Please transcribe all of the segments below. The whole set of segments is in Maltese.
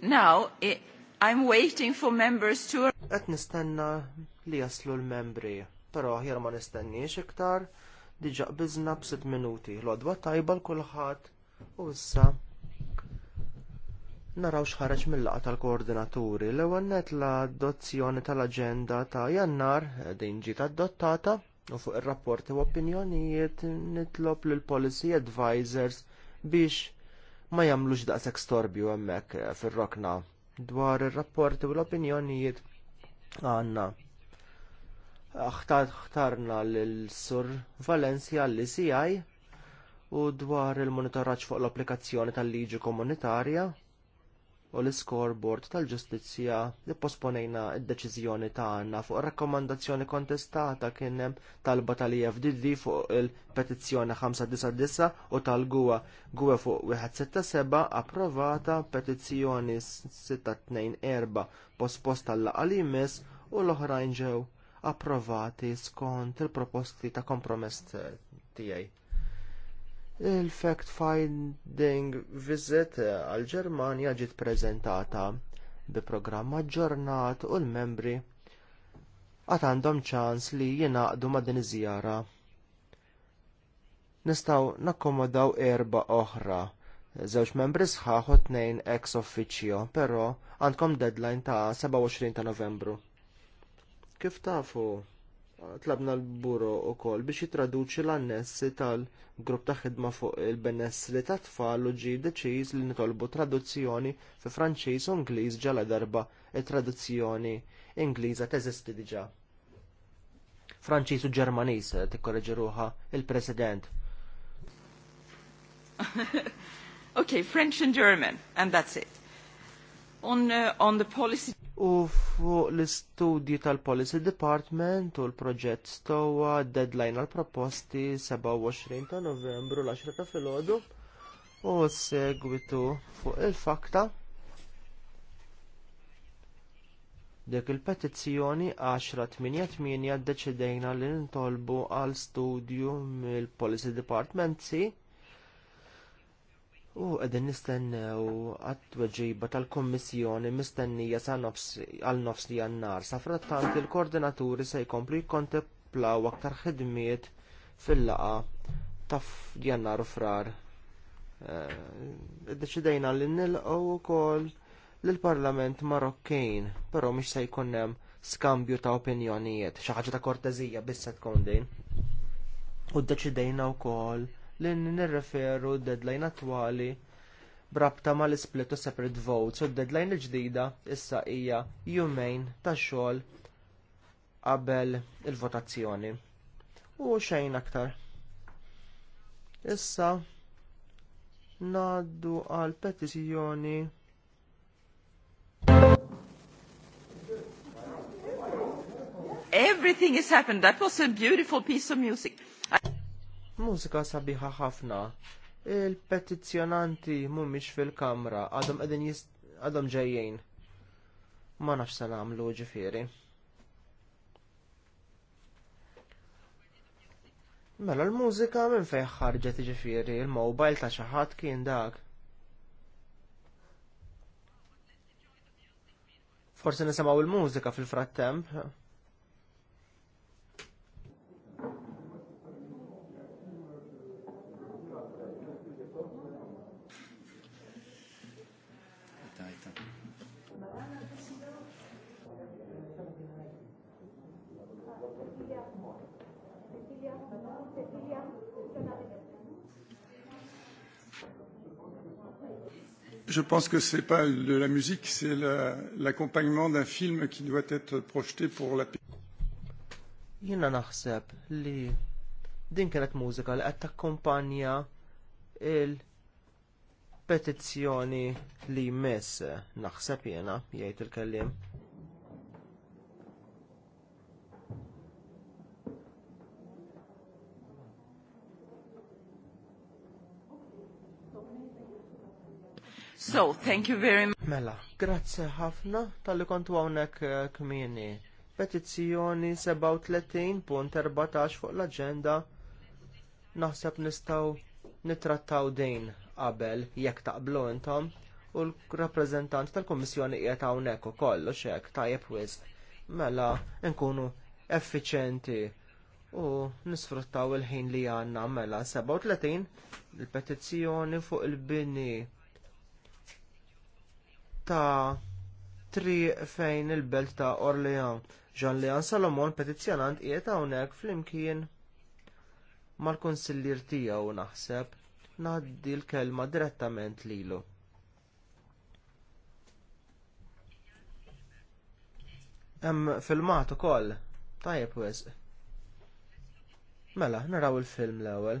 Now, I'm waiting for members to... Qed nistenna li jaslu l-membri, però aħjar ma nistenniex iktar, diġa bizna b minuti, l-odwa tajba l-kulħat, u issa naraw xħareġ mill laqgħa tal-koordinaturi l ewwel nett l-adozzjoni tal aġenda ta' jannar din ġiet adottata u fuq ir rapporti u opinjonijiet nitlob lill policy advisors biex ma jagħmlux daqshekk storbju hemmhekk eh, fir-rokna dwar ir-rapporti u l-opinjonijiet għandna. Ħtarna l-Sur Valencia l-ICI u dwar il-monitoraġġ fuq l-applikazzjoni tal-liġi komunitarja u l-scoreboard tal-ġustizzja li posponejna id-deċiżjoni tagħna fuq rakkomandazzjoni kontestata kien hemm talba tal-EFDD fuq il-petizzjoni 599 u tal-Gwa Gwa fuq 167 approvata petizzjoni 624 posposta l jmiss u l-oħrajn ġew approvati skont il-proposti ta' kompromess tiegħi. Il-fact-finding visit eh, għall ġermanja ġiet ppreżentata bi programm aġġornat u l-membri għad għandhom ċans li jingħaqdu ma' din iż-żjara. Nistgħu nakkomodaw erba oħra, żewġ membri sħaħ u tnejn ex officio, però għandkom deadline ta' 27 ta' Novembru. Kif tafu? tlabna l-buro u kol biex jitraduċi l-annessi tal-grupp ta' ħidma fuq il-benessri ta' tfal u ġie deċiż li nitolbu traduzzjoni fi Franċiż u Ingliż ġala darba il-traduzzjoni Ingliża teżisti diġà. Franċiż u Ġermaniż eh, tikkoreġi ruħa il-President. okay, French and German, and that's it. On, uh, on the policy u fuq l-istudji tal-Policy Department u l-proġett stowa deadline għall proposti 27 ta' novembru l-10 ta' filgħodu u segwitu fuq il-fakta dik il-petizzjoni 10-88 deċidejna li nitolbu għal studju mill-Policy Department si U għedin nistennew għat-tweġiba tal-Kommissjoni mistennija sa' nofs għal-nofs li għannar. Sa' frattant il-koordinaturi se jkomplu jkontemplaw aktar ħidmiet fil-laqa ta' jannar u frar. Eh, deċidejna li nilqaw u kol l-Parlament Marokkin, pero mish se jkunnem skambju ta' opinjonijiet, xaħġa ta' kortezija bissa tkun din. U deċidejna u kol li nirreferu d-deadline attwali brabta mal l-split u separate votes u d-deadline l-ġdida issa hija jumejn tax xogħol qabel il-votazzjoni. U xejn aktar. Issa ngħaddu għal petizzjoni Everything has happened. That was a beautiful piece of music. Mużika sabiħa ħafna. Il-petizzjonanti mhumiex fil-kamra għadhom għadhom ġejjin. Ma nafx se nagħmlu ġifieri. Mela l-mużika minn fejn ħarġet ġifieri, il-mowbajl ta' xi ħadd kien dak. Forsi nisimgħu il-mużika fil-frattemp. Je pense que c'est pas de la musique, c'est l'accompagnement d'un film qui doit être projeté pour la Jina naħseb li din kienet mużika li qed takkumpanja il-petizzjoni li mese. naħseb jena jgħid il-kellim. So, thank you very much. Mela, grazzi ħafna tal-li kontu għawnek eh, kmini. Petizzjoni 37.14 fuq l-agenda naħseb nistaw nitrattaw din qabel jekk taqblu intom u l-rappreżentant tal kummissjoni qiegħed hawnhekk ukoll u xek tajjeb wisq. Mela nkunu effiċenti u nisfruttaw il-ħin li għandna mela 37 il-petizzjoni fuq il-bini ta' tri fejn il-belt ta' Orlean. Jean Leon Salomon petizzjonant qiegħed hawnhekk flimkien mal-konsillir tiegħu naħseb ngħaddi l-kelma direttament lilu. Hemm filmat ukoll. Tajjeb wisq. Mela, naraw il-film l-ewwel.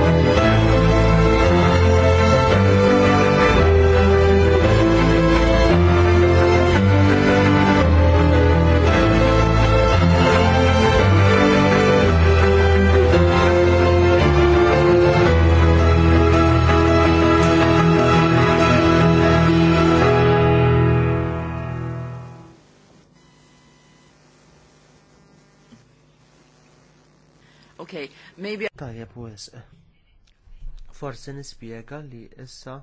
maybe... Tajjeb u Forsi nispjega li issa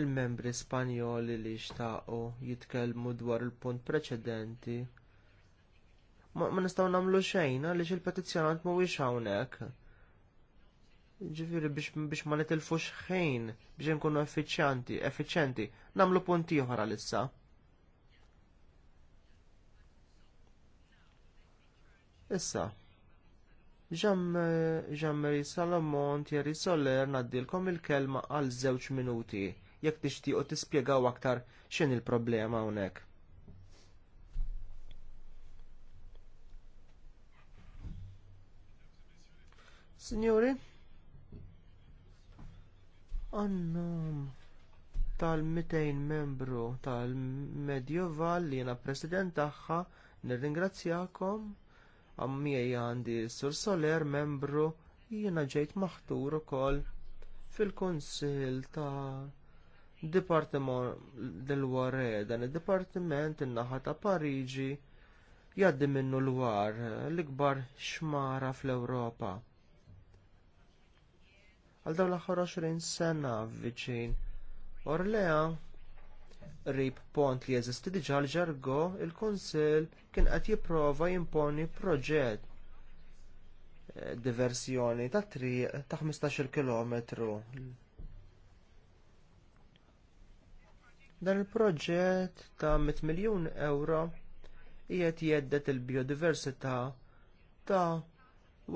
il-membri Spanjoli li xtaqu jitkellmu dwar il-punt preċedenti ma, ma nistgħu nagħmlu xejn għaliex il-petizzjonant mhuwiex hawnhekk. Jiġifieri biex ma nitilfux ħin biex nkunu effiċjanti, effiċjenti, nagħmlu punt ieħor għalissa. Issa, Ġammeri Salomon, Thierry Soler, naddilkom il-kelma għal żewġ minuti, jekk tixtiequ tispjegaw aktar x'in il-problema hawnhekk. Signori, għannum tal-200 membru tal-Medjoval li jena president tagħha nirringrazzjakom għammijaj għandi sur soler membru jiena ġejt maħtur ukoll fil kunsill ta' Dipartiment del-Ware, dan id dipartiment in-naħa ta' Parigi jgħaddi minnu l-war l-ikbar xmara fl-Ewropa. Għal dawn l-aħħar 20 sena viċin Orlea rib pont li jeżisti diġà l-ġargo, il kunsill kien qed jipprova jimponi proġett eh, diversjoni ta' triq ta' 15 km. Dan il-proġett ta' 100 miljun euro qiegħed jeddet il-biodiversità ta'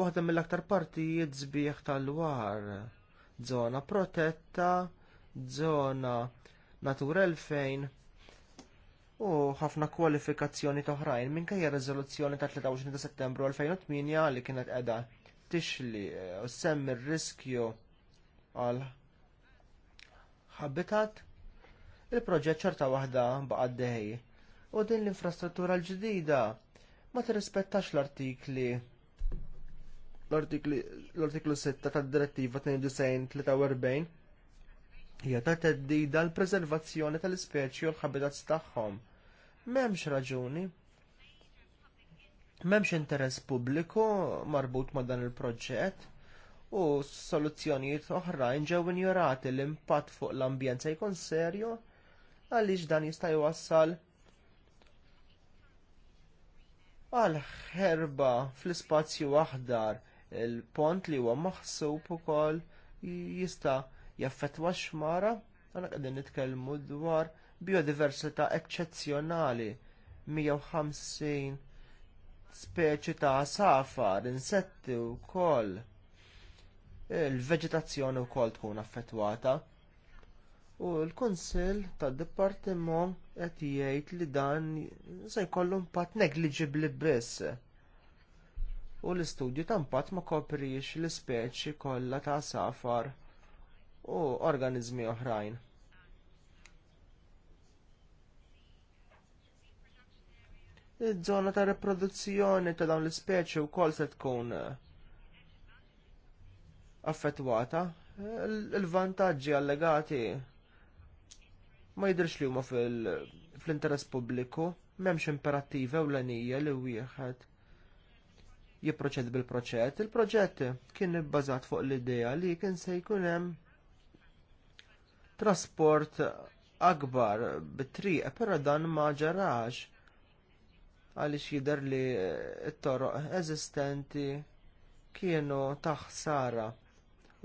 waħda mill-aktar partijiet sbieħ tal-war, żona protetta, żona Natura 2000 u ħafna kwalifikazzjoni toħrajn minkejja riżoluzzjoni ta' 23 ta' settembru 2008 li kienet qiegħda tixli eh, u semmi r-riskju għal habitat il-proġett ċerta waħda baqa' d u din l-infrastruttura l-ġdida ma tirrispettax l-artikli l-artiklu 6 tad direttiva 92-43 hija ta' teddida l-preservazzjoni tal-ispeċi u l-habitats tagħhom. M'hemmx raġuni. M'hemmx interess pubbliku marbut ma' dan il-proġett u soluzzjonijiet oħrajn ġew injorati l-impatt fuq l-ambjent se jkun serju għaliex dan jista' jwassal għal ħerba fl-ispazju aħdar il-pont li huwa maħsub ukoll jista' jaffetwa xmara, għana għedin nitkellmu dwar biodiversità eċċezzjonali 150 speċi ta' safar, insetti wkoll. il veġetazzjoni wkoll tkun affettwata. U l-Kunsill tad Dipartiment qed jgħid li dan se jkollu impatt negliġibbli biss. U l-istudju ta' impatt ma kopriex l-ispeċi kollha ta' safar u organizmi oħrajn. Iż-żona ta' riproduzzjoni ta' dawn l-ispeċi wkoll se tkun eh, affettwata. Il-vantaġġi allegati ma jidhirx li huma fl-interess pubbliku, m'hemmx imperattiva ewlenija li wieħed jipproċed bil-proċett. Il-proġett kien ibbażat fuq l-idea li kien se jkun hemm trasport akbar bit-triq, però dan ma ġarax għaliex jidher li t-toroq eżistenti kienu taħsara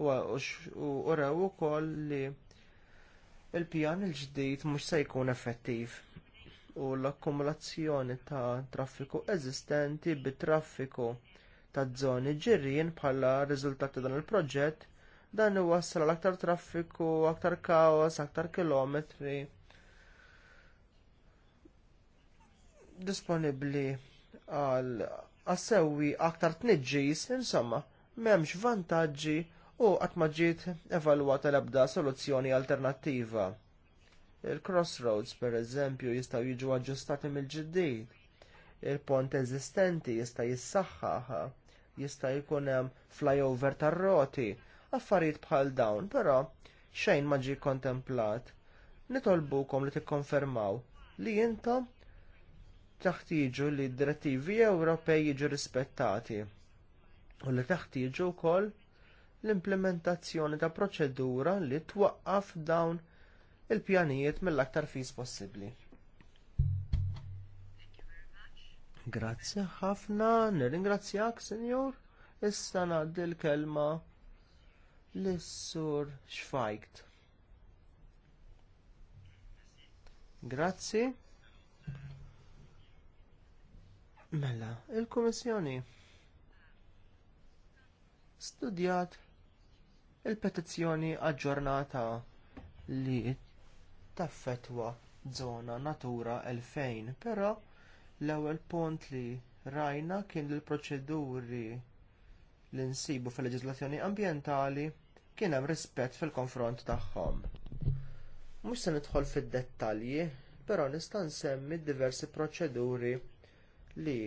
u rew ukoll li l pjan il-ġdid mhux se jkun effettiv u l-akkumulazzjoni ta' traffiku eżistenti bit traffiku ta' żoni ġirien bħala riżultat ta' dan il-proġett dan iwassal għal aktar traffiku, aktar kaos, aktar kilometri disponibbli għal għassewi aktar tniġġis, insomma, m'hemmx vantaġġi u qatt ma ġiet evalwata l-ebda soluzzjoni alternattiva. Il-crossroads, pereżempju jistgħu jiġu aġġustati mill-ġiddid. Il-pont eżistenti jista' jissaħħaħ, jista' jkun hemm flyover tar-roti, affarijiet bħal dawn, però xejn ma ġie kontemplat. Nitolbukom li tikkonfermaw li intom taħtiġu li d-direttivi Ewropej jiġu rispettati u li taħtiġu wkoll l-implementazzjoni ta' proċedura li twaqqaf dawn il-pjanijiet mill-aktar fis possibbli. Grazzi ħafna, nirringrazzjak, Sinjur. Issa ngħaddi l-kelma l-sur Schweigt. Grazzi. Mela, il-Kummissjoni studjat il-petizzjoni aġġornata li taffetwa żona Natura 2000, però l-ewwel punt li rajna kien il proċeduri li nsibu fil-leġislazzjoni ambjentali kien hemm rispett fil-konfront tagħhom. Mhux se nidħol fid-dettalji, però nista' nsemmi diversi proċeduri li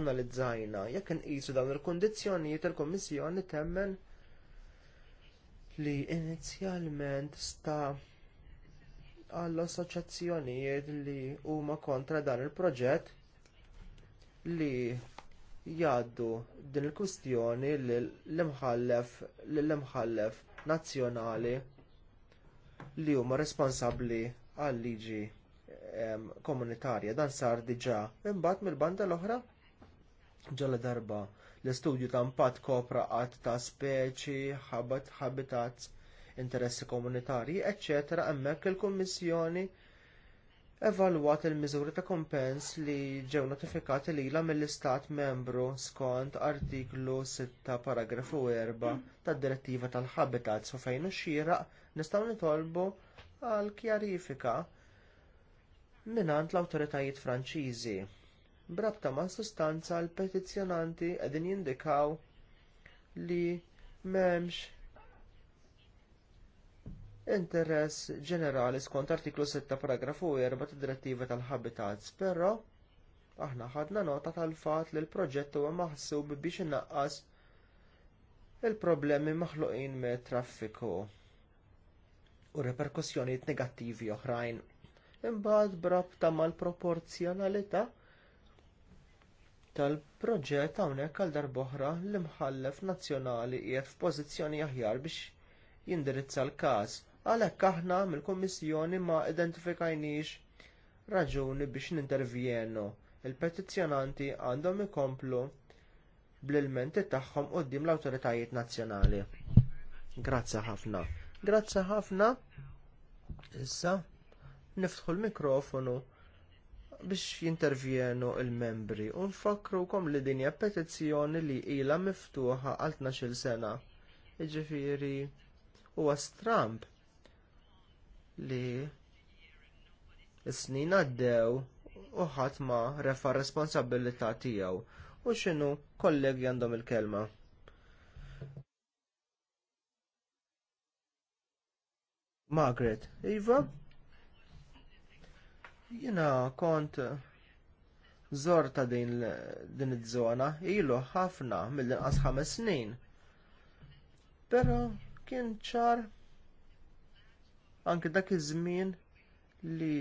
analizzajna jekk inqisu dawn il-kundizzjonijiet il-Kummissjoni temmen li inizjalment sta għall assoċjazzjonijiet li huma kontra dan il-proġett li jgħaddu din il-kustjoni l-imħallef l-imħallef nazzjonali li huma responsabbli għal liġi komunitarja dan sar diġà imbagħad mill-banda l-oħra ġalla darba l-istudju ta' impatt kopra qatt ta' speċi, habitat, interessi komunitarji, eċċetera hemmhekk il-Kummissjoni evalwat il-miżuri ta' kumpens li ġew notifikati lilha mill-Istat membru skont artiklu 6 paragrafu 4 tad-Direttiva tal-Habitats u fejn xieraq nistgħu nitolbu għal kjarifika minant l-awtoritajiet Franċiżi. Brabta mas sustanza l-petizzjonanti qegħdin jindikaw li m'hemmx interess ġenerali skont artiklu 6 paragrafu 4 tad-direttiva tal-habitats, però aħna ħadna nota tal-fatt li l-proġett huwa maħsub biex innaqqas il-problemi maħluqin me traffiku u reperkussjonijiet negattivi oħrajn. Imbagħad brabta mal-proporzjonalità tal-proġett hawnhekk għal darb'oħra l-imħallef nazzjonali qiegħed f'pożizzjoni aħjar biex jindirizza l-każ għalhekk aħna mill-Kummissjoni ma identifikajniex raġuni biex nintervjenu. Il-petizzjonanti għandhom ikomplu bl-ilmenti tagħhom quddiem l-awtoritajiet nazzjonali. Grazzi ħafna. Grazzi ħafna. Issa niftħu l-mikrofonu biex jintervjenu l membri u nfakrukom li din hija petizzjoni li ilha miftuħa għal 12-il sena. Jiġifieri huwa stramb li s-snin għaddew u ħadd ma refa responsabilità tiegħu u x'inhu kollegi għandhom il-kelma. Margaret, Iva? Jina kont zor ta' din, din iż-żona ilu ħafna mill-inqas ħames snin. Però kien ċar anke dak iż-żmien li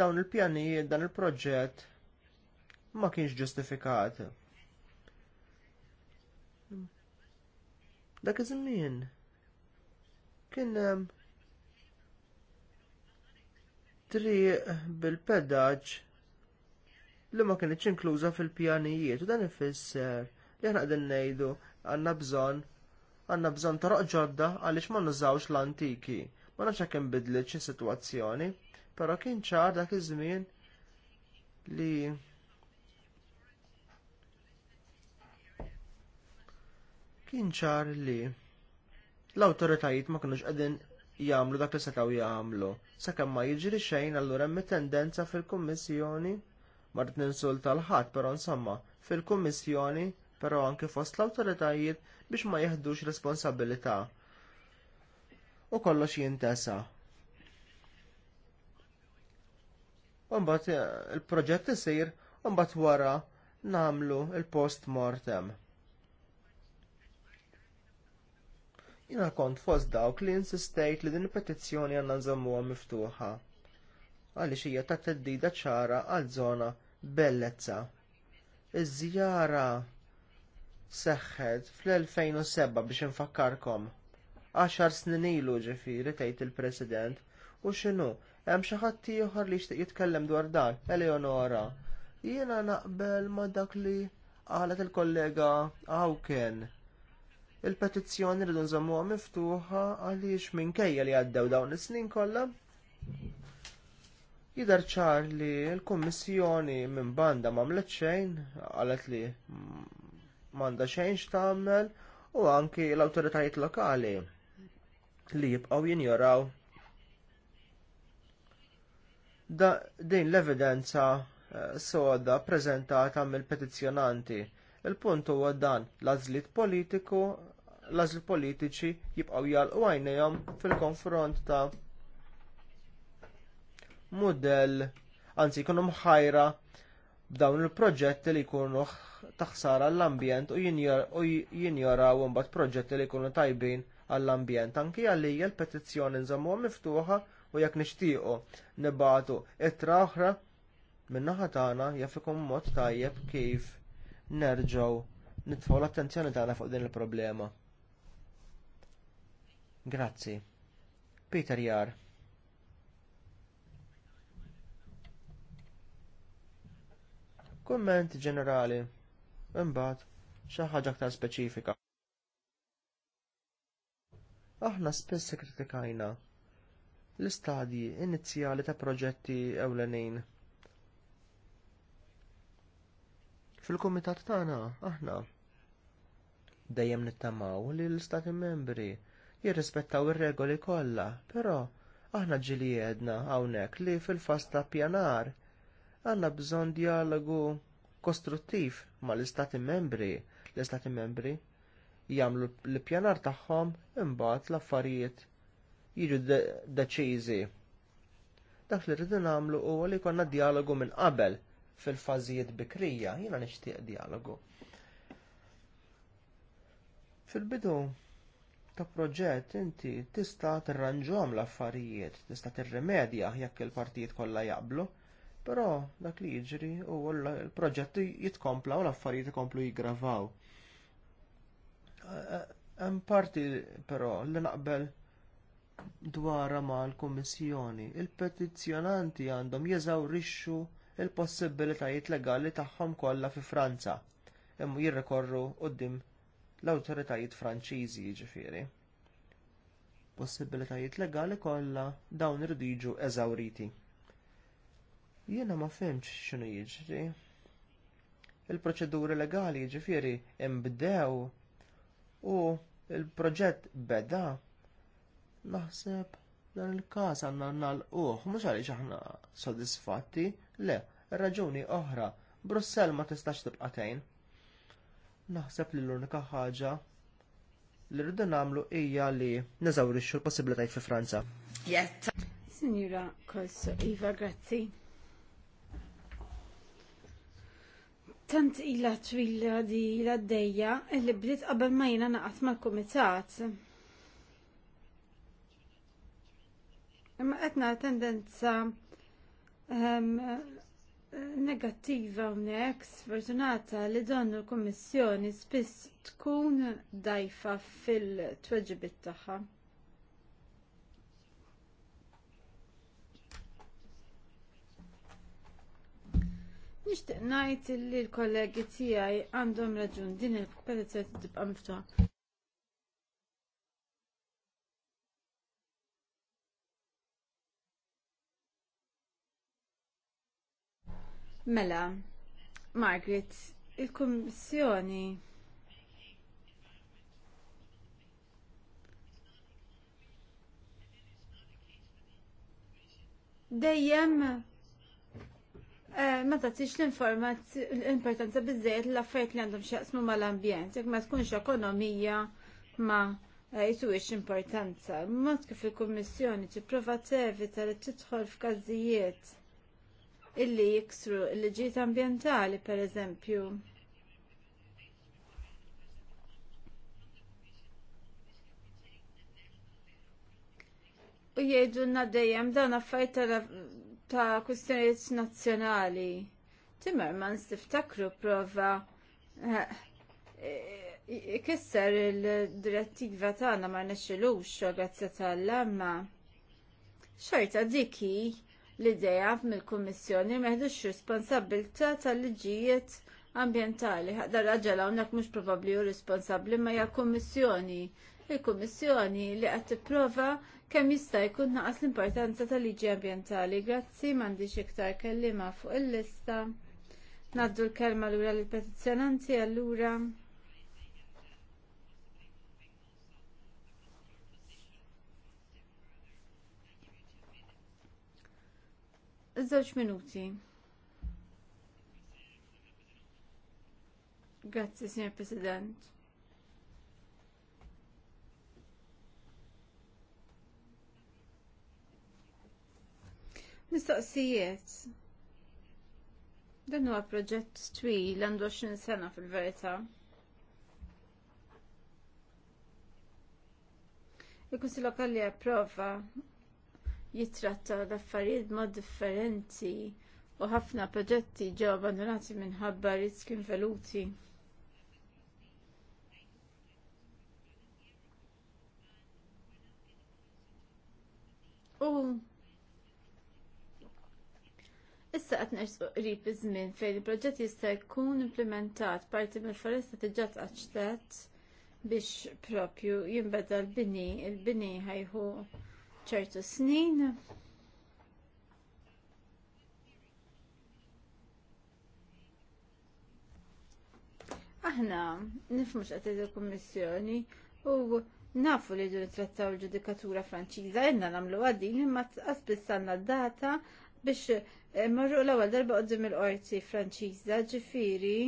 dawn il-pjanijiet dan il-proġett ma kienx ġustifikat. Dak iż-żmien kien hemm triq bil-pedaġġ li ma kienx inkluża fil-pjanijiet u dan ifisser li aħna qegħdin ngħidu għandna bżonn għandna bżonn toroq ġodda għaliex ma nużawx l-antiki. Ma nafx hekk inbidlet xi sitwazzjoni, però kien ċar dak iż-żmien li kien ċar li l-awtoritajiet ma kinux qegħdin jagħmlu dak li setgħu jagħmlu. Sakemm ma jiġri xejn allura hemm tendenza fil-Kummissjoni ma rrid ninsulta l-ħadd, però insomma, fil-Kummissjoni però anke fost l-awtoritajiet biex ma jeħdux responsabilità u kollox jintesa. Umbat eh, il-proġett isir, umbat wara namlu il-post mortem. Jina kont fost dawk li insistejt li din il-petizzjoni għanna nżammuha miftuħa għaliex hija ta' teddida ċara għal żona bellezza. Iż-żjara seħħet fl-2007 biex infakkarkom. Għaxar snin ilu ġifieri tgħid il-President. U x'inhu, hemm xi ħadd ieħor li jixtieq jitkellem dwar dan, Eleonora. Jiena naqbel ma dak li qalet il-kollega Hawken. Il-petizzjoni rridu nżommuha miftuħa għaliex minkejja li għaddew dawn is-snin kollha. Jidher ċar li l-Kummissjoni minn banda m'għamlet xejn, qalet li m'għandha xejn x'tagħmel u anki l-awtoritajiet lokali li jibqgħu jinjoraw din l-evidenza eh, soda ppreżentata mill-petizzjonanti. Il-punt huwa dan l-għażliet politiku l-għażliet politiċi jibqgħu jalqu għajnejhom fil-konfront ta' mudell anzi jkunu mħajra b'dawn il-proġetti li jkunu taħsara l-ambjent u jinjoraw imbagħad proġetti li jkunu tajbin għall-ambjent. Anki għalija l-petizzjoni nżammuha miftuħa u jekk nixtiequ nibagħtu ittra oħra min-naħa tagħna jaf ikun mod tajjeb kif nerġgħu nitfgħu l-attenzjoni tagħna fuq din il-problema. Grazzi. Peter Jar. Kumment ġenerali. Imbagħad xi ħaġa aktar speċifika. Aħna spess kritikajna l-istadji inizjali ta' proġetti ewlenin. Fil-kumitat tagħna aħna dejjem nittamaw li l-istati membri jirrispettaw ir-regoli kollha, però aħna ġili jedna hawnhekk li fil-fas ta' pjanar għandna bżonn dialogu kostruttiv mal istati membri l-istati membri jagħmlu l-pjanar tagħhom imbagħad l-affarijiet jiġu deċiżi. Dak li rridu nagħmlu huwa li jkollna dialogu minn qabel fil-fażijiet bikrija, jiena nixtieq dialogu. Fil-bidu ta' proġett inti tista' tirranġom l-affarijiet, tista' tirrimedja jekk il-partijiet kollha jaqblu, però dak li jiġri huwa l-proġett jitkompla u l-affarijiet ikomplu jiggravaw. Hemm parti però li naqbel dwarha mal-Kummissjoni. Il-petizzjonanti għandhom jeżawrixxu l possibilitajiet legali tagħhom kollha fi Franza hemm jirrikorru quddiem l-awtoritajiet Franċiżi jiġifieri. Possibilitajiet legali kollha dawn irdu jiġu eżawriti. Jiena ma fhimx x'inhu jiġri. Il-proċeduri legali jiġifieri imbdew u l proġett beda naħseb dan il-każ għandna nagħlquh mhux għaliex aħna sodisfatti, le, raġuni oħra, Brussell ma tistax tibqa' tgħin. Naħseb li l-unika ħaġa li rridu nagħmlu hija li neżawrixxu l possibilitaj fi Franza. Jett. Sinjura Kosso Iva, grazzi. tant ila twila di la deja li bdiet qabel ma jina naqat mal kumitat Imma qed tendenza um, negattiva hawnhekk sfortunata li dan il kummissjoni spiss tkun dajfa fil-tweġibit tagħha. Nixtieq ngħid li l-kollegi tiegħi għandhom raġun din il-petizzjoni tibqa' miftuħa. Mela, Margaret, il-Kummissjoni dejjem Eh, ma tatix l-importanza bizzejt l-affarijiet li għandhom xaqsmu mal-ambjent, jekk ma tkunx ekonomija ma eh, jtuwix importanza. Mod kif il-Kummissjoni tipprova tevita li tidħol f'każijiet illi jiksru l ambientali, per eżempju. U na dejjem dan affarijiet ta' kwistjonijiet nazzjonali. Timmermans stiftakru prova eh, ikisser il-direttiva tagħna ma għazza ta' tal-lemma. Xorta diki l-ideja mill-Kummissjoni meħdux responsabilta tal-liġijiet ambientali. Ħadda raġel hawnhekk mhux probabbli u responsabbli ma hija kummissjoni. Il-Kummissjoni li qed tipprova kemm jista' jkun naqas l-importanza tal-liġi ambjentali. Grazzi m'għandix iktar kellima fuq il-lista. Naddu l-kelma lura lill petizzjonanti allura. Żewġ minuti. Grazzi, Signor President. Mistoqsijiet. Dan huwa proġett twil għandu 20 sena fil-verità. Il-Kunsil Lokali approva jitratta l-affarijiet mod differenti u ħafna proġetti ġew abbandonati minħabba riski inveluti. U Issa qed nersu qrib iż-żmien fejn il-proġett jista' jkun implementat parti mill-foresta diġà tqaċtet biex propju jinbeda l-bini, il-bini ħajħu ċertu snin. Aħna nifmu x'qed il-Kummissjoni u nafu li ġu trattaw il-ġudikatura franċiża, jenna nagħmlu għaddin imma għasbis għanna data biex eh, marru l-ewwel darba qudiem il-qorti Franċiża ġifieri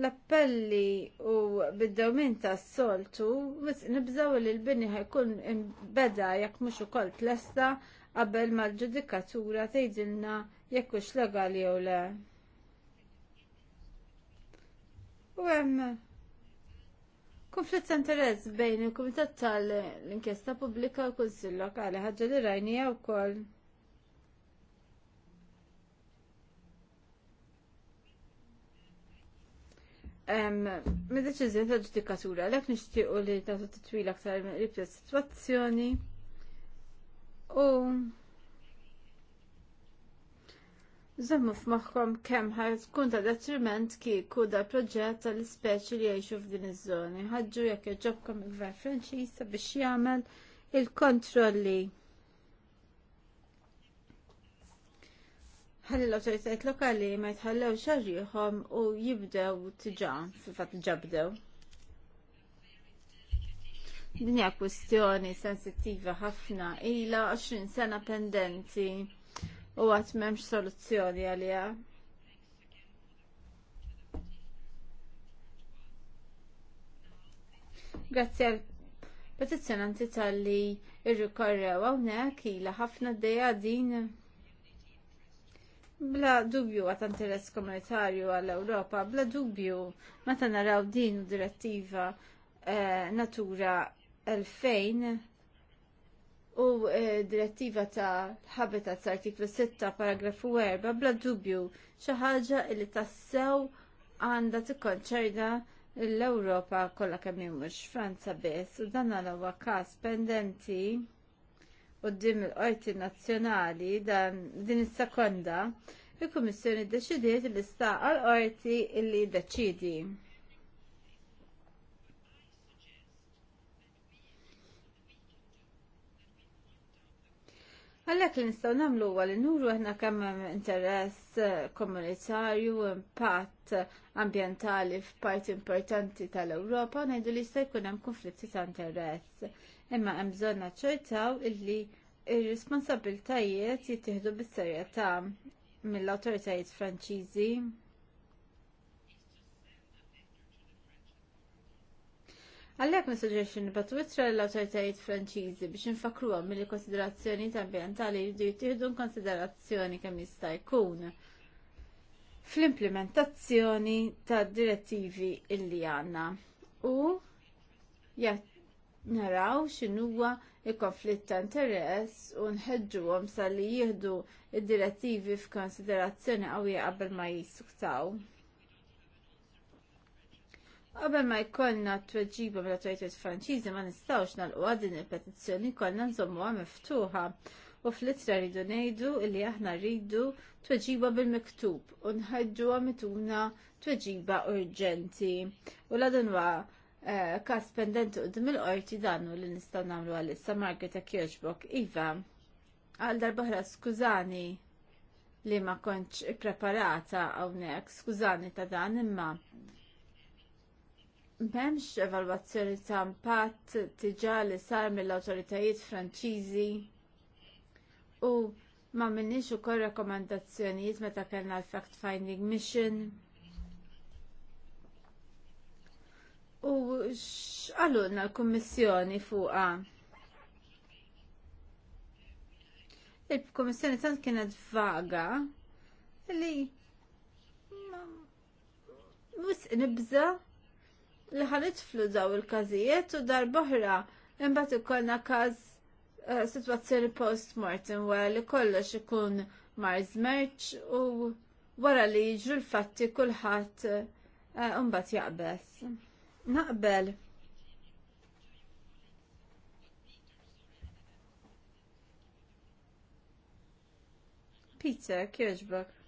l-appelli u bid-dawmin ta' soltu nibżaw li l-bini ħajkun imbeda jekk mhux ukoll tlesta qabel ma l-ġudikatura tgħidilna jekk hux legali jew le. U hemm Konflitt interess bejn il-Kumitat tal-Inkjesta Pubblika u Kunsill Lokali ħaġa li rajnija wkoll. Mid deċiżjoni ta' ġudikatura l nixtiequ li ta' titwil aktar ribta situazzjoni u Zammu f'moħħkom ħar tkun ta' detriment kieku dal proġett tal-ispeċi li jgħixu f'din iż-żoni. ħadġu jekk jġobkom il-Gvern Franċiż biex jagħmel il-kontrolli. Ħalli l-awtoritajiet lokali ma jitħallew xarriħhom u jibdew tiġa fil-fatt ġabdew. Din hija kwistjoni sensittiva ħafna ilha 20 sena pendenti u għat memx soluzzjoni għalija. Grazzi għal petizzjonanti tal-li irrikorrew għawnek ila ħafna d-deja din bla dubju għat interess komunitarju għall-Europa, bla dubju meta naraw din direttiva eh, natura 2000 u eh, direttiva ta' Habitat artiklu 6 paragrafu 4 bla dubju xi ħaġa li tassew għandha tikkonċerna l-Ewropa kollha kemm mhux Franza biss u dan għal każ pendenti qudiem il-Qorti Nazzjonali dan din is-sekonda, il-Kummissjoni ddeċidiet li sta għall qorti illi ddeċidi. Għallek li nistaw namlu għal nuru għahna kemm interess eh, komunitarju, impatt ambientali f'parti importanti tal-Ewropa, najdu li jista' jkun hemm konflitti ta' interess. Imma hemm bżonn naċċertaw illi ir-responsabiltajiet jittieħdu bis-serjetà mill-awtoritajiet Franċiżi Għallek nisuġġerixi nibatu ittra l-autoritajiet franċiżi biex infakru għam mill konsiderazzjoni ta' ambientali jridu jittieħdu konsiderazzjoni kemm jista' jkun fl-implementazzjoni ta' direttivi illi għanna u jgħat naraw x'inhuwa il-konflitt ta' interess u nħeġġuhom salli jieħdu id-direttivi f'konsiderazzjoni għawija qabel ma jissuktaw. Qabel ma jkollna tweġiba t-tweġiba Franċiżi ma nistgħux nalqu din il-petizzjoni kollha nżommuha miftuħa u fl itra rridu ngħidu li aħna rridu tweġiba bil-miktub u għamituna t tweġiba urġenti. U l-għadin dunwa eh, kas pendenti u dim il-qorti dannu li nistaw namlu għal-issa Margita Kirchbock. Iva, għal darbaħra skużani li ma konċ preparata għawnek, skużani ta' dan imma M'hemmx evalwazzjoni ta' impatt diġà li sar mill-awtoritajiet Franċiżi u ma minnix ukoll rakkomandazzjonijiet meta kellna l-fact finding mission. U x'għalulna l-Kummissjoni fuqha. Il-Kummissjoni tant kienet vaga li Mus nibża' li ħanitflu daw il-każijiet u darboħra imbagħad ikollna każ eh, sitwazzjoni post-mortem wara li kollox ikun marżmerċ u wara li jiġru l-fatti kulħadd eh, imbagħad jaqbes. Naqbel. Peter, kieġbok.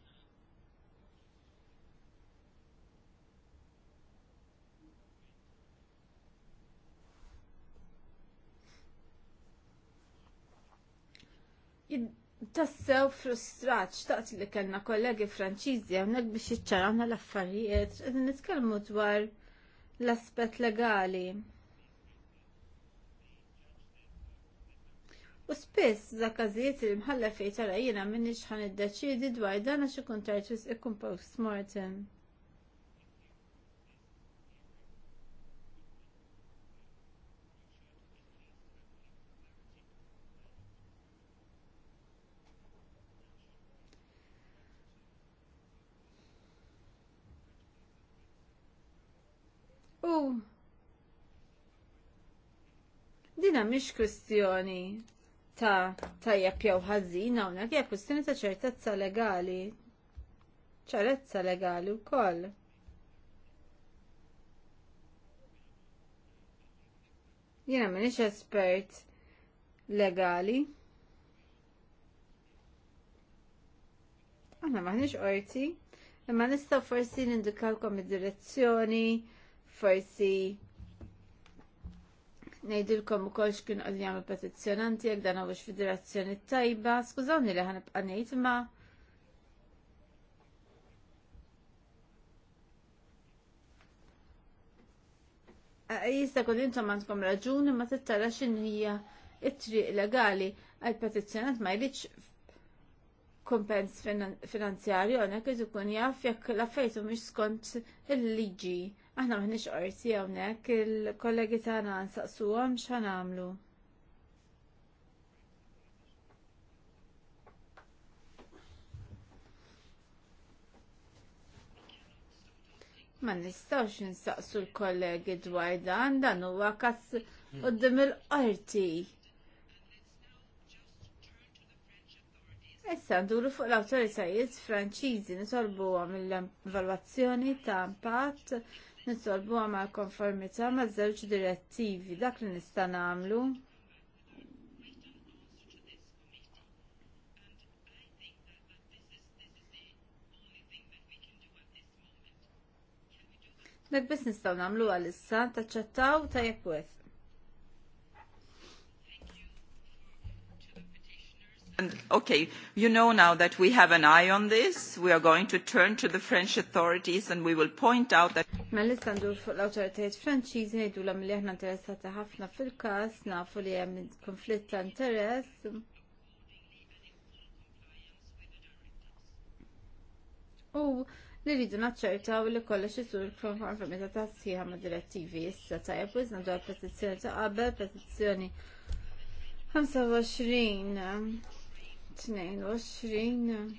tassew frustrat xtaqt li kellna kollegi franċiżi hawnhekk biex jiċċarawna l-affarijiet qed nitkellmu dwar l-aspett legali. U spiss za każijiet li mħalla fejtara jiena minni xħan iddeċiedi dwar dan għax ikun tarċis ikun post mortem. dina mish kwestjoni ta' ta' jappjaw ħażin hawnhekk hija kwestjoni ta' ċertezza legali. ċarezza legali wkoll. Jiena m'iniex espert legali. Aħna maħniex qorti, imma nistgħu forsi nindikawkom id-direzzjoni, forsi nejdilkom u kolx kien għadin għamil petizjonanti għek dan għax federazzjoni tajba, skużawni li għan nejt ma. Jista kun intom għandkom raġuni ma tittara xin hija it-triq legali għal petizjonant ma jridx kompens finanzjarju għonek iżu kun jaff jekk l-affejtu mux skont il-liġi Aħna m'aħniex qorti hawnhekk, il-kollegi tagħna nsaqsuhom x'għan għamlu. Ma nistawx nsaqsu l-kollegi dwar dan, dan huwa każ qudiem il-qorti. Issa nduru fuq l-awtoritajiet Franċiżi nitolbu għam l-evalwazzjoni ta' impatt nitolbu għama konformita ma' żewġ direttivi dak li nista' nagħmlu. Dak biss nistgħu nagħmlu għalissa taċċettaw tajjeb wis. And, okay, you know now that we have an eye on this. We are going to turn to the French authorities and we will point out that... Mellis għandu l-autoritajiet franċiżi ngħidu l li ħna interessati ħafna fil kas nafu li jem konflitt ta' interess. U li rridu naċċertaw li kollox isur konformità ta' sħiħa ma' direttivi issa ta' u iżna dwar petizzjoni ta' qabel, petizzjoni 25 22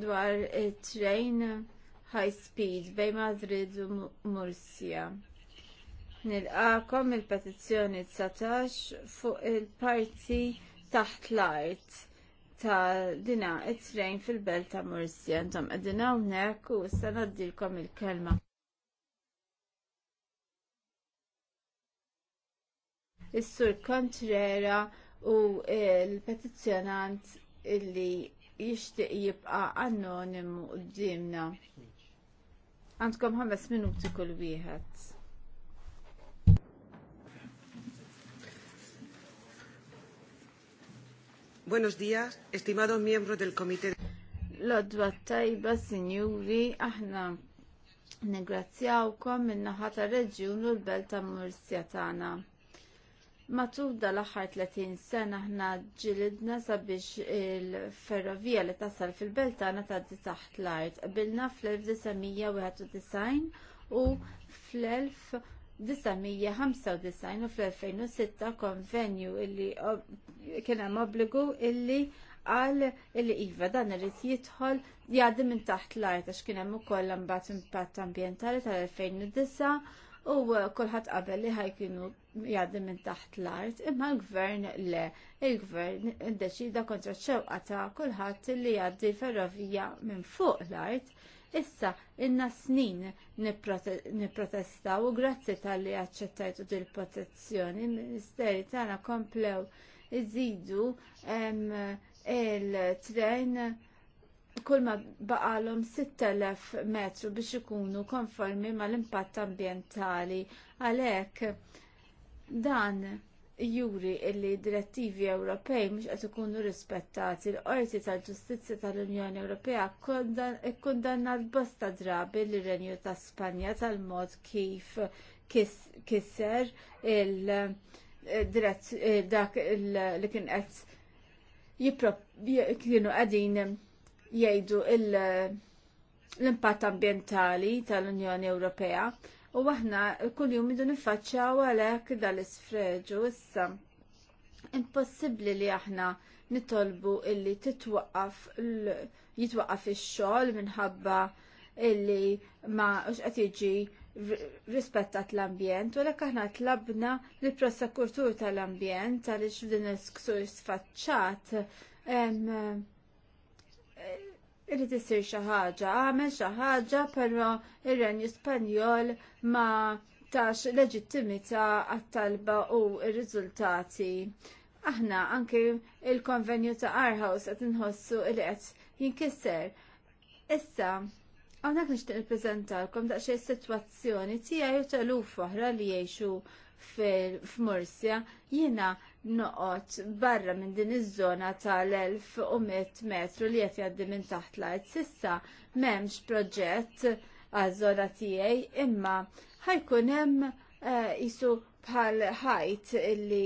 dwar il-train high speed bej Madrid u Mursija. Nilqakom il-petizzjoni 19 fuq il-parti taħt l-art ta' dina it-train fil-belt ta' Mursija. Ntom għedina unnek u s-sanaddilkom il-kelma. Is-sur Kontrera u l-petizzjonant illi jixtieq jibqa anonimu qudiemna. Għandkom ħames minuti kull wieħed. Buenos días, estimado miembro del comité. Lodwa tajba, sinjuri, aħna negrazzjawkom minna ħata reġjun u l-belt ta' Mursja tagħna. Matul dal-aħħar 30 sena ħna ġilidna sabiex il-ferrovija li tasal fil beltana ta' tgħaddi taħt l-art. Bilna fl-1991 u fl-1995 u fl-2006 konvenju illi kien hemm obbligu illi għal li iva dan irrid jidħol jgħaddi minn taħt l-art għax kien hemm ukoll impatt ambjentali tal-2009 u uh, kulħadd qabel li kienu jgħaddi minn taħt l-art, imma l-gvern le, il-gvern deċida kontra ċewqa ta' kulħadd li jgħaddi ferrovija minn fuq l-art, issa inna snin niprotesta u grazzi tal-li għacċettajtu dil-protezzjoni, ministeri tagħna komplew iżidu il-trejn kull ma baqalhom 6000 metru biex ikunu konformi mal-impatt ambjentali għalhekk dan juri illi direttivi Ewropej mhux qed ikunu rispettati l-Qorti tal-Ġustizzja tal-Unjoni Ewropea kkundanna bosta drabi l renju ta' Spanja tal-mod kif kisser il- dak li kien qed kienu qegħdin jgħidu l-impatt ambjentali tal-Unjoni Ewropea u aħna kuljum idu nifaċċaw għalhekk dal-isfreġu issa. Impossibbli li aħna nitolbu illi titwaqqaf jitwaqqaf ix-xogħol minħabba illi ma qed jiġi rispettat l-ambjent u lek aħna tlabna li prosekutur tal-ambjent għaliex f'din is-ksur sfaċċat irrid isir xi ħaġa, għamel xi ħaġa però ir-Renju Spanjol ma tax leġittimità għat-talba u r-riżultati. Aħna anke il-konvenju ta' Arhouse qed inħossu li qed jinkisser. Issa, għonek nixtieq nippreżentalkom daqsxejn is-sitwazzjoni tiegħi u tal-uf oħra li jgħixu f'Mursja jiena noqgħod barra minn din iż-żona tal 1000 metru li qed jgħaddi minn taħt l-art. Sissa m'hemmx proġett għaż-żona tiegħi imma ħajkun hemm eh, isu bħal ħajt illi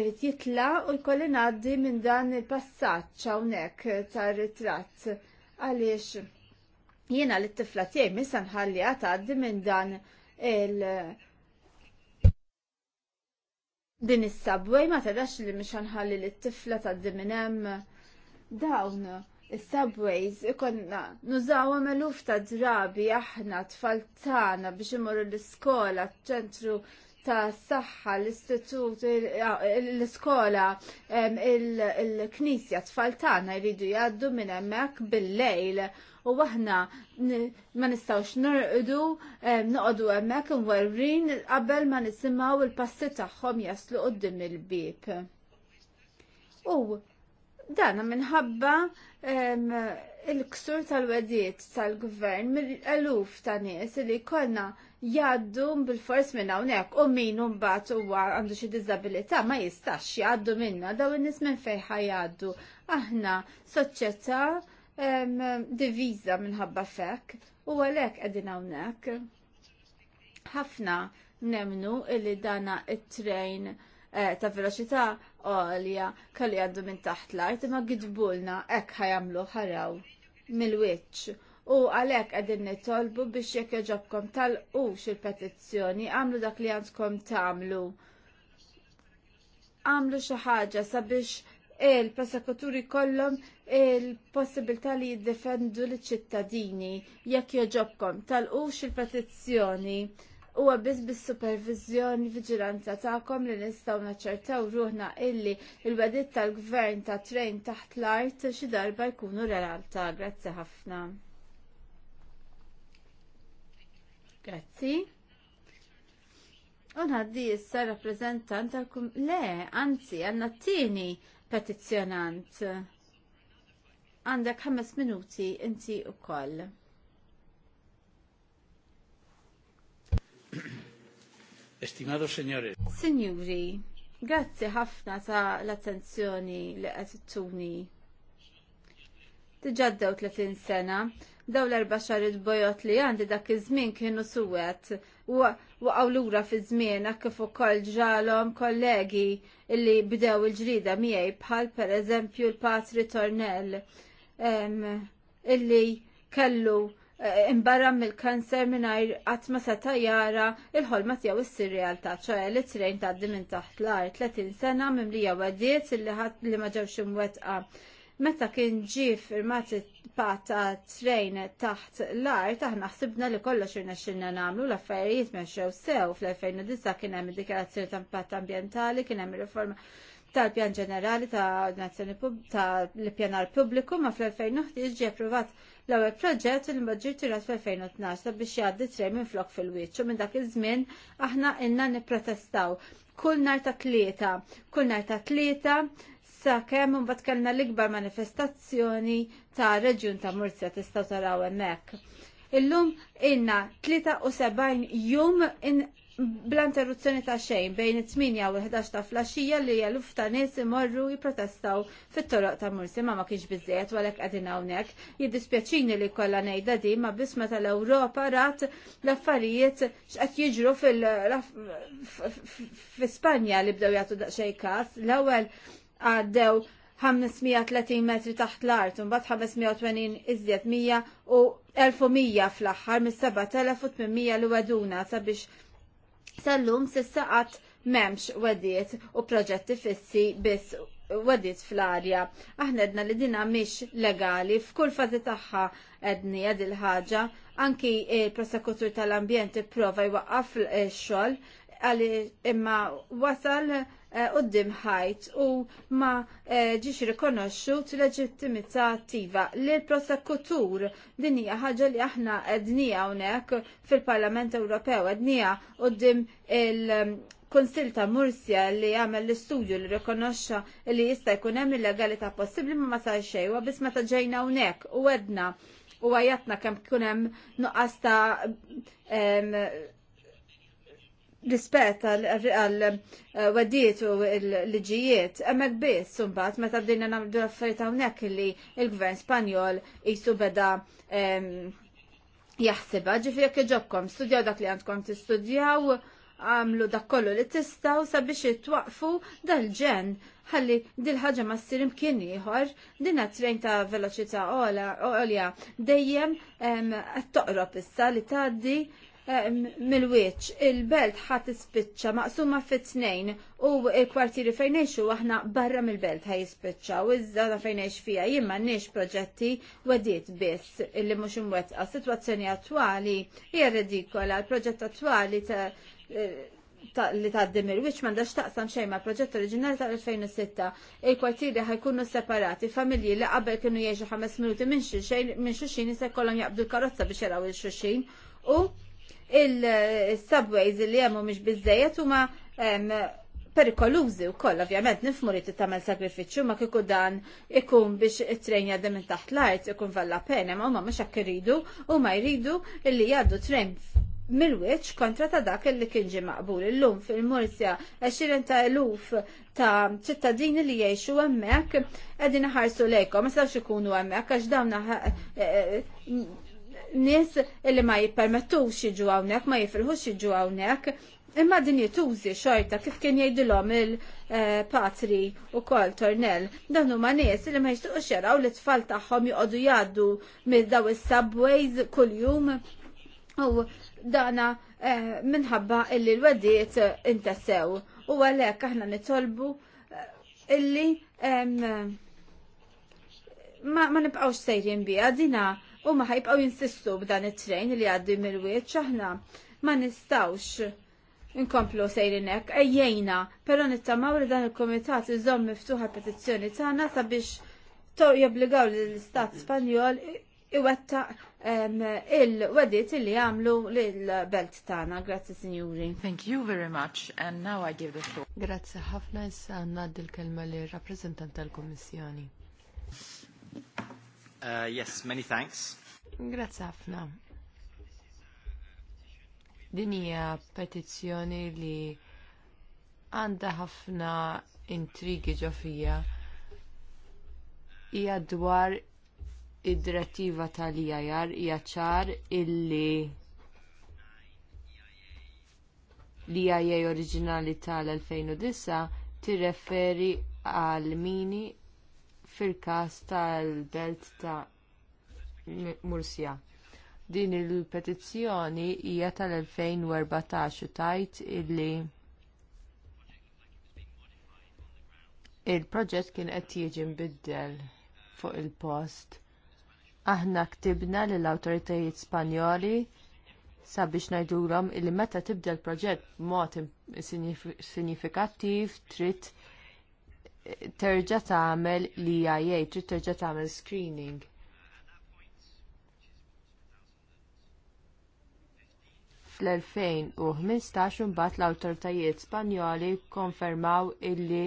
irid jitla u jkolli ngħaddi minn dan il-passaġġ hawnhekk tar-ritratt għaliex jiena li t-tifla tiegħi misa nħalli għatgħaddi minn dan il- din is-subway ma tadax li mhix ħalli lit-tifla ta' diminem dawn is-subways ikonna nużawhom eluf ta' drabi aħna tfal tagħna biex imorru l-iskola, ċ-ċentru ta' saħħa l-istitut, l-iskola, il-knisja tfal tagħna jridu jgħaddu minn hemmhekk bil-lejl u aħna ma nistgħux nirqdu eh, noqogħdu hemmhekk imwerrin qabel ma nisimgħu il-passi tagħhom jaslu qudiem il-bib. U dan minħabba il-ksur tal-wedijiet tal-gvern mill-eluf ta' nies li konna jaddu bil-fors minn hawnhekk u min mbagħad huwa għandu xi diżabilità ma jistax jgħaddu minna daw in-nies minn fejn jgħaddu. Aħna soċjetà diviża minħabba fekk u għalhekk qegħdin hawnhekk. Ħafna nemnu li dana it-trejn eh, ta' veloċità għolja kalli għaddu minn taħt l ma gidbulna hekk ħajamlu ħaraw mill-wiċċ u għalek għedin nitolbu biex jekk joġobkom tal-ux il-petizzjoni, għamlu dak li għandkom tamlu. Għamlu xaħġa sabiex il-persekuturi kollom il-possibilità li jiddefendu l-ċittadini jekk joġobkom tal-qux il-petizzjoni u għabiz bis-supervizjoni vigilanza ta'kom li nistaw naċċertaw ruħna illi il-wedit tal-gvern ta' trejn taħt l-art xi darba jkunu realtà. Grazzi ħafna. Grazzi. Unħaddi issa rappresentant tal-kum. Le, anzi, għanna t-tini petizjonant għandek ħames minuti inti u koll. Estimado signore. Signori, grazzi ħafna ta' l-attenzjoni li qed tuni. Tiġaddew 30 sena, daw l-erba' xar bojot li għandi dak iż-żmien kienu suwet u waqgħu lura fi żmien kif ukoll ġalhom kollegi illi bdew il-ġrida miegħi bħal pereżempju l-Patri Tornell illi kellu eh, imbarra mill-kanser għajr għatma seta jara il-ħolma tijaw issir realtà ċoħe li trejn taddi minn taħt l-ar 30 sena mimlija wadiet li ħat li maġawx wetqa Meta kien ġi firmat pata trejn taħt l-ar taħna ħsibna li kollox xirna xinna namlu l-affarijiet meċċew sew fl-2009 kien hemm dikarazzjoni ta' impatt ambientali, kien hemm riforma tal-pjan ġenerali ta' nazzjoni ta' l-pjanar pubbliku ma fl-2011 ġie approvat l-ewwel proġett li maġġir tirat fl-2012 biex jgħaddi trej minn flok fil-wiċċ u minn dak iż-żmien aħna inna nipprotestaw kull narta ta' tlieta, kull narta ta' tlieta sa kemm imbagħad kellna l-ikbar manifestazzjoni ta' reġjun ta' Murzja tistgħu taraw hemmhekk. Illum inna 73 jum in bla interruzzjoni ta' xejn bejn it-8 u l-11 ta' flaxija li hija ta' nies imorru jipprotestaw fit-toroq ta' Mursi ma ma kienx biżejjed għalhekk qegħdin hawnhekk. Jiddispjaċini li kollha ngħidha di ma bisma meta l-Ewropa rat l-affarijiet x'qed jiġru fil-Spanja li bdew jagħtu daqsxejn każ. L-ewwel għaddew 530 metri taħt l-art, un 580 iżjed 100 u 1100 fl-axħar mis-7800 l-waduna sabiex Sal-lum sissa qatt m'hemmx wadiet u proġetti fissi biss wadiet fl-arja. Aħna edna li dina mhix legali f'kull fażi tagħha edni għad il-ħaġa anki il-prosekutur tal-ambjent prova jwaqqaf xogħol għalli imma wasal Eh, qoddim ħajt u ma eh, ġiex rikonoxxut leġittimità attiva li l-prosekutur din hija ħaġa li aħna ednija hawnhekk fil-Parlament Ewropew ednija qoddim il- Konsil ta' Mursja li għamel l-istudju li rikonoxxa li jista' jkun hemm il-legalità possibbli ma ma sar xejn u biss meta ġejna hawnhekk u għedna u għajatna kemm kien hemm nuqqas ta' rispet għal wadiet u l-ġijiet, emmek biss, sumbat, meta bdejna namdu affarijiet hawnhekk li il-gvern Spanjol jisu beda jaħsibha, ġifieri jekk ġokkom, studjaw dak li għandkom tistudjaw, għamlu dak kollu li tistaw sabiex jitwaqfu dal-ġen ħalli dil-ħagġa ma s-sir imkien ieħor dinha trejn ta' veloċità għolja dejjem qed toqrob issa li tgħaddi Eh, mill-wieċ. Il-belt ħat ispiċċa maqsuma fit snejn u il-kwartieri fejn ngħixu aħna barra mill-belt ħaj ispicċa u iż-żona fejn fija jien m'għandniex proġetti wediet biss illi mhux imwettqa. Sitwazzjoni attwali hija redikola, l-proġett attwali ta' eh, li taddim il-wiċ mandax taqsam xejn ma' proġett oriġinali tal-2006. Il-kwartieri ħajkunu separati, familji li qabel kienu jgħixu ħames minuti minn xulxin minn xulxin se jkollhom jaqbdu l-karozza biex jaraw il-xulxin u il-subways li jemmu miex bizzejet u ma perikolużi u koll, ovvjament, nifmu li t-tamel sakrifiċu ma kiku dan ikun biex it-trenja d minn taħt l-art, ikun valla pena, ma umma ma mxak rridu u ma jridu illi jaddu tren mil wiċ kontra ta' dak li kien maqbul. il Illum fil-Mursja 20 ta' eluf ta' ċittadini li jiexu hemmhekk qegħdin ħarsu lejkom, ma sa' ikunu hemmhekk għax dawn eh, eh, nies illi ma jippermettux jiġu hawnhekk, ma jifilħux jiġu hawnhekk. Imma din jitużi xorta kif kien jgħidilhom il-patri u kol tornel. Dan huma nies li ma jixtiequx jaraw li tfal tagħhom joqogħdu jgħaddu minn daw is-subways kuljum u dana eh, minħabba illi l-wedijiet intassew. U għalhekk aħna nitolbu eh, illi ma, nibqgħux sejrin bija dina u ma ħajbqaw jinsistu b'dan it-trejn li għaddu mill-wieċ aħna ma nistawx inkomplu sejrinek, ejjejna, però nittamaw li dan il-komitat iżomm miftuħa petizzjoni tagħna sabiex to jobbligaw l-istat Spanjol iwetta il-wedit li għamlu l-belt tana. Grazie, signori. Thank you very much. And now I give the floor. Grazie ħafna issa għanna il kelma li rappresentant tal-Komissjoni. Uh, yes, many thanks. Grazie ħafna. Din hija petizzjoni li għandha ħafna intrigi ġofija hija dwar id drettiva tal-IAR hija ċar illi l-IAA oriġinali tal-2009 tirreferi għal mini fil każ tal-belt ta' Mursija. Din il-petizzjoni hija tal-2014 u tajt illi il-proġett kien qed jiġi mbiddel fuq il-post. Aħna ktibna lill awtoritajiet Spanjoli sabiex ngħidulhom illi meta tibda l-proġett b'mod sinifikattiv trid terġa' tagħmel l-EIA, trid terġa' tagħmel screening. fl-2015 imbagħad l-awtoritajiet Spanjoli kkonfermaw illi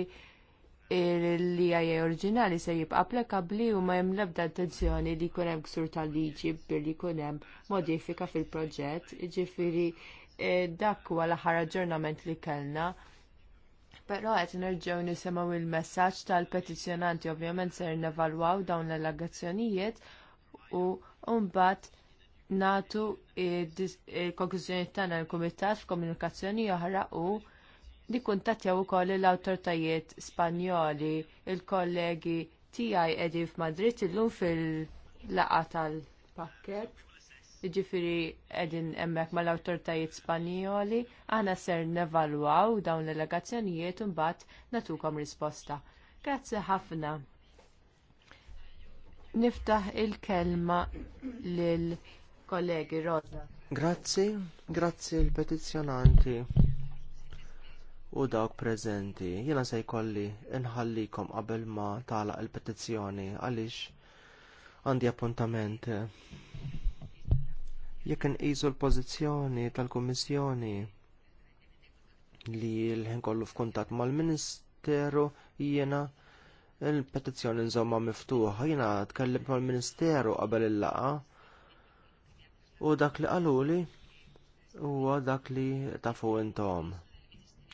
l-IA oriġinali se jibqa' applikabbli u ma hemm l-ebda intenzjoni li jkun hemm ksur tal-liġi billi jkun hemm modifika fil-proġett, jiġifieri eh, dak huwa l-aħħar aġġornament li kellna Però qed nerġaw nisimgħu il-messaġġ tal-petizzjonanti ovvjament ser nevalwaw dawn l-allegazzjonijiet u mbagħad natu il-konklużjoni tagħna l-Kumitat f'komunikazzjoni oħra u li kuntattjaw ukoll l-awtoritajiet Spanjoli, il-kollegi tiegħi qegħdin f'Madrid illum fil-laqgħa tal-pakket. Jiġifieri qegħdin hemmhekk mal awtoritajiet spanjoli, aħna ser nevalwaw dawn l legazzjonijiet un bat natukom risposta. Grazzi ħafna. Niftaħ il-kelma lil kollegi Rosa. Grazzi, grazie il petizzjonanti u dawk prezenti. Jiena se jkolli inħallikom qabel ma tagħlaq il-petizzjoni għaliex għandi appuntament Jekk inqisu l-pożizzjoni tal-Kummissjoni li l-ħin kollu f'kuntatt mal-Ministeru jiena il-petizzjoni nżomma miftuħa. Jiena tkellimt mal-Ministeru qabel il laqgħa u dak li qaluli huwa dak li tafu intom.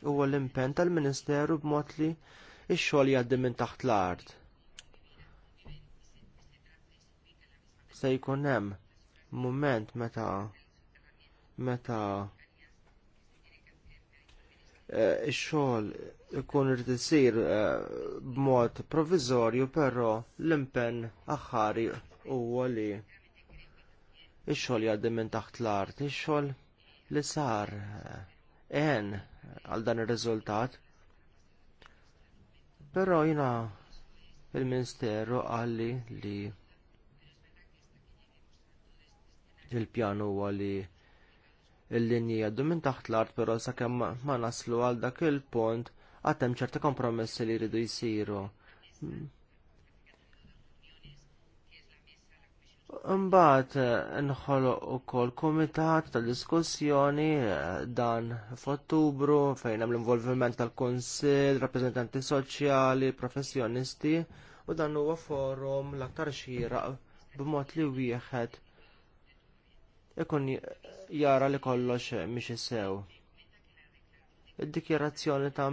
Huwa l-impenn tal-Ministeru b'mod li ix-xogħol jgħaddi minn taħt l-art. Se jkun hemm mument meta meta eh, ix-xogħol ikun irid isir eh, b'mod proviżorju però l-impenn aħħari huwa li ix-xogħol jgħaddi minn taħt l-art, ix-xogħol li sar eh, en għal dan ir-riżultat. Però jiena il-Ministeru qal li Il-pjan huwa li il-linji jaddu minn taħt l-art, pero sakemm ma naslu għal dak il-pont għatem ċerta kompromessi li jridu jisiru. Mbagħad eh, u kol kumitat ta' diskussjoni eh, dan f'Ottubru fejn hemm l-involviment tal-Kunsill, rappreżentanti soċjali, professjonisti u dan huwa forum l-aktar xieraq b'mod li wieħed ikun jara li kollox miex sew. Id-dikjerazzjoni ta',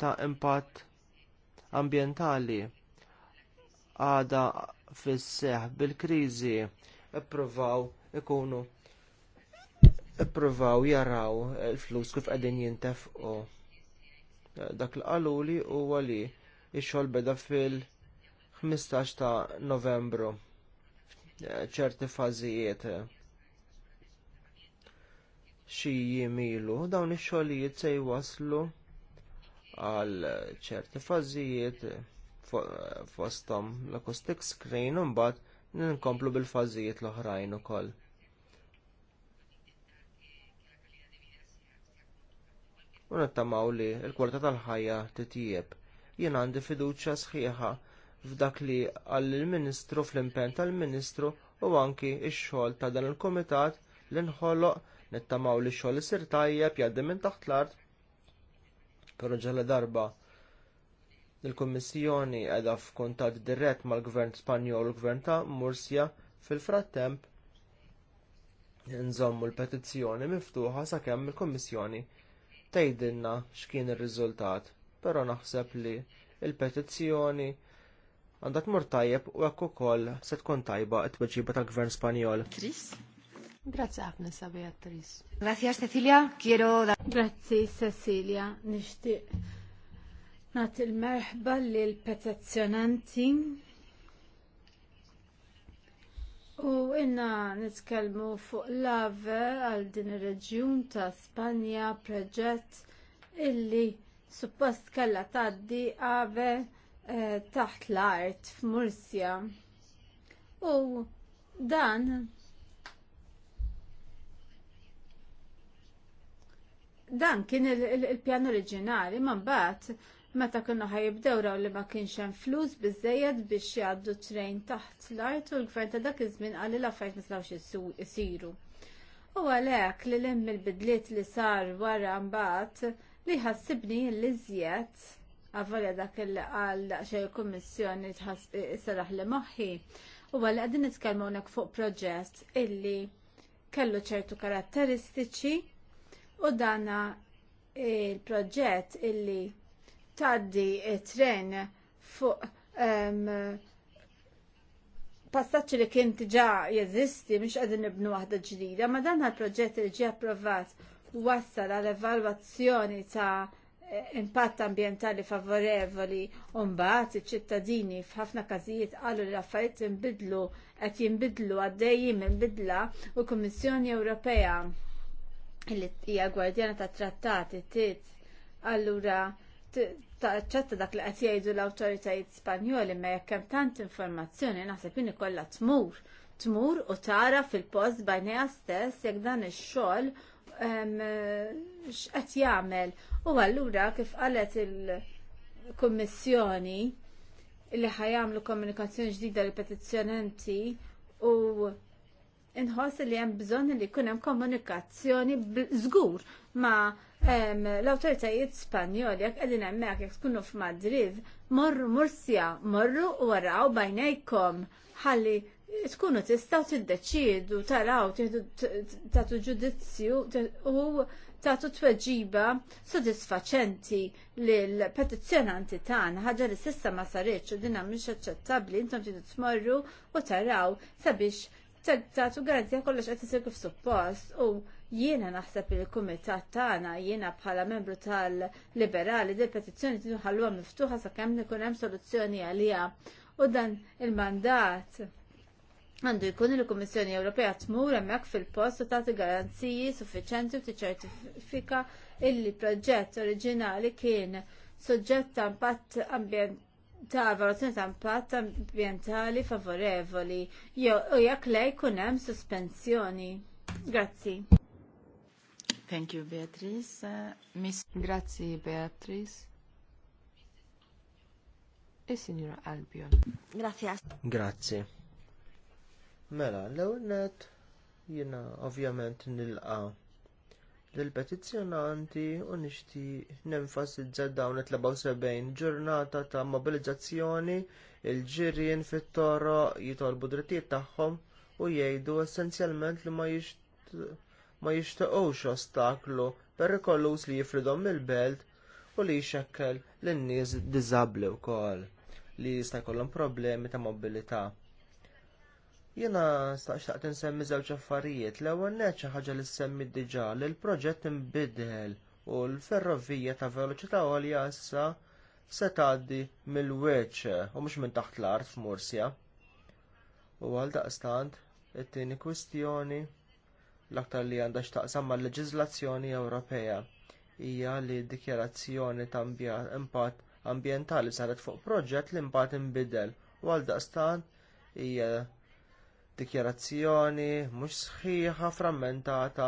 ta impatt ambjentali għada fis-seħ bil-kriżi ippruvaw ikunu ippruvaw jaraw il-flus kif qegħdin jintefqu. Dak li qaluli huwa li x-xogħol beda fil-15 ta' Novembru ċerti fażijiet xi jimilu dawn ix-xogħlijiet se jwaslu għal ċerti fażijiet fosthom l-acoustic screen u mbagħad ninkomplu bil-fażijiet l-oħrajn ukoll. u nittamaw li l-kwalità tal-ħajja titjieb. Jien għandi fiduċja sħiħa f'dak li għall ministru fl impenn tal-Ministru u anki x-xogħol ta' dan il-Kumitat li nħoloq nittamaw li xogħol isir tajjeb jgħaddi minn taħt l-art. Però ġalla darba il-Kummissjoni qiegħda f'kuntatt dirett mal-Gvern Spanjol u l-Gvern ta' Mursja fil-frattemp nżommu l-petizzjoni miftuħa sakemm il-Kummissjoni tgħidilna x'kien ir-riżultat, però naħseb li l petizzjoni għandha tmur tajjeb u hekk ukoll se tkun tajba t tweġiba tal-Gvern Spanjol. Chris? Grazie Afne sabi attris. Grazie Cecilia, quiero da. Grazie Cecilia, nishti Nat il-merħba lil petazzjonanti. u inna nitkelmu fuq lave għal din ir-reġjun ta' Spanja proġett illi suppost kella taddi għave eh, taħt l-art f'Mursja. U dan Dan kien il-pjan oriġinali, ma mbagħad meta kienu ħajibdew raw li ma kienx hemm flus biżejjed biex jgħaddu trejn taħt l-art u l-gvern ta' dak iż-żmien qal li l-affarijiet ma slawx isiru. U għalhekk li lemm il-bidliet li sar wara mbagħad li ħassibni li iżjed għavarja dak li qal xej kummissjoni saraħ li moħħi. U għalli qegħdin nitkellmu fuq proġett illi kellu ċertu karatteristiċi u danna il-proġett illi taddi tren fuq um, li kien diġà jeżisti mhux qegħdin nibnu waħda ġdida, ma dan għal-proġett li ġie approvat wassal għal evalwazzjoni ta' impatt ambjentali favorevoli u mbagħad iċ-ċittadini f'ħafna każijiet qalu li l-affarijiet jinbidlu qed jinbidlu għaddejjin minn bidla u l-Kummissjoni Ewropea illi hija gwardjana ta' trattati tit allura taċċetta dak li qed jgħidu l-awtoritajiet Spanjoli ma jekk hemm tant informazzjoni naħseb inni kollha tmur tmur u tara fil-post bajnejha stess jekk dan ix-xogħol x'qed jagħmel. U allura kif qalet il-Kummissjoni li ħajamlu komunikazzjoni ġdida l petizzjonanti u inħoss li hemm bżonn li jkun hemm komunikazzjoni żgur ma' l-awtoritajiet Spanjoli jekk qegħdin hemmhekk jekk tkunu f'Madrid, morru Mursja, morru waraw bajnejkom ħalli tkunu tistgħu tiddeċiedu taraw tagħtu ġudizzju u tagħtu tweġiba sodisfaċenti lil petizzjonanti tagħna ħaġa li s'issa ma saritx u dinha mhix aċċettabbli intom tidu tmorru u taraw sabiex tagħtu garanzija kollox qed isir f suppost u jiena naħseb li l-kumitat tagħna jiena bħala membru tal-liberali dil petizzjoni tinħalluha miftuħa sakemm nikun hemm soluzzjoni għaliha u dan il-mandat għandu jkun il-Kummissjoni Ewropea tmur hemmhekk fil-post u tagħti garanziji suffiċenti u tiċċertifika il proġett oriġinali kien soġġett ta' impatt ta' valutazzjoni ta' impatt ambientali favorevoli jew jekk lej jkun hemm sospensjoni. Grazzi. Thank you, Beatrice. Uh, Miss... Grazzi, Beatrice. E signora Albion. Grazie. Grazie. Mela, l-ewnet, jena ovvjament nilqa l petizzjonanti u nixtieq nenfasizza dawn it-73 ġurnata ta' mobilizzazzjoni il-ġirien fit-toro jitolbu drittijiet tagħhom u jgħidu essenzjalment li ma jixtiequx ostaklu perikolus li jifridhom mill-belt u li jxekkel lin nies diżabbli wkoll li jista' jkollhom problemi ta' mobilità. Jena staqxtaqt insemmi żewġ affarijiet l-ewwel neċ ħaġa li semmi diġà li l-proġett imbidel u l-ferrovija ta' veloċità għolja issa se tgħaddi mill-weċ u mhux minn taħt l-art f'Mursja. U għaldaqstant it-tieni kwistjoni l-aktar li għandha x'taqsam mal-leġiżlazzjoni Ewropea hija li d dikjarazzjoni ta' impatt ambjentali saret fuq proġett li impatt inbidel u għaldaqstant hija dikjarazzjoni mhux sħiħa frammentata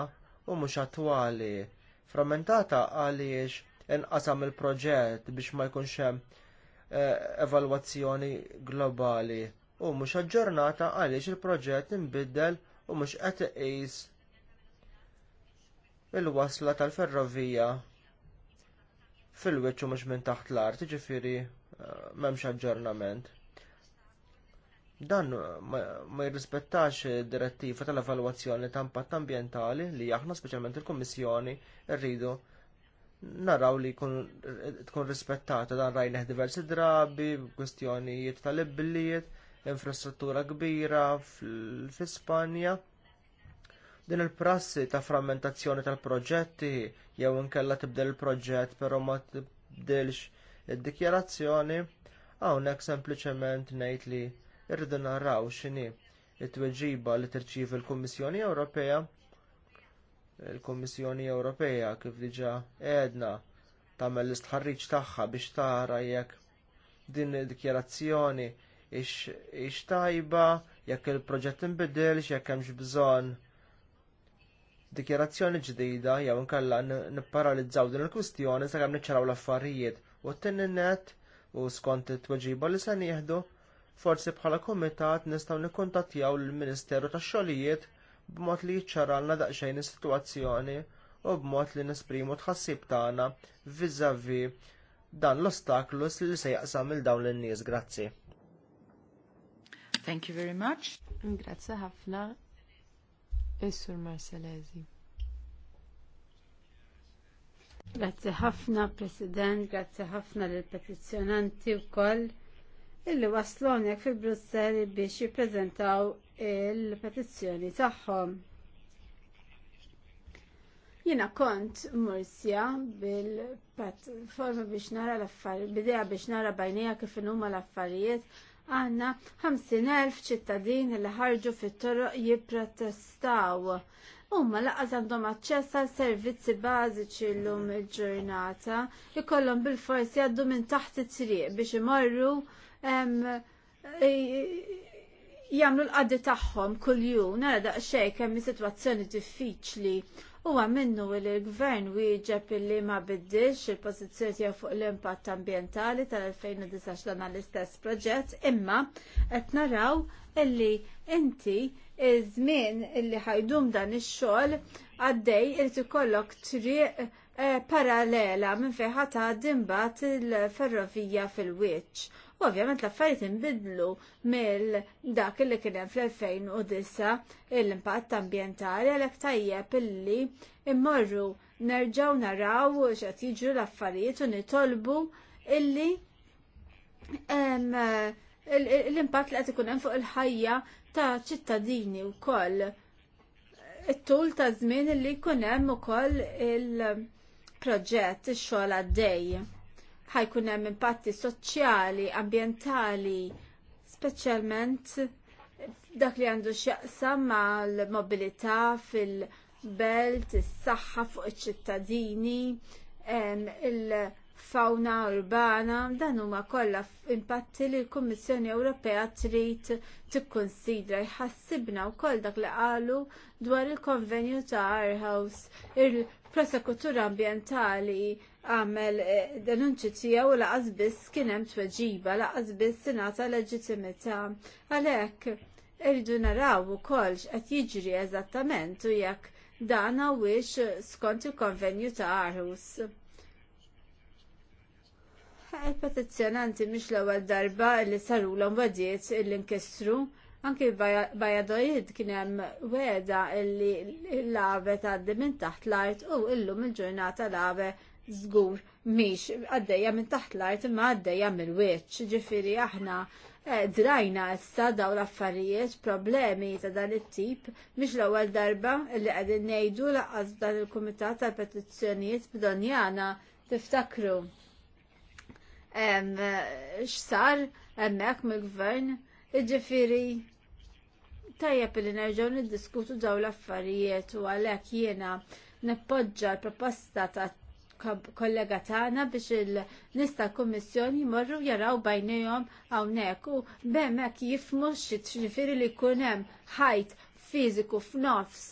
u mhux attwali. Frammentata għaliex inqasam il-proġett biex ma jkunx hemm eh, evalwazzjoni globali u mhux aġġornata għaliex il-proġett inbiddel u mhux qed iqis il-wasla tal-ferrovija fil-wiċċ u mhux minn taħt l-art, ġifieri eh, m'hemmx aġġornament. Dan ma jirrispettax id direttiva tal-evalwazzjoni ta' impatt ambjentali li aħna speċjalment il-Kummissjoni rridu naraw li tkun rispettata dan rajneħ diversi drabi, kwestjonijiet tal-ibbiliet, infrastruttura kbira fl-Ispanja. Din il-prassi ta' frammentazzjoni tal-proġetti jew inkella tibdel il-proġett però ma tibdilx id-dikjarazzjoni hawnhekk sempliċement ngħid li irridu naraw x'inhi it-tweġiba li tirċievi l-Kummissjoni Ewropea. Il-Kummissjoni Ewropea kif diġà għedna tagħmel l-istħarriġ tagħha biex tara jekk din id-dikjarazzjoni ix tajba, jekk il-proġett inbidilx, jekk hemmx bżonn dikjarazzjoni ġdida jew inkella nipparalizzaw din il-kwistjoni sakemm niċċaraw l-affarijiet u t-tinni net u skont it-tweġiba li se nieħdu forsi bħala komitat nistgħu nikkuntattjaw lill-Ministeru tax-Xogħlijiet b'mod li jiċċaralna daqsxejn is-sitwazzjoni u b'mod li nesprimu tħassib tagħna viżavi dan l-ostaklu li se jaqsam il dawn lin-nies. Grazzi. Thank you very much. Grazzi ħafna. Is-Sur Marcellesi. Grazzi ħafna, President, grazzi ħafna lill petizzjonanti wkoll illi waslonek fi Brussel biex jippreżentaw il-petizzjoni tagħhom. Jina kont Mursja bil-platforma biex nara l-affarijiet, bidea biex nara bajnija kif huma l-affarijiet, għanna 50.000 ċittadin li ħarġu fit-toroq jipprotestaw. Umma laqqas għandhom aċċess għal servizzi bażiċi llum il-ġurnata, ikollhom bil-forsi għaddu minn taħt it-triq biex imorru E, jagħmlu l-qaddi tagħhom kuljum nara daqsxejn kemmi sitwazzjoni diffiċli huwa minnu li l-gvern wieġeb li ma biddilx il-pożizzjoni tiegħu fuq l-impatt ambjentali tal-2019 dan l-istess proġett, imma qed naraw illi inti iż-żmien illi ħajdum dan ix-xogħol għaddej irid ikollok triq eh, parallela minn fejn ħadd imbagħad il-ferrovija fil-wiċċ U ovvjament l-affarijiet inbidlu mill dak li kien hemm fl-2009 l-impatt ambjentali għalhekk tajjeb illi immorru nerġgħu naraw x'qed jiġru l-affarijiet u nitolbu illi l-impatt li qed ikun hemm fuq il-ħajja ta' ċittadini wkoll it-tul ta' żmien li jkun hemm ukoll il-proġett ix-xogħol għaddej ħajkun hemm impatti soċjali, ambjentali, speċjalment dak li għandu x'jaqsam mal-mobilità fil-belt, is-saħħa fuq iċ-ċittadini, il-fauna urbana, dan huma kollha impatti li l-Kummissjoni Ewropea trid tikkunsidra jħassibna wkoll dak li qalu dwar il-konvenju ta' Airhouse, il-prosekutur ambjentali għamel eh, denunċi tijaw laqqas biss kienem tweġiba, laqqas biss sinata leġitimita. Għalek, irridu naraw u kolx għat jiġri eżattament u jekk dana wix skont il-konvenju ta' Arhus. Il-petizzjonanti mhix l-ewwel darba li saru l wadiet il-inkestru, anki Bajadojid kien hemm weda li l-ave tgħaddi minn taħt l-art u illum il-ġurnata l-ave Zgur miex għaddejja minn taħt l-art imma għaddejja mill wiċċ ġifieri aħna eh, drajna issa daw l-affarijiet problemi ta' dan it-tip miex l-ewwel darba li qegħdin ngħidu laqqas dan il-Kumitat tal-Petizzjonijiet Bdonjana tiftakru. X'sar hemmhekk mill-gvern iġifieri tajjeb li nerġgħu niddiskutu daw l-affarijiet u għalhekk jiena nippoġġa l-proposta ta' kollega tagħna biex il-nista kummissjoni jmorru jaraw bajnejhom hawnhekk u b'hemmhekk jifhmu x'jiġifieri li jkun hemm ħajt fiżiku f'nofs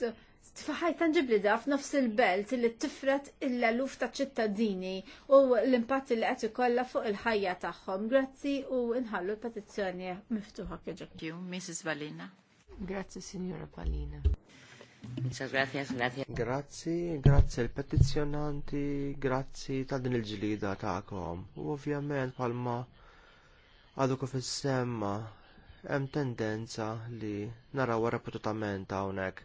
tfaħaj tangibli da f'nofs il-belt li tifret il-luf ta' ċittadini u l-impatt li qed ikollha fuq il-ħajja tagħhom. Grazzi u nħallu l-petizzjoni miftuħa kieġek. Mrs. Valina. Grazzi, Signora Valina. Grazzi, grazzi l-petizjonanti, grazzi ta' din il-ġlida ta'kom. U ovvjament palma għadu kif semma hemm tendenza li naraw reputatament hawnhekk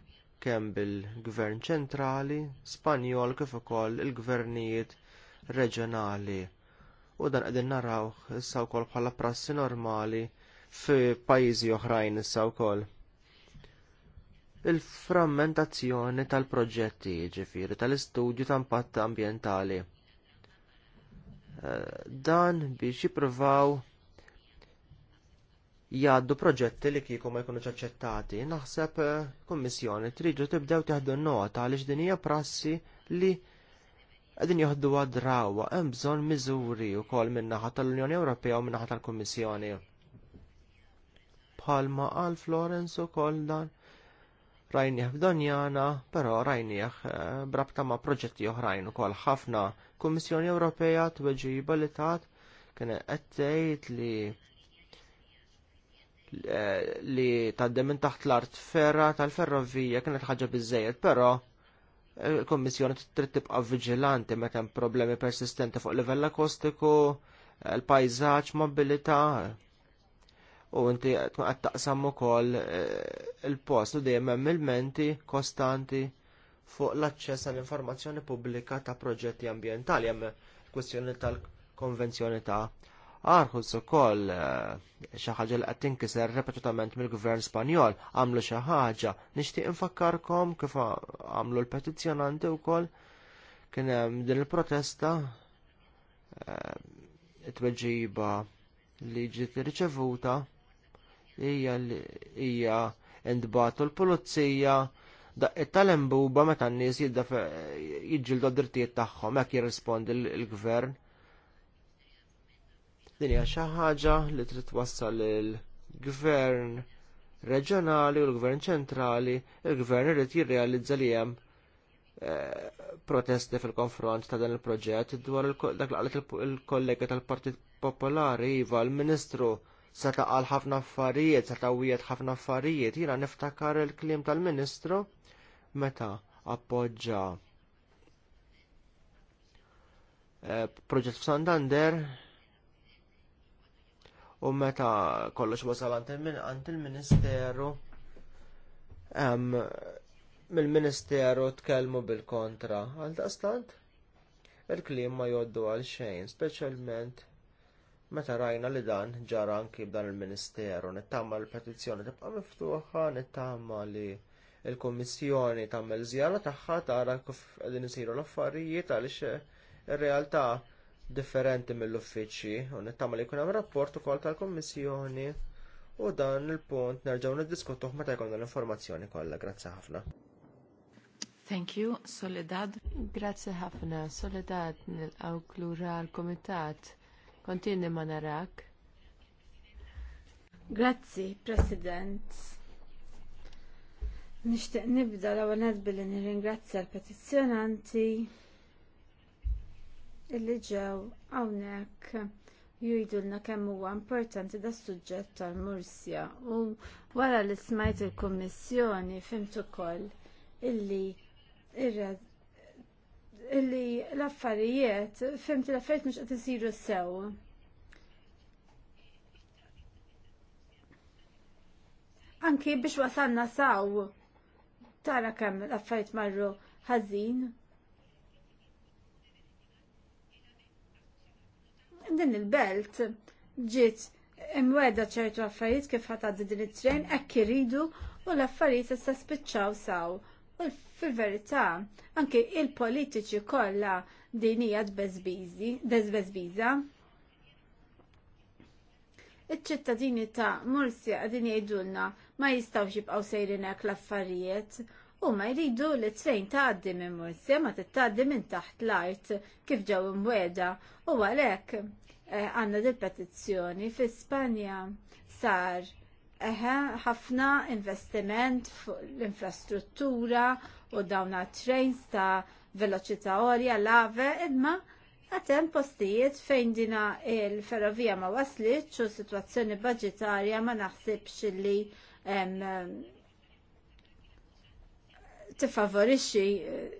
kemm bil-gvern ċentrali Spanjol kif ukoll il-gvernijiet reġjonali. U dan qegħdin naraw issa wkoll bħala prassi normali fi pajjiżi oħrajn issa wkoll il-frammentazzjoni tal-proġetti ġifiri tal-istudju ta' impatt ambjentali. Eh, dan biex jippruvaw jgħaddu proġetti li kieku ma jkunux aċċettati, naħseb eh, kummissjoni tridu tibdew teħdu nota għaliex din hija prassi li qegħdin joħdu għadrawa hemm bżonn miżuri wkoll min-naħa tal-Unjoni Ewropea u min-naħa tal-Kummissjoni. Palma għal Florence ukoll dan rajnieħ f'Donjana, però rajnieħ eh, brabta ma' proġetti oħrajn ukoll ħafna. Kummissjoni Ewropea tweġiba li tat kien qed tgħid li eh, li taddem minn taħt l-art ferra tal-ferrovija kienet ħaġa biżejjed, però eh, il-Kommissjoni trid tibqa' viġilanti meta hemm problemi persistenti fuq livell akustiku, l-pajżaġġ, mobilità, u inti tkun qed taqsam ukoll eh, il-post u dejjem hemm il-menti kostanti fuq l-aċċess għall informazzjoni pubblika ta' proġetti ambjentali hemm kwestjoni tal-konvenzjoni ta' Arħus ukoll eh, xi ħaġa li qed tinkiser ripetutament mill-Gvern Spanjol għamlu xi ħaġa nixtieq infakkarkom kif għamlu l-petizzjonanti wkoll kien hemm din il-protesta eh, it-tweġiba li ġiet riċevuta hija li hija ndbatu l-pulizija it tal buba meta n-nies jiġġildu d-dirtijiet tagħhom hekk jirrispondi l-gvern. Din hija xi ħaġa li trid twassal il-gvern reġjonali u l-gvern ċentrali, il-gvern irid jirrealizza li hemm eh, protesti fil-konfront ta' dan il-proġett dwar dak laqlet il-kollega tal-Partit Popolari iva l-Ministru seta qal ħafna affarijiet, seta wiet ħafna affarijiet, jina niftakar il-kliem tal-Ministru meta appoġġa eh, proġett f'Santander u meta kollox wasal għant il-Ministeru mill-Ministeru tkellmu bil-kontra għal daqstant il-kliem ma joddu għal xejn, speċjalment Meta rajna li dan ġara anki b'dan il-Ministeru, nittama l-petizzjoni tibqa' miftuħa, nittama li l kummissjoni tagħmel żjara tagħha tara kif qegħdin isiru l-affarijiet għaliex ir-realtà differenti mill-uffiċċji u nittama li jkun hemm rapport ukoll tal-Kummissjoni u dan il-punt nerġgħu niddiskutuh meta jkollna l-informazzjoni kollha. Grazzi ħafna. Thank you, Soledad. Grazzi ħafna, Soledad, nil-għaw l-Kumitat Kontinni ma narak. Grazzi, President. Nixtieq nibda l-ewwel billi nirringrazzja l-petizzjonanti illi ġew hawnhekk jgħidulna kemm huwa importanti da suġġett tal-Mursja u wara li smajt il-Kummissjoni fimtu koll illi ir illi l-affarijiet, fimti l-affarijiet mux qed isiru sew. Anki biex wasanna saw, tara kemm l-affarijiet marru ħażin. Din il-belt ġiet imweda ċertu affarijiet kif ħataddi din it-tren, ekk iridu u l-affarijiet issa spiċċaw saw. U fil-verità, anke il-politiċi kollha din hija dbeżbiża. Iċ-ċittadini ta' Mursi qegħdin jgħidulna ma jistgħux jibqgħu sejrin hekk l-affarijiet u ma jridu li t-trejn taħdi minn Mursi ma t-taħdi minn taħt l-art kif ġew imweda u għalhekk eh, għandna dil petizzjoni fi Spanja sar Eħe, ħafna investiment fuq l-infrastruttura u dawna trains ta' veloċità orja, lave imma għatem postijiet fejn dina il-ferrovija ma waslitx u situazzjoni budgetarja ma naħsibx li tifavorixxi eh,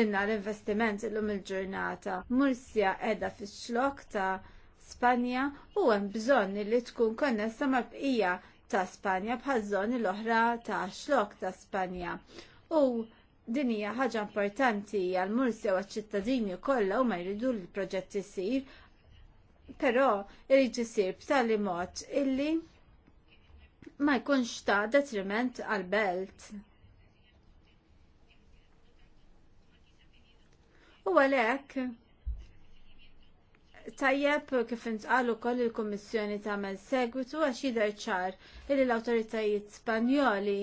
dinna l-investiment l-lum il-ġurnata. Mursja edha fix xlok ta' Spanja u hemm bżonn li tkun konnessa ma bqija ta' Spanja bħal l-oħra ta' xlok ta' Spanja. U din hija ħaġa importanti għal mursi u ċittadini kollha u ma jridu l-proġett jisir, però jrid isir b'tali mod illi ma jkunx ta' detriment għall belt. U għalhekk tajjeb kif intqal ukoll il-Kummissjoni tagħmel segwitu għax jidher ċar illi l-awtoritajiet Spanjoli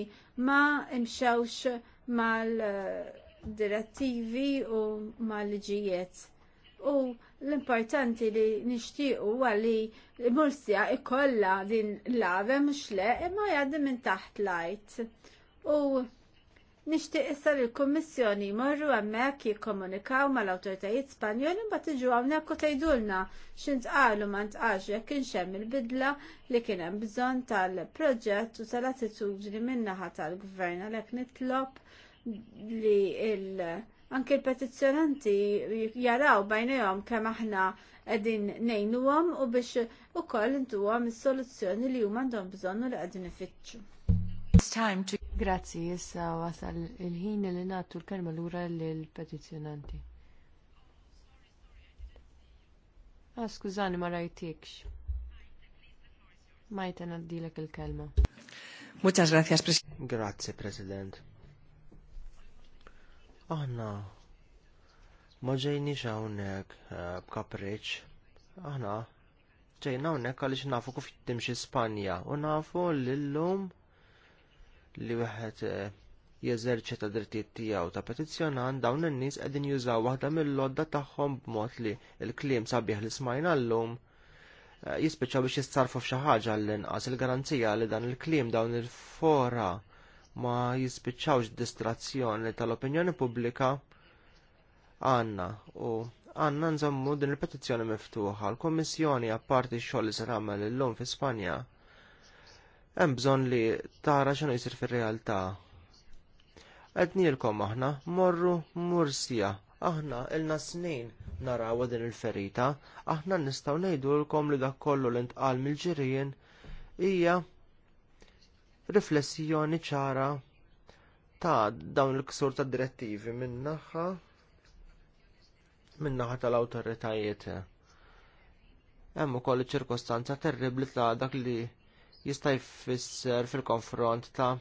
ma imxewx mal-direttivi u mal-liġijiet. U l-importanti li nixtiequ għalli mursija ikolla din l-għavem mux le imma jgħaddi minn taħt lajt. U Nixtieq issa li l-Kummissjoni jmorru hemmhekk jikkomunikaw mal-awtoritajiet Spanjoli mbagħad tiġu hawnhekk u tgħidulna għalu ma ntqalx jekk inxemm il-bidla li kien hemm bżonn tal-proġett u tal-attitudni min-naħa tal-Gvern għalhekk nitlob li il- anke l-petizzjonanti jaraw bajnejhom kemm aħna qegħdin ngħinuhom u biex ukoll intuhom is-soluzzjoni li huma għandhom bżonn u li qegħdin ifittxu. Grazzi, issa wasal il-ħin li nagħtu l-kelma lura lill-petizzjonanti. Ah, skużani ma rajtikx. Majta naddilek il-kelma. Muchas gracias, President. Grazie, President. Aħna ma ġejniex hawnhekk eh, b'kapriċċ. Aħna ġejna unnek għaliex nafu kif timxi Spanja u nafu l-lum li wieħed eh, jeżerċita drittijiet tiegħu ta' petizzjonan dawn in-nies qegħdin jużaw waħda mill-lodda tagħhom b'mod li l-kliem sabiħ li smajna llum eh, jispiċċaw biex jistarfu f'xi ħaġa l-inqas il-garanzija li dan il-kliem dawn il-fora ma jispiċċawx distrazzjoni tal-opinjoni pubblika għandna u għandna nżammu din il-petizzjoni miftuħa. l kummissjoni apparti x-xogħol li se tagħmel illum fi Spanja hemm bżonn li tara x'inhu jsir fir-realtà. Qed nielkom aħna morru mursija, aħna ilna snin naraw din il-ferita, aħna nistgħu ngħidulkom li dak kollu li ntqal mill-ġirien hija riflessjoni ċara ta' dawn il-ksur ta' direttivi minnaħħa minnaħħa tal-awtoritajiet. Hemm ukoll iċ-ċirkostanza terribli ta' dak li jista' jfisser fil-konfront ta'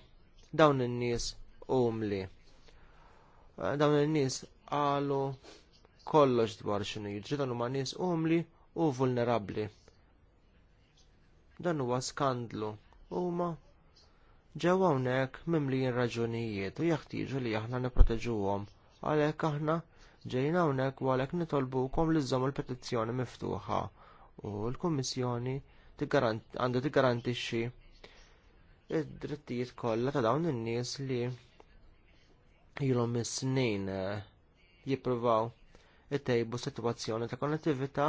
dawn in-nies umli. Eh, dawn in-nies qalu kollox dwar x'inhu jiġri dan huma nies umli u vulnerabbli. Dan huwa skandlu huma ġew hawnhekk mimlijin raġunijiet u jeħtieġu li aħna nipproteġuhom għalhekk aħna ġejna hawnhekk u għalhekk nitolbukom li żommu l-petizzjoni miftuħa u l-Kummissjoni t tiggarantixxi id-drittijiet kollha ta' dawn in-nies li ilhom is-snin eh, jippruvaw itejbu sitwazzjoni ta' konnettività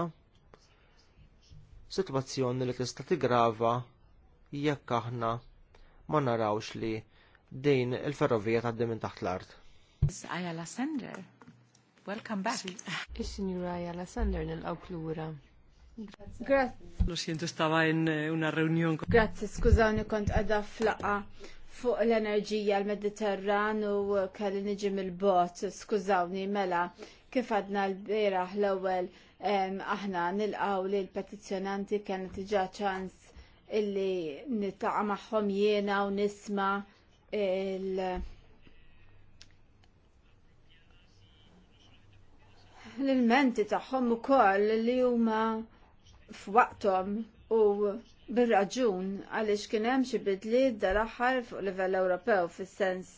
sitwazzjoni li tista' tigrava jekk aħna ma narawx li din il-ferrovija tgħaddi minn taħt l-art. Ayala welcome back. Is-Sinjura Ayala Sender nilqgħu lura. Grazie. Lo siento, stava in eh, una reunion. Grazie, skużawni kont għadha flaqa fuq l-enerġija l-Mediterran u eh, kelli niġi mill-bot, skużawni mela, kif għadna l-beraħ l-ewwel aħna nilqaw li l-petizzjonanti kienet diġà ċans illi nittaqa' magħhom jiena u nisma' il- l-menti tagħhom ukoll li huma f'waqthom u bir-raġun għaliex kien hemm xi bidliet dal-aħħar fuq livell Ewropew fis-sens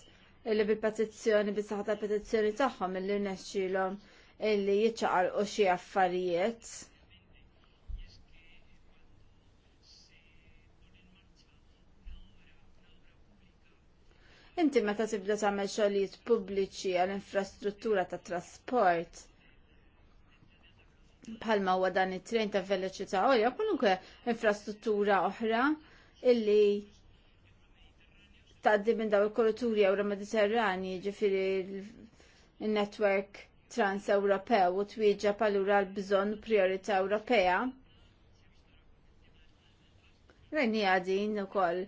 illi bil-petizzjoni bis-saħħa tal-petizzjoni tagħhom illi nexxilhom illi jiċċaqalqu xi affarijiet. Inti meta tibda tagħmel xogħlijiet pubbliċi għall-infrastruttura tat trasport, palma u dan it-trejn ta' veloċità għolja kwalunkwe infrastruttura oħra illi tgħaddi minn daw il-korruturi ewra mediterrani ġifiri il-network trans-Ewropew u twieġa palura l-bżonn priorità Ewropea. Rejni għadin u koll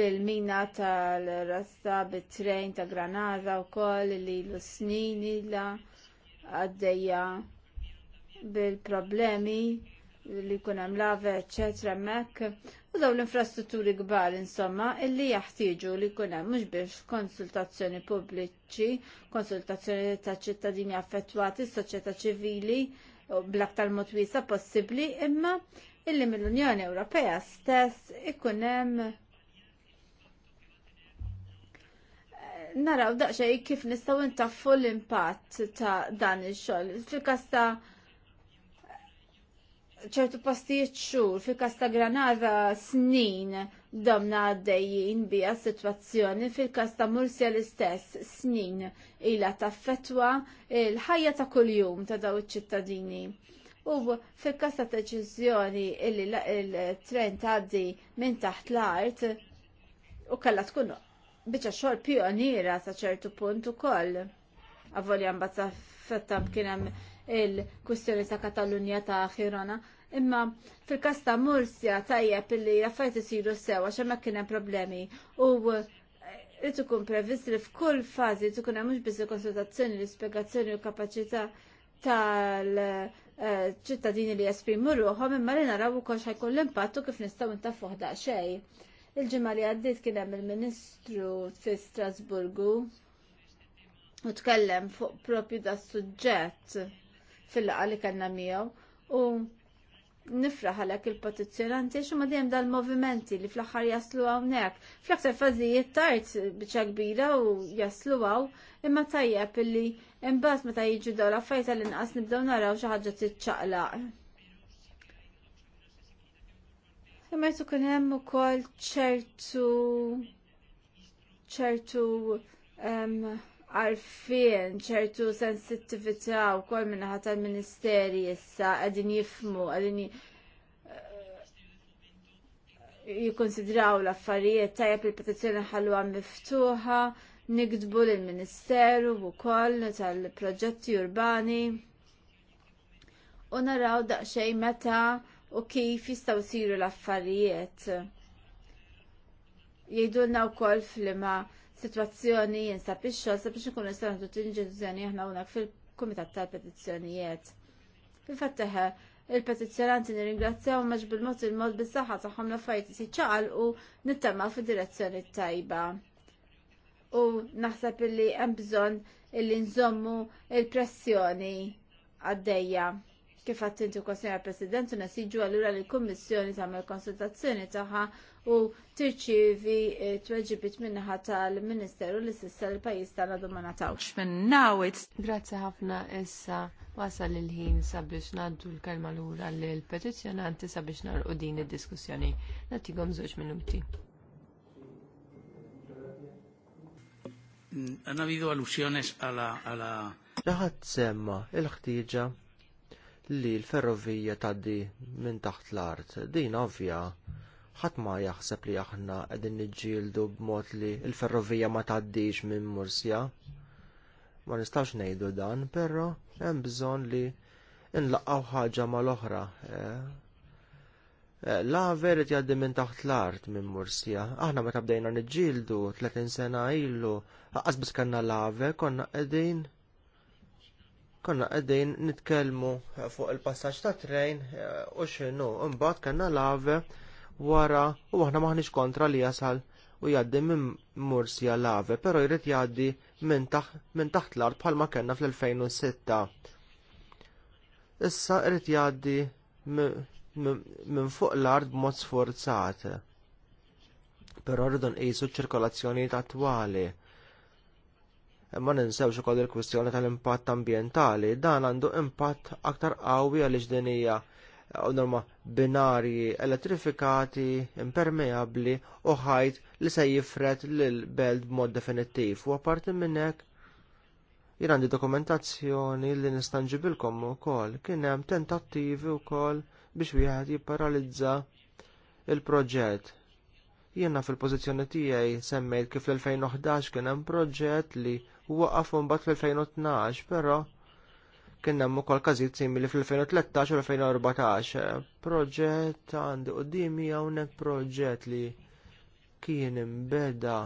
bil-mina tal-rasta bit-trejn ta' Granada u koll li l-snini la għaddeja bil-problemi li jkun hemm lave, eċetera, hemmhekk, u dawn l-infrastrutturi kbar insomma illi jaħtieġu li jkun hemm mhux biex konsultazzjoni pubbliċi, konsultazzjoni ta' ċittadini affettwati, soċjetà ċivili u bl-aktar mod wiesa possibbli, imma illi mill-Unjoni Ewropea stess ikun hemm eh, naraw daqsxejn kif nistgħu ntaffu l-impatt ta' dan ix-xogħol. Fil-każ ta' ċertu postijiet xhur fi kasta ta' Granada snin domna għaddejjin bija situazzjoni fil kasta ta' Mursja l-istess snin ila ta' fetwa il-ħajja ta' kuljum ta' daw iċ-ċittadini. U fil kasta ta' deċiżjoni illi il-tren tgħaddi minn taħt l-art u kalla tkun biċa xogħol pionira ta' ċertu punt ukoll. Avvolja mbazza fettab kienem il-kwistjoni ta' Katalunja ta' Hirona, Imma fil-kas ta' Mursja tajjeb illi raffajt isiru sewa ma' kienem problemi u rritu eh, kun previst li f'kull fazi rritu kun mux bizzi konsultazzjoni, l-ispiegazzjoni u kapacita tal-ċittadini eh, li jesprimu ruħom imma li naraw ukoll xajkun l-impattu kif nistgħu ntafuħ xej. Il-ġimgħa li għaddiet kien hemm il-Ministru fi Strasburgu u tkellem fuq propju da suġġett fil-laqa li kellna miegħu u nifraħ għalhekk il-petizzjonanti xi ma dejjem dal-movimenti li fl-aħħar jaslu hawnhekk. Fl-aktar fażijiet tard biċċa kbira u jaslu hawn imma tajjeb illi imbagħad meta jiġu dawn l-affarijiet li inqas nibdew naraw xi ħaġa titċaqlaq. Imma jtu kien hemm ukoll ċertu ċertu ehm, għalfien ċertu sensittività u kol minnaħat tal-ministeri jissa għadin jifmu, għadin eh, jikonsidraw l-affarijiet tajab il-petizjoni ħalluha miftuħa, nikdbu l-ministeru u kol tal-proġetti urbani u naraw daqxej meta u kif jistaw siru l-affarijiet. Jgħidulna u kol flima ma situazzjoni jinsab ix-xogħol sabiex ikunu nistgħu nagħtu inġenzjoni aħna unak fil-Kumitat tal-Petizzjonijiet. Fil-fatt il-petizzjonanti nirringrazzjaw maġ bil-mod il-mod bis-saħħa tagħhom l si ċaqal u nittama fid-direzzjoni tajba. U naħseb illi hemm bżonn illi nżommu il-pressjoni għaddejja. Kif għattinti kwa President u nasiġu għallura li l-Kummissjoni tagħmel konsultazzjoni tagħha u tirċievi eh, tweġibit ħata tal-Ministeru li sissa l-pajis tal-għadu ma it's. Grazzi ħafna issa wasal il-ħin sabiex naddu l-kelma l-ura l-petizjonanti sabiex narqu din id-diskussjoni. Natigom zoċ minuti. Għanna mm, vidu alusiones għala la... A semma il-ħtieġa li l-ferrovija taddi minn taħt l-art, din ovvja ħadd ma jaħseb li aħna qegħdin niġġieldu b'mod li l-ferrovija ma tgħaddix minn Mursja. Ma nistax ngħidu dan, però hemm bżonn li nlaqgħu ħaġa mal-oħra. Eh. Eh, La verit jaddi minn taħt l-art minn Mursija. Aħna meta bdejna nġildu 30 sena ilu, għas bis kanna lave, konna qegħdin konna qegħdin nitkellmu fuq il-passaġġ ta' trejn eh, u x'inhu, imbagħad kanna lave wara u aħna maħniex kontra li jasal u jgħaddi minn Mursija Lave, ave pero jrid jgħaddi minn taħt l-art bħalma kellna fl-2006. Issa jrid jgħaddi minn fuq l-art b'mod sforzat. Però rridu nqisu ċ-ċirkolazzjonijiet attwali. Imma ninsewx ukoll il-kwistjoni tal-impatt ambjentali, dan għandu impatt aktar qawwi għal din norma binarji elettrifikati, impermeabbli u ħajt li se jifret l-belt b'mod definittiv. U apparti minn hekk jien għandi dokumentazzjoni li nistanġibilkom ukoll. Kien hemm tentattivi wkoll biex wieħed jipparalizza l proġett Jiena fil-pożizzjoni tiegħi semmejt kif l-2011 kien hemm proġett li waqaf mbagħad fl-2012, però kien hemm ukoll każijiet simili fil-2013 u 2014. Proġett għandi qudiemi hawnhekk proġett li kien imbeda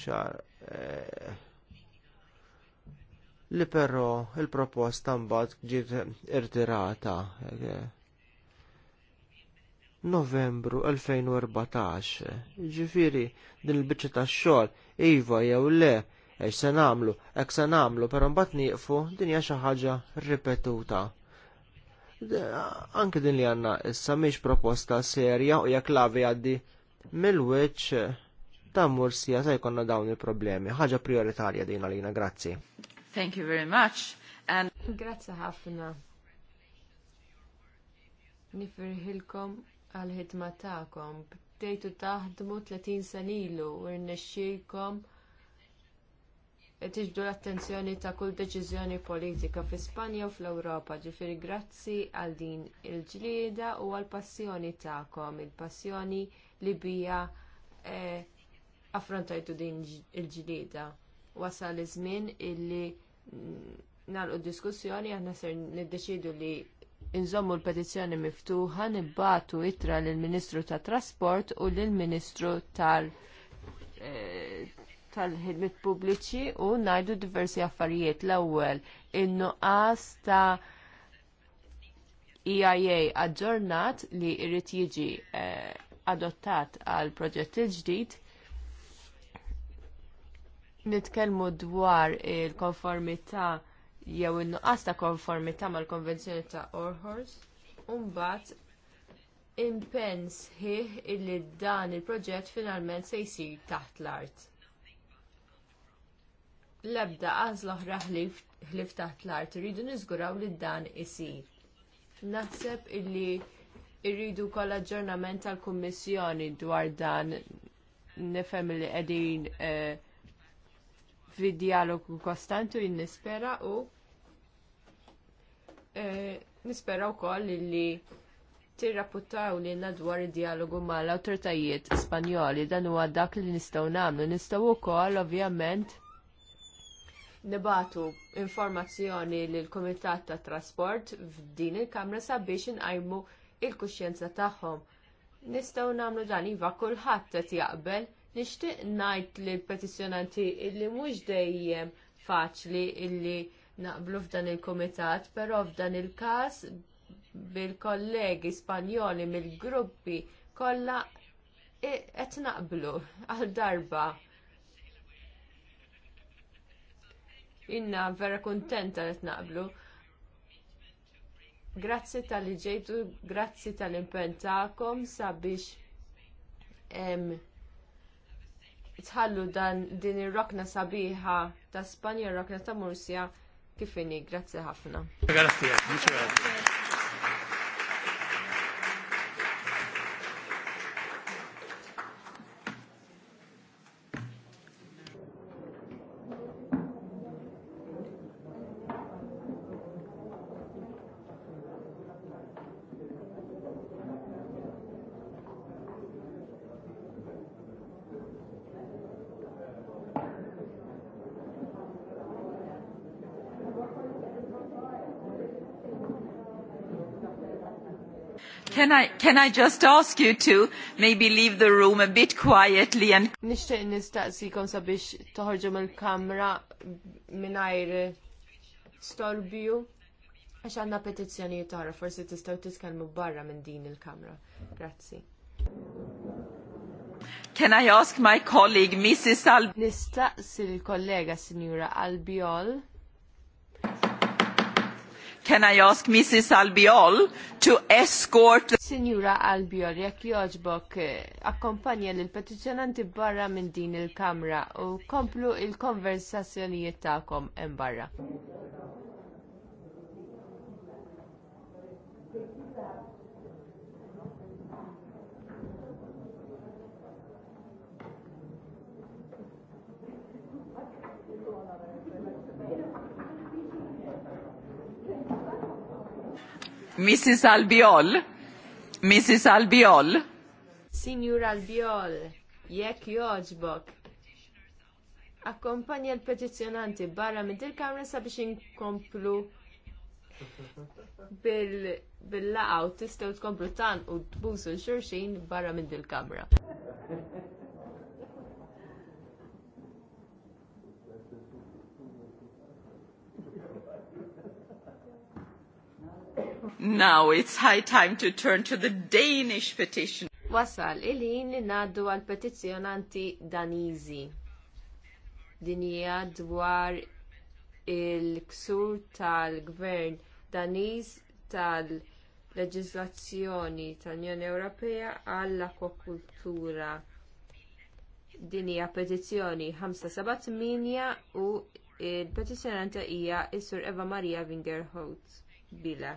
xar eh, li però il-proposta mbagħad ġiet irtirata. Eh, Novembru 2014. Ġifiri din il-biċċa tax-xogħol iva jew le ex se nagħmlu, hekk se nagħmlu, però mbagħad nieqfu din hija xi ħaġa ripetuta. Anke din li għandna issa mhix proposta serja u jekk lavi għaddi mill-wiċċ ta' mursija se jkollna dawn il-problemi. Ħaġa prioritarja din għalina, grazzi. Thank you very much. And... Grazzi ħafna. Nifirħilkom għal-ħidma ta'kom. Bdejtu taħdmu 30 sanilu u rnexxilkom tiġdu l-attenzjoni ta' kull deċiżjoni politika fi Spanja u fl-Ewropa, ġifieri grazzi għal din il-ġlieda u għall passjoni tagħkom, il-passjoni li bija eh, affrontajtu din il-ġlieda. Wasal iż-żmien illi mm, nalqu d diskussjoni aħna ser niddeċidu li inżommu l-petizzjoni miftuħa nibbatu ittra lill ministru tat Trasport u lill ministru tal e, tal-ħidmit pubbliċi u ngħidu diversi affarijiet l-ewwel in-nuqqas ta' EIA aġġornat li jrid jiġi eh, adottat għal proġett il-ġdid nitkellmu dwar il-konformità jew in-nuqqas ta' konformità mal-konvenzjoni ta' Orhors u mbagħad impens ħih illi dan il-proġett finalment se jsir taħt l-art l-ebda l oħra ħlif taħt l-art irridu niżguraw li dan isir. Naħseb illi irridu kol aġġornament tal-Kummissjoni dwar dan nifhem li qegħdin eh, fi dialogu kostantu jinnispera u nispera eh, wkoll li tirrapportaw li dwar id-dialogu mal awtoritajiet Spanjoli dan huwa dak li nistgħu nagħmlu. Nistgħu wkoll ovvjament nibatu informazzjoni lill kumitat tat Trasport f'din il-Kamra sabiex inqajmu l kuxjenza tagħhom. Nistgħu nagħmlu dan iva kulħadd qed jaqbel nixtieq ngħid lill petizzjonanti illi mhux dejjem faċli illi naqblu f'dan il kumitat però f'dan il-każ bil-kollegi Spanjoli mill-gruppi kollha qed naqblu għal darba Inna vera kontenta li tnaqblu. Grazzi tal-li ġejtu, grazzi tal-impen ta'kom sabiex tħallu dan din ir-rokna sabiħa ta' Spanja, ir-rokna ta' Mursja kifini. Grazzi ħafna. Grazzi, Can I, can I just ask you to maybe leave the room a bit quietly and... Nishtiq nistaqsikom sabiex toħorġu mill-kamra mingħajr storbju. Għax għandna petizzjoni tara, forsi tistgħu titkellmu barra minn din il-kamra. Grazzi. Can I ask my colleague, Mrs. Al... Nistaqsi l-kollega, Signora Albiol can I ask Mrs. Albiol to escort the... Signora Albiol, jekk jogħġbok, eh, akkompanja l-petizjonanti barra minn din il-kamra u komplu il-konversazzjonijiet ta'kom hemm barra. Mrs. Albiol. Mrs. Albiol. Signor Albiol, jekk joġbok. Akkompanja l-petizjonanti barra minn il-kamra sabiex inkomplu bil-laqaw tistaw tkomplu tan u tbusu l-xurxin barra minn il-kamra. Now it's high time to turn to the Danish petition. Wasal il-ħin li ngħaddu għal petizzjonanti Danizi. Din hija dwar il-ksur tal-gvern Daniż tal-leġiżlazzjoni tal-Unjoni Ewropea għall-akwakultura. Din hija petizzjoni 578 u il-petizzjonanta hija is-Sur Eva Maria Wingerhout Bila.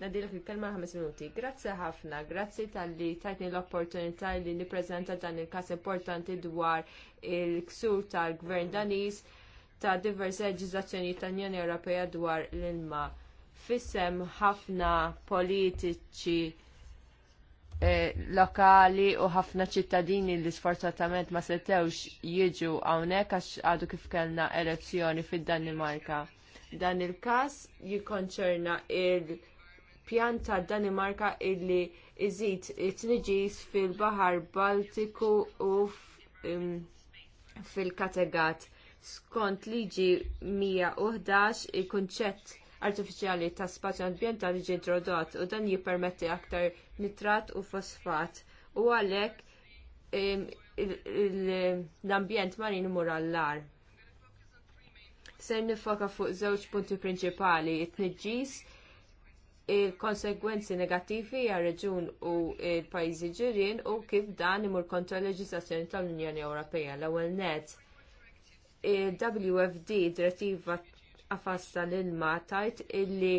Nadilek il-kelma 5 minuti. Grazzi ħafna, grazzi tal-li tajtni l-opportunità li nipprezenta dan il-kas importanti dwar il-ksur tal-gvern Danis ta' diversi legislazzjoni ta' unjoni Ewropea dwar l-ilma. Fissem ħafna politiċi eh, lokali u ħafna ċittadini li sfortunatament ma setewx jiġu hawnhekk għax għadu kif kellna elezzjoni fid-Danimarka. Dan il-każ jikkonċerna il-, -il pjan ta' Danimarka illi iżid it-tniġis fil-Bahar Baltiku u fil-Kategat. Skont liġi 111 il-kunċett artifiċjali ta' spazju ambjentali ġie introdott u dan jippermetti aktar nitrat u fosfat u għalhekk l-ambjent marin imur għall-lar. Ser nifoka fuq żewġ punti prinċipali, it-tniġġis il-konsegwenzi negattivi għar reġun u l pajjiżi ġirien u kif dan imur kontra l-leġislazzjoni tal-Unjoni Ewropea. L-ewwel net il-WFD direttiva għafasta l-ilma tajt illi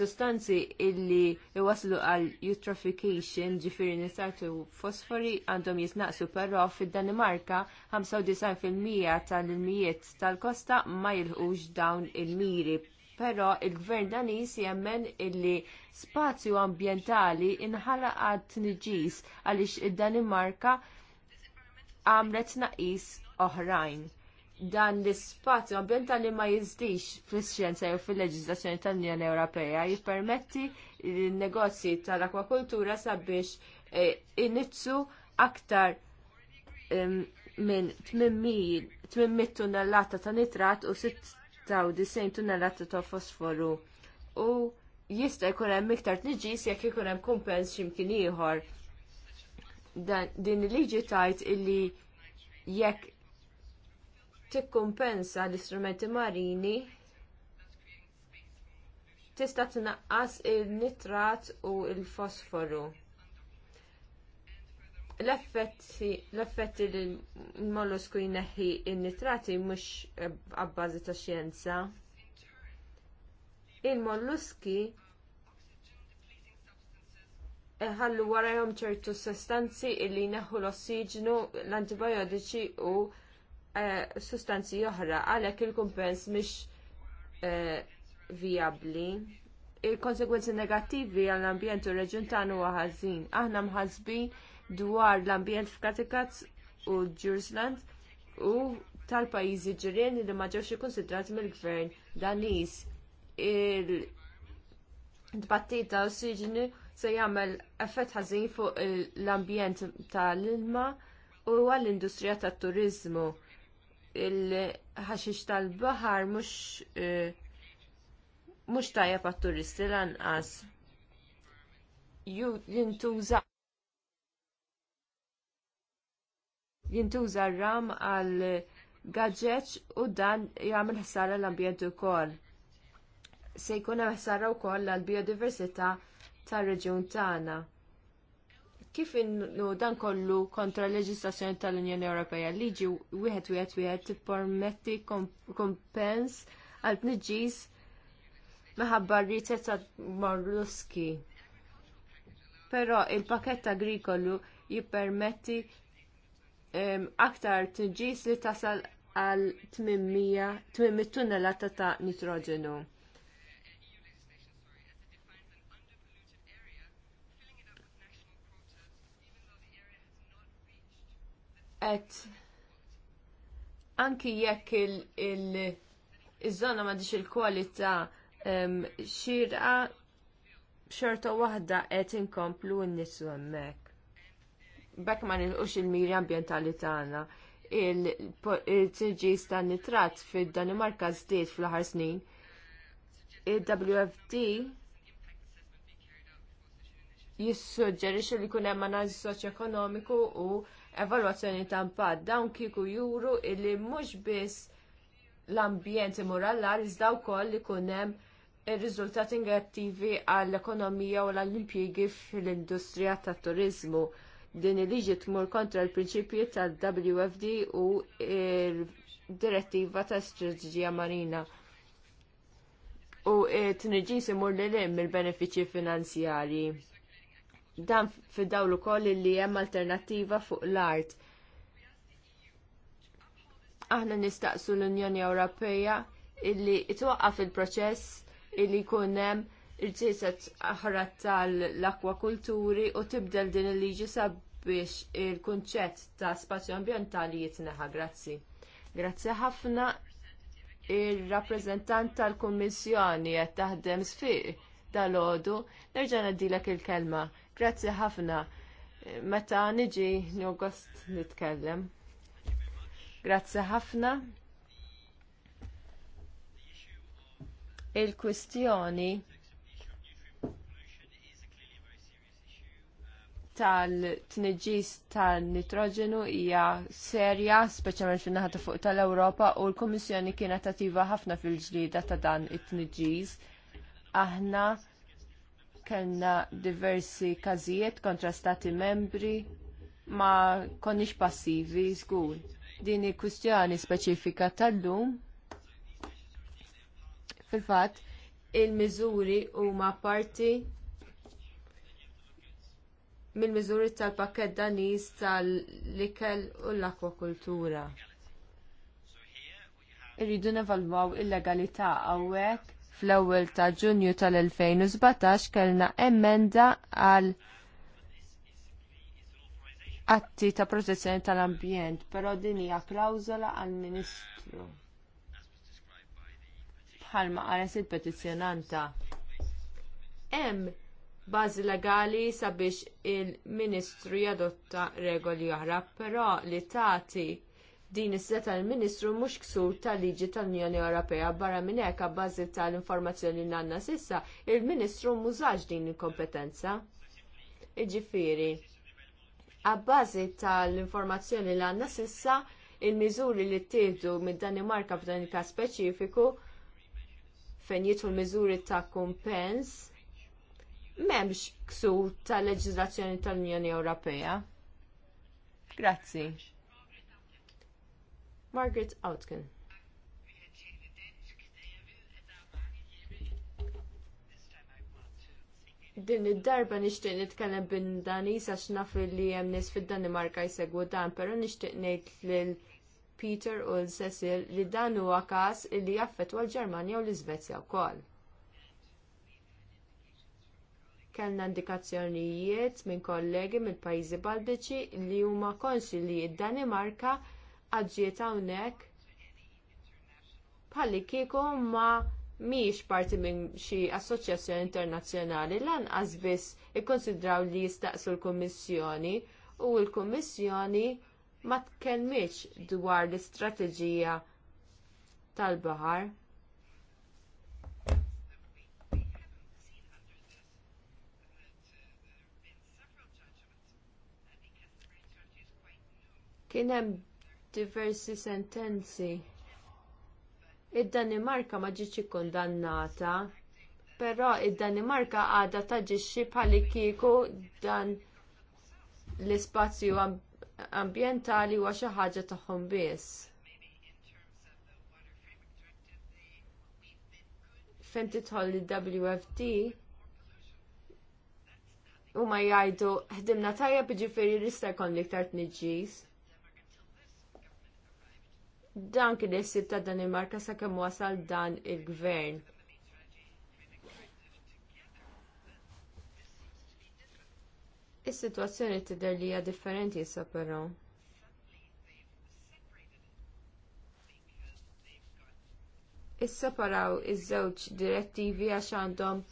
sustanzi illi iwaslu għal eutrophication ġifiri nisartu fosfori għandhom jisnaqsu però fil-Danimarka 95% tal-ilmijiet tal-kosta ma jilħux dawn il-miri però il-gvern danis jemmen illi spazju ambjentali inħala għad t-nġis għaliex id-Danimarka għamlet tnaqqis oħrajn. Dan l-ispazju ambjentali ma jizdix fil xjenza jew fil-leġiżlazzjoni tal-Unjoni Ewropea jippermetti il-negozji tal-akwakultura sabiex eh, inizzu aktar ehm, minn 800 tunnellata ta' nitrat u nispettaw disejn tunnellata ta' fosforu u jista' jkun hemm iktar tniġis jekk ikun hemm kumpens x'imkien ieħor. Din il-liġi tajt illi jekk tikkumpensa l-istrumenti marini tista' tnaqqas il nitrat u l-fosforu l-effetti li l-mollusku jneħħi in-nitrati mhux eh, għabbażi ta' xjenza. Il-molluski ħallu warahom ċertu sostanzi li jneħħu l-ossiġnu, l-antibiotiċi u eh, sustanzi oħra għalhekk il-kumpens mhix eh, vijabbli il-konsekwenzi negattivi għall-ambjent u reġun tagħna huwa ħażin. Aħna mħasbin dwar l-ambjent f'Katikat u Ġursland u tal-pajjiżi ġirien li ma ġewx ikkunsidrati mill-gvern Daniż. Il-tbattit ta' ossiġni se jagħmel effett ħażin fuq l-ambjent tal-ilma u għall-industrija tat-turiżmu. Il-ħaxix tal-baħar mhux eh, mhux tajjeb għat-turisti lanqas. Jintuża jintuża r-ram għal gadgets u dan jagħmel ħsara l-ambjent ukoll. Se jkun hemm ħsara wkoll għall biodiversità tar-reġjun tagħna. Kif innu dan kollu kontra l leġislazzjoni tal-Unjoni Ewropea liġi wieħed wieħed wieħed tippermetti kompens għal tniġġis meħabba rritet ta' molluski. Però il-pakett agrikolu jippermetti aktar tinġis li tasal għal 800 tunnellata ta' nitrogenu. Et anki jekk il-żona il, il, il-kwalità xirqa xorta waħda qed inkomplu n-nisu hemmhekk bekk ma nilqux il-miri ambjentali tagħna. Il-tirġis ta' nitrat fid-Danimarka żdied fl-aħħar snin. Il-WFD jissuġġerixxu li jkun hemm analiżi soċjoekonomiku u evalwazzjoni ta' impatt dawn kieku juru li mhux biss l-ambjent imur għall iżda wkoll li jkun hemm ir-riżultati negattivi għall-ekonomija u l-impjiegi fl-industrija tat-turiżmu din il-liġi tmur kontra l-prinċipji tal-WFD u il-direttiva ta' strategija marina. U t-nġis imur li lim il-benefiċi finanzjari. Dan fid-dawlu koll li hemm alternativa fuq l-art. Aħna nistaqsu l-Unjoni Ewropea illi itwaqqaf il-proċess illi jkun hemm il-ġiset ħarat tal-akwakulturi u tibdel din il-liġi sabiex il-kunċett ta' spazju ambjentali jitneħa. Grazzi. Grazzi ħafna il-rappresentant tal-Kummissjoni qed taħdem sfiq dal-ħodu. Nerġa' nadilek il-kelma. Grazzi ħafna. Meta niġi n-Ogost nitkellem. Grazzi ħafna. Il-kwistjoni tal tneġis tal-nitrogenu hija serja, speċjalment fin-naħa ta' fuq tal-Ewropa, u l-Kummissjoni kienet attiva ħafna fil-ġlida ta' dan it tneġis Aħna kellna diversi każijiet kontra stati membri ma konniex passivi żgur. Din il-kwistjoni speċifika tal-lum fil-fatt il-miżuri huma parti mill-miżuri tal-pakket daniż tal-ikel u l-akwakultura. Irridu nevalwaw il-legalità hawnhekk fl-ewwel ta' Ġunju tal-2017 kellna emenda għal atti ta' protezzjoni tal-ambjent, però din hija klawżola għall ministru bħalma qalet il-petizzjonanta. Hemm bażi legali sabiex il-Ministru jadotta regoli oħra, però li tagħti din is-seta l-Ministru mhux ksur tal-liġi tal-Unjoni Ewropea barra minn hekk bażi tal-informazzjoni li għandna s'issa, il-Ministru mużax din il-kompetenza. Iġifieri, għabbażi tal-informazzjoni li għandna s'issa, il-miżuri li ttieħdu mid-Danimarka f'dan il-każ speċifiku fejn jidħu l-miżuri ta' kumpens m'hemmx ksur tal-leġiżlazzjoni tal-Unjoni Ewropea. Grazzi. Margaret Outkin. din id-darba nixtieq nitkellem bin Danis għax naf li hemm nies fid-Danimarka jsegwu dan, però nixtieq ngħid lil Peter u l Cecil li dan huwa każ li jaffettwa l-Ġermanja u l-Iżvezja wkoll. kellna indikazzjonijiet minn kollegi mill pajjiżi Baltiċi li huma konxi li d-Danimarka għadġiet hawnhekk bħalli kieku ma miex parti minn xi assoċjazzjoni internazzjonali lanqas biss ikkonsidraw li jistaqsu l-Kummissjoni u l-Kummissjoni ma tkellmitx dwar l-istrateġija tal-baħar Kien hemm diversi sentenzi. Id-Danimarka ma ġietx ikkundannata, però id-Danimarka għadha taġixxi bħali kieku dan l-ispazju ambjentali huwa xi ħaġa tagħhom biss. Fejn tidħol il-WFD huma jgħidu ħdimna tajjeb jiġifieri jista' jkun l-iktar tniġġis. Dan kien is-sib ta' Danimarka sakemm wasal dan il-gvern. Is-sitwazzjoni tidher li hija differenti issa però. Isseparaw iż-żewġ direttivi għax għandhom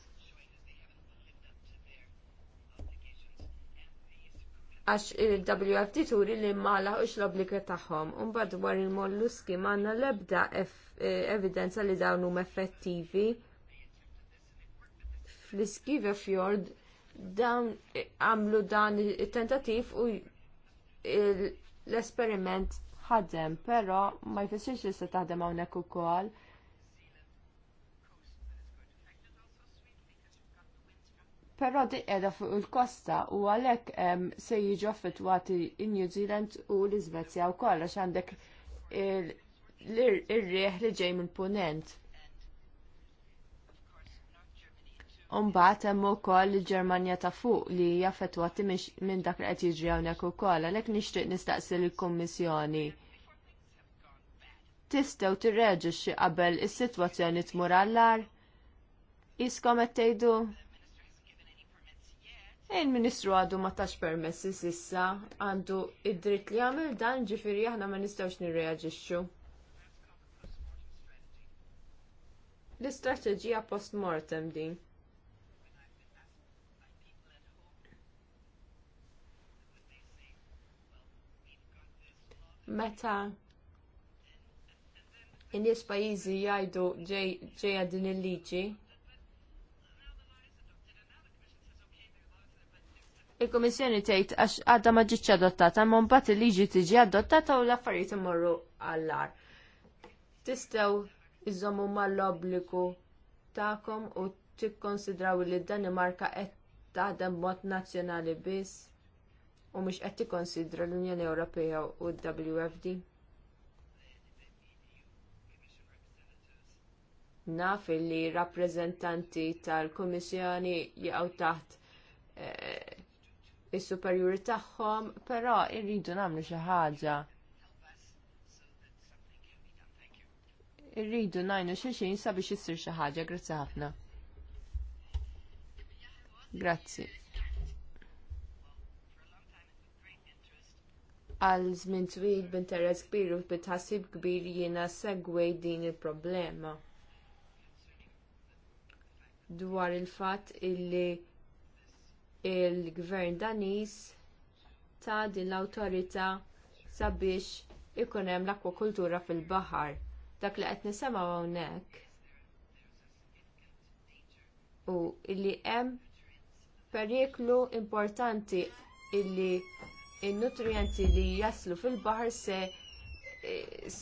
għax il-WFT turi li ma laħux l-obbliga tagħhom. Umbagħad dwar il-molluski m'għandna l-ebda eh, evidenza li dawn huma effettivi. fl iskiva fjord dawn għamlu dan il-tentativ u l-esperiment ħadem, però ma jfissirx li se taħdem hawnhekk ukoll. Però di qiegħda fuq il-kosta u għalhekk ehm, se jiġu affettwati in New Zealand u l-Iżvezja wkoll għax għandek ir-rieħ li ġej mill-punent. Umbat hemm ukoll il-Ġermanja ta' fuq li hija affettwati minn dak li qed jiġri hawnhekk ukoll, għalhekk nixtieq nistaqsi lill-Kummissjoni. Tistgħu tirreġixxi qabel is-sitwazzjoni tmur għall-ar? Iskom qed tgħidu? Eh, Il-Ministru għadu ma tax permessi sissa għandu id-dritt li għamil dan ġifiri aħna ma nistawx nirreagġiċu. L-istrateġija post-mortem din. meta in-nies pajjiżi jgħidu ġejja din il-liġi, il-Komissjoni tgħid għax għadha ma ġietx adottata, ma mbagħad il-liġi tiġi adottata u l-affarijiet imorru għall-ar. Tistgħu iżommu mal-obbligu tagħkom u tikkonsidraw li d-Danimarka qed taħdem mod nazzjonali biss u mhux qed tikkonsidra l-Unjoni Ewropea u d-WFD. Naf li rappreżentanti tal-Kummissjoni jew taħt eh, is-superjuri tagħhom, però irridu nagħmlu xi ħaġa. Irridu ngħinu xulxin sabiex issir xi ħaġa, grazzi ħafna. Grazzi. Għal żmien twil b'interess kbir u b'tħassib kbir jiena segwej din il-problema dwar il-fatt illi il-gvern Daniż ta' din l-awtorità sabiex ikun hemm l-akwakultura fil-baħar. Dak li qed nisimgħu hawnhekk u li hemm periklu importanti illi il-nutrienti li jaslu fil-baħar se e,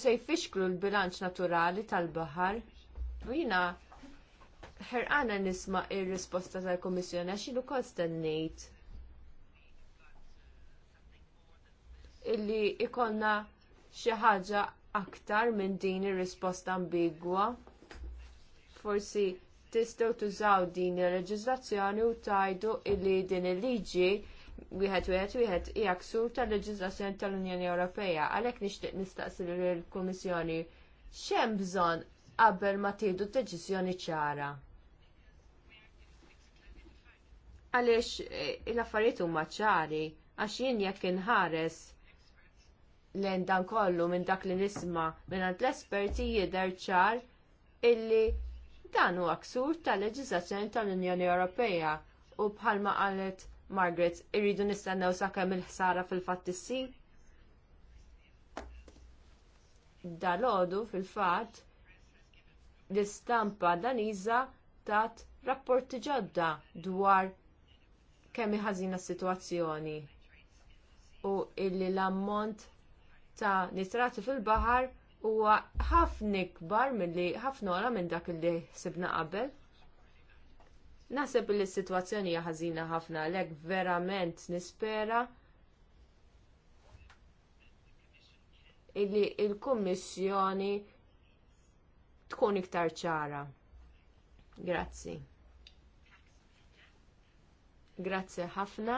se jfixklu l-bilanċ naturali tal-baħar. U jina ħerqana nisma ir-risposta tal-Komissjoni għax ilu kostennejt illi ikonna xi ħaġa aktar minn din ir-risposta ambigwa. Forsi tistgħu tużaw din il-leġiżlazzjoni u tajdu illi din il-liġi wieħed wieħed wieħed hija ksur tal-leġiżlazzjoni tal-Unjoni Ewropea. Għalhekk nixtieq nistaqsi lill-Kummissjoni x'hemm bżonn qabel ma tieħdu deċiżjoni ċara għaliex eh, l-affarijiet huma ċari għax jien jekk inħares lejn dan kollu minn dak li nisma' mingħand l-esperti jidher ċar illi dan huwa ksur tal-leġiżlazzjoni tal-Unjoni Ewropea u bħalma qalet Margaret irridu nistennew sakemm il-ħsara fil-fatt dal Dalodu fil-fatt l-istampa daniża tat rapporti ġodda dwar kemm iħażina s-sitwazzjoni u illi l-ammont ta' nitrati fil-baħar huwa ħafna ikbar milli ħafna minn dak li sibna qabel. Naħseb li s-sitwazzjoni hija ħażina ħafna għalhekk verament nispera illi l kummissjoni tkun iktar ċara. Grazzi. Grazzi ħafna.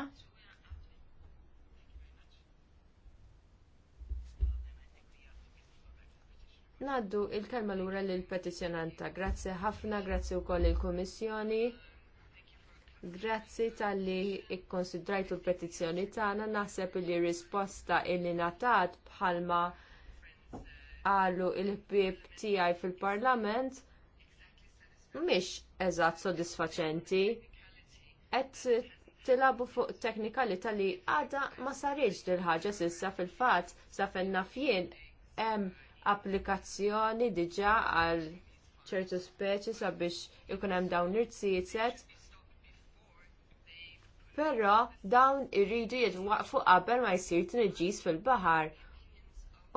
Naddu il-kelma lura lill petizjonanta Grazzi ħafna, grazzi wkoll il-Kummissjoni. Grazzi tal-li ikkonsidrajtu l-petizzjoni tagħna naħseb li risposta illi ngħatat bħalma qalu l ħbieb tiegħi fil-Parlament mhix eżatt sodisfaċenti qed tilabu fuq teknikalità li għadha ma sarriġ dil-ħaġa sissa fil-fatt sa fenna fjien hemm applikazzjoni diġà għal ċertu speċi sabiex ikun hemm dawn irtsijiet. Però dawn irridu jitwaqfu qabel ma jsir tniġis fil-baħar.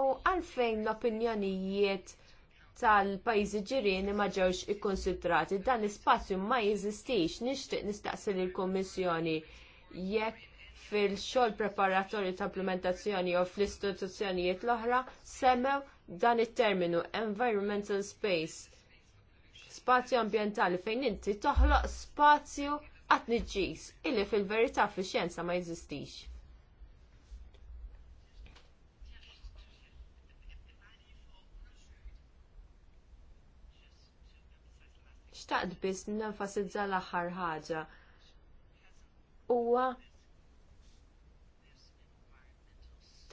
U għalfejn l-opinjonijiet tal-pajjiżi ġirieni ma ġewx ikkonsidrati. Dan l-ispazju ma jeżistix. Nixtieq nistaqsi lill kummissjoni jekk fil-xogħol preparatorju ta' implementazzjoni jew fl-istituzzjonijiet l-oħra semmew dan it-terminu environmental space. Spazju ambjentali fejn inti toħloq spazju għat-nġis illi fil-verità fix-xjenza ma jeżistix. nishtaqt biss nenfasizza l-aħħar ħaġa. Huwa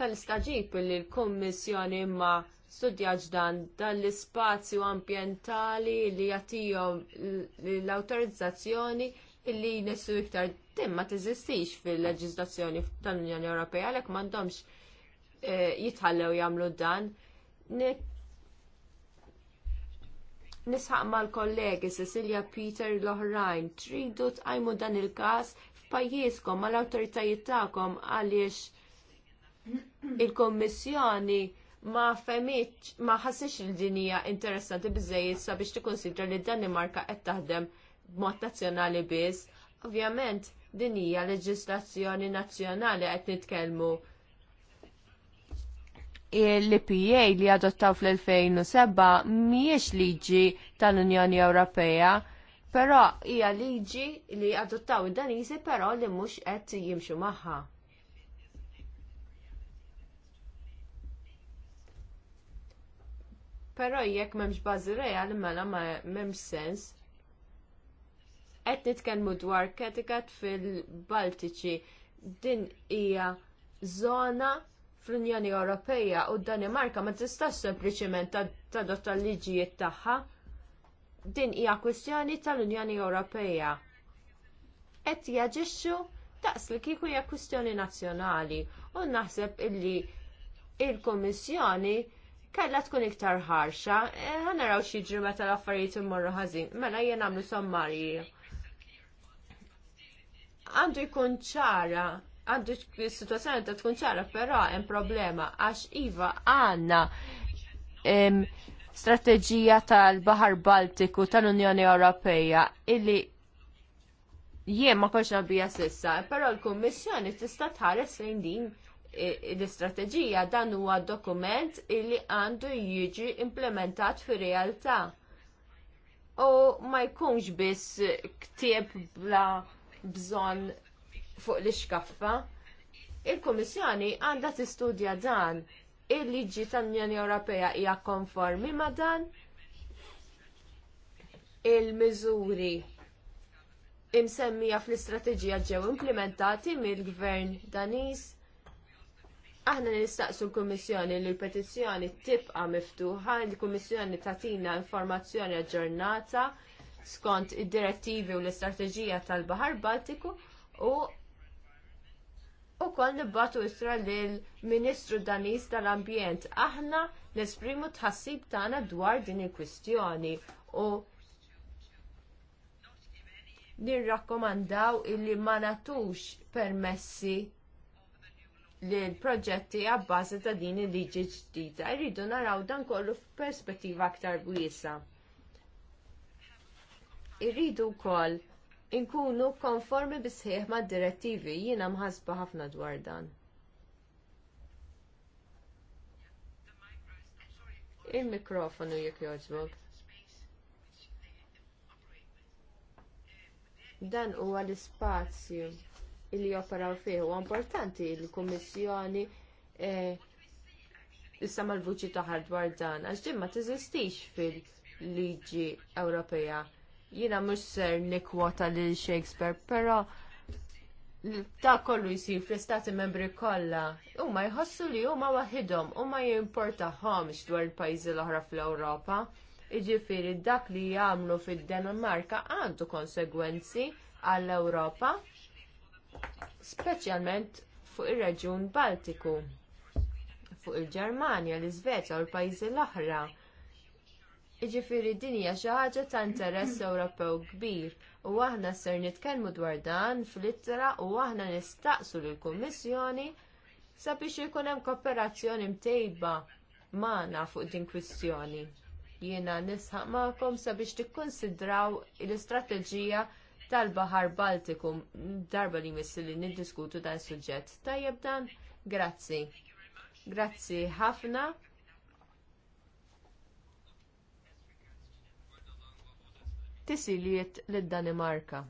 tal-istaġib li l-Kummissjoni imma studjaġ dan dal-ispazju ambjentali li jagħtihom l-awtorizzazzjoni illi nessu iktar tim ma teżistix fil-leġiżlazzjoni tal-Unjoni Ewropea għalhekk m'għandhomx eh, jitħallew jagħmlu dan nisħaq mal-kollegi Cecilia Peter l'oħrajn tridu tqajmu dan il-każ f'pajjiżkom mal-awtoritajiet tagħkom għaliex il-Kommissjoni ma femiċ, ma ħassix il-dinija interessanti bizzejiet sabiex tikkonsidra li Danimarka qed taħdem b'mod nazzjonali biss. Ovvjament, din hija leġislazzjoni nazzjonali qed nitkellmu l-IPA li adottaw fl-2007 mhijiex liġi tal-Unjoni Ewropea, però hija liġi li adottaw id-Danisi però li mhux qed jimxu magħha. Però jekk m'hemmx bażi reali mela ma m'hemmx sens. Qed nitkellmu dwar ketikat fil-Baltiċi din hija żona fl-Unjoni Ewropea u d Danimarka ma tistax sempliċiment tadotta l-liġijiet tagħha. Din hija kwistjoni tal-Unjoni Ewropea. Qed jaġixxu daqs li kieku hija kwistjoni nazzjonali u naħseb illi il kummissjoni kellha tkun iktar ħarxa, eh, ħanaraw xi meta l affarijiet immorru ħażin, mela jien nagħmlu sommarji. Għandu jkun ċara għandu situazzjoni ta' tkun ċara, però hemm problema għax iva għandna strateġija tal-Bahar Baltiku tal-Unjoni Ewropea illi jien ma kontx bija sissa, però l-Kummissjoni tista' tħares lejn din e, l-istrateġija dan huwa dokument illi għandu jiġi implementat fir realtà. U ma jkunx biss ktieb bla bżonn fuq li xkaffa, Il-Kummissjoni għandha tistudja dan il-liġi tal-Unjoni Ewropea hija konformi ma' dan il-miżuri imsemmija fl-istrateġija ġew implementati mill-gvern Daniż. Aħna nistaqsu l-Kummissjoni li l-petizzjoni tibqa' miftuħa, l-Kummissjoni tatina informazzjoni aġġornata skont id-direttivi u l-istrateġija tal-Baħar Baltiku u u koll nibbatu isra lill-Ministru Danis tal-Ambjent. Aħna nesprimu tħassib tagħna dwar din il-kwistjoni u nirrakkomandaw illi ma nagħtux permessi lill proġetti għabbaza ta' din il-liġi ġdida. Irridu naraw dan kollu f'perspettiva aktar wiesa. Irridu wkoll inkunu konformi bisħieħ mad direttivi jiena mħasba ħafna dwar dan. Il-mikrofonu jekk jogħġbok. Dan huwa l-ispazju li joperaw fih huwa importanti l-Kummissjoni eh, issa mal-vuċi taħar dwar dan għax din ma tiżistix fil-liġi Ewropea Jiena mhux ser nikwota lil Shakespeare, però ta' kollu jisir fl-istati membri kollha huma jħossu li huma waħidhom u ma jimportahomx dwar il-pajjiżi l-oħra fl-Ewropa. Jiġifieri dak li jagħmlu fid-Danimarka għandu konsegwenzi għall-Ewropa, speċjalment fuq ir-Reġjun Baltiku, fuq il-Ġermanja, l-Iżvezja u l-pajjiżi l-oħra. Jiġifieri din hija xi ħaġa ta' interess Ewropew kbir u aħna ser nitkellmu dwar dan fl-ittra u aħna nistaqsu lill kummissjoni sabiex ikun hemm kooperazzjoni mtejba magħna fuq din kwistjoni. Jiena nisħaq magħkom sabiex tikkonsidraw l-istrateġija tal-Baħar Baltiku darba li missil niddiskutu dan suġġett. Tajjeb dan? Grazzi. Grazzi ħafna. tisiliet lid-Danimarka.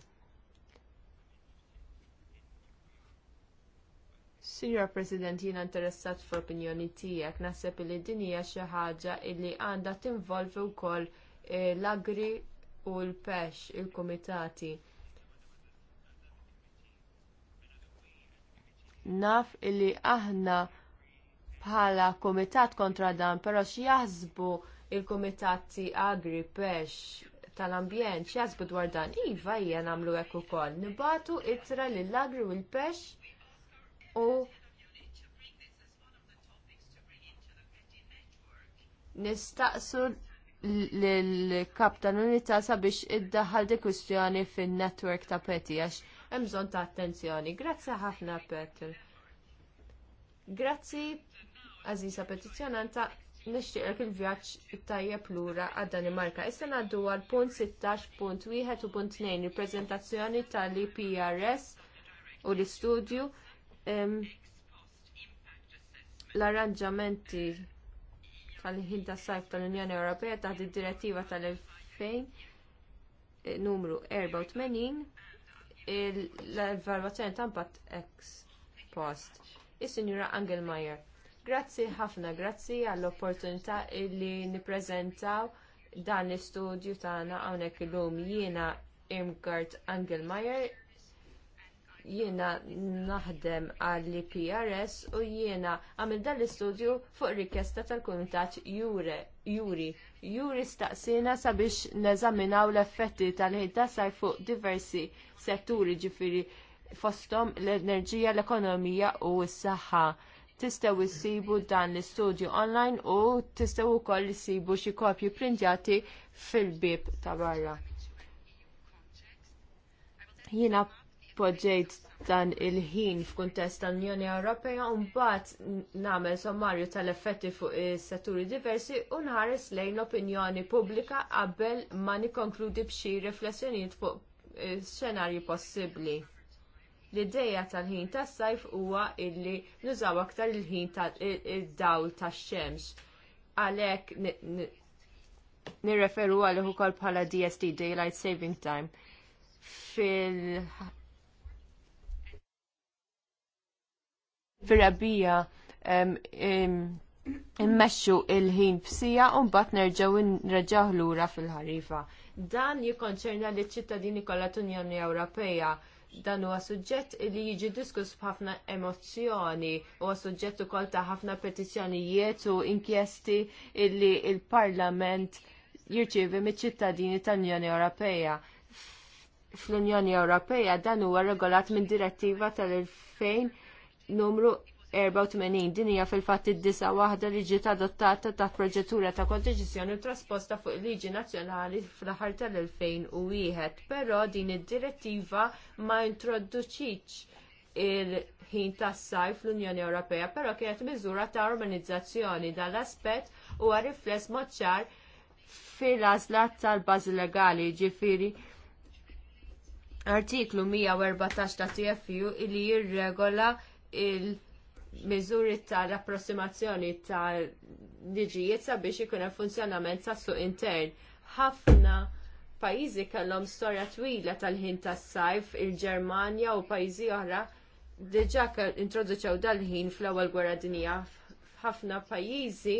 Sinjor President, jiena interessat fl-opinjoni tiegħek naħseb li din hija xi ħaġa li għandha tinvolvi wkoll eh, l-agri u l-pex il-kumitati. Naf li aħna bħala kumitat kontra dan, però x'jaħsbu l kumitati agri pex tal-ambjent x'jasbu dwar dan. Iva hija nagħmlu hekk ukoll. Nibatu ittra lil agri u l-pex u nistaqsu l-kap tal-unità sabiex iddaħħal di kwistjoni fin-netwerk ta' Peti għax hemm bżonn ta' attenzjoni. Grazzi ħafna Petr. Grazzi Aziza petizzjonanta Nixtieq il-vjaġġ tajjeb lura għad Danimarka. Issa ngħaddu għal punt 16.1 u punt 2 il-preżentazzjoni tal-IPRS u l-istudju l-arranġamenti tal-ħin tas sajf tal-Unjoni Ewropea taħt id-direttiva tal-2000 eh, numru 84 l-evalwazzjoni ta' impatt ex post. Is-Sinjura Angelmeyer. Grazzi ħafna, grazzi għall-opportunità illi niprezentaw dan l-istudju tagħna hawnhekk illum jiena Imgard Angelmeyer jiena naħdem għall PRS u jiena għamil dan l-istudju fuq rikesta tal-Kumitat Jure Juri. Juri staqsina sabiex neżaminaw l-effetti tal-ħidda sar fuq diversi setturi ġifiri fosthom l-enerġija, l-ekonomija u s-saħħa tistgħu issibu dan l-istudju online u tistgħu wkoll issibu xi kopji printjati fil-bib ta' barra. Jiena poġġejt dan il-ħin f'kuntest tal-Unjoni Ewropea u mbagħad nagħmel sommarju tal-effetti fuq is-setturi diversi u nħares lejn opinjoni pubblika qabel ma nikkonkludi b'xi riflessjonijiet fuq xenarji possibbli. L-ideja tal-ħin tas-sajf huwa illi nużaw aktar il-ħin tal dawl tax-xemx. Għalhekk nirreferu għalih ukoll bħala DST Daylight Saving Time fil fil-rabija immexxu il-ħin b'sija u mbagħad nerġgħu nreġgħuh lura fil-ħarifa. Dan jikkonċerna liċ ċittadini kollha tal-Unjoni Ewropea dan huwa suġġett li jiġi diskuss b'ħafna emozzjoni u suġġett ukoll ta' ħafna petizzjonijiet u inkjesti illi l parlament jirċievi miċ-ċittadini tal-Unjoni Ewropea. Fl-Unjoni Ewropea dan huwa regolat minn direttiva tal-2000 numru 84 din hija fil-fatt id-disa waħda li ġiet adottata ta' proġettura ta' kontiġizjoni trasposta fuq il-liġi nazzjonali fl-aħħar tal-2001, però din id-direttiva ma introduċiċ il-ħin tas sajf l-Unjoni Ewropea, però kienet miżura ta' organizzazzjoni dal-aspett huwa rifless mod ċar fil-għażla tal-bażi legali, ġifieri artiklu 114 ta' TFU li jirregola il- miżuri l approssimazzjoni ta' liġijiet sabiex ikun hemm funzjonament ta' suq intern. Ħafna pajjiżi kellhom storja twila tal-ħin tas-sajf, il-Ġermanja u pajjiżi oħra diġà introduċew dal-ħin fl-ewwel gwerra dinija. F'ħafna pajjiżi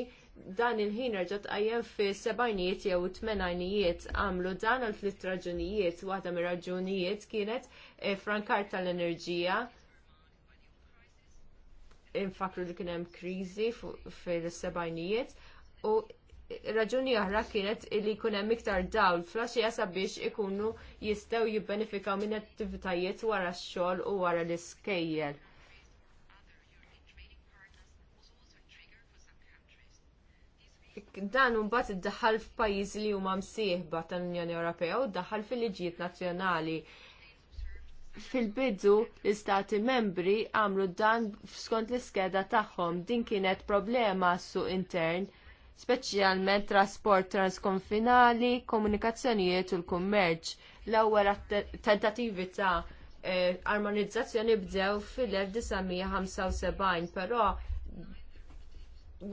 dan il-ħin rġa' tqajjem fi sebajnijiet jew tmenajnijiet għamlu dan għal flit raġunijiet, waħda mir raġunijiet kienet eh, frankar tal-enerġija infakru li kien hemm kriżi fil-sebajnijiet u raġuni oħra kienet li jkun hemm iktar dawl jasab sabiex ikunu jistgħu jibbenefikaw minn attivitajiet wara x-xogħol u wara l iskejjer dan mbagħad iddaħħal f'pajjiżi li huma msieħba tal-Unjoni Ewropea u ddaħħal fil-liġijiet nazzjonali fil-bidu l-istati membri għamlu dan skont l-iskeda tagħhom din kienet problema su intern speċjalment trasport transkonfinali, komunikazzjonijiet u l-kummerċ. L-ewwel tentattivi ta' eh, armonizzazzjoni bdew fil-1975, però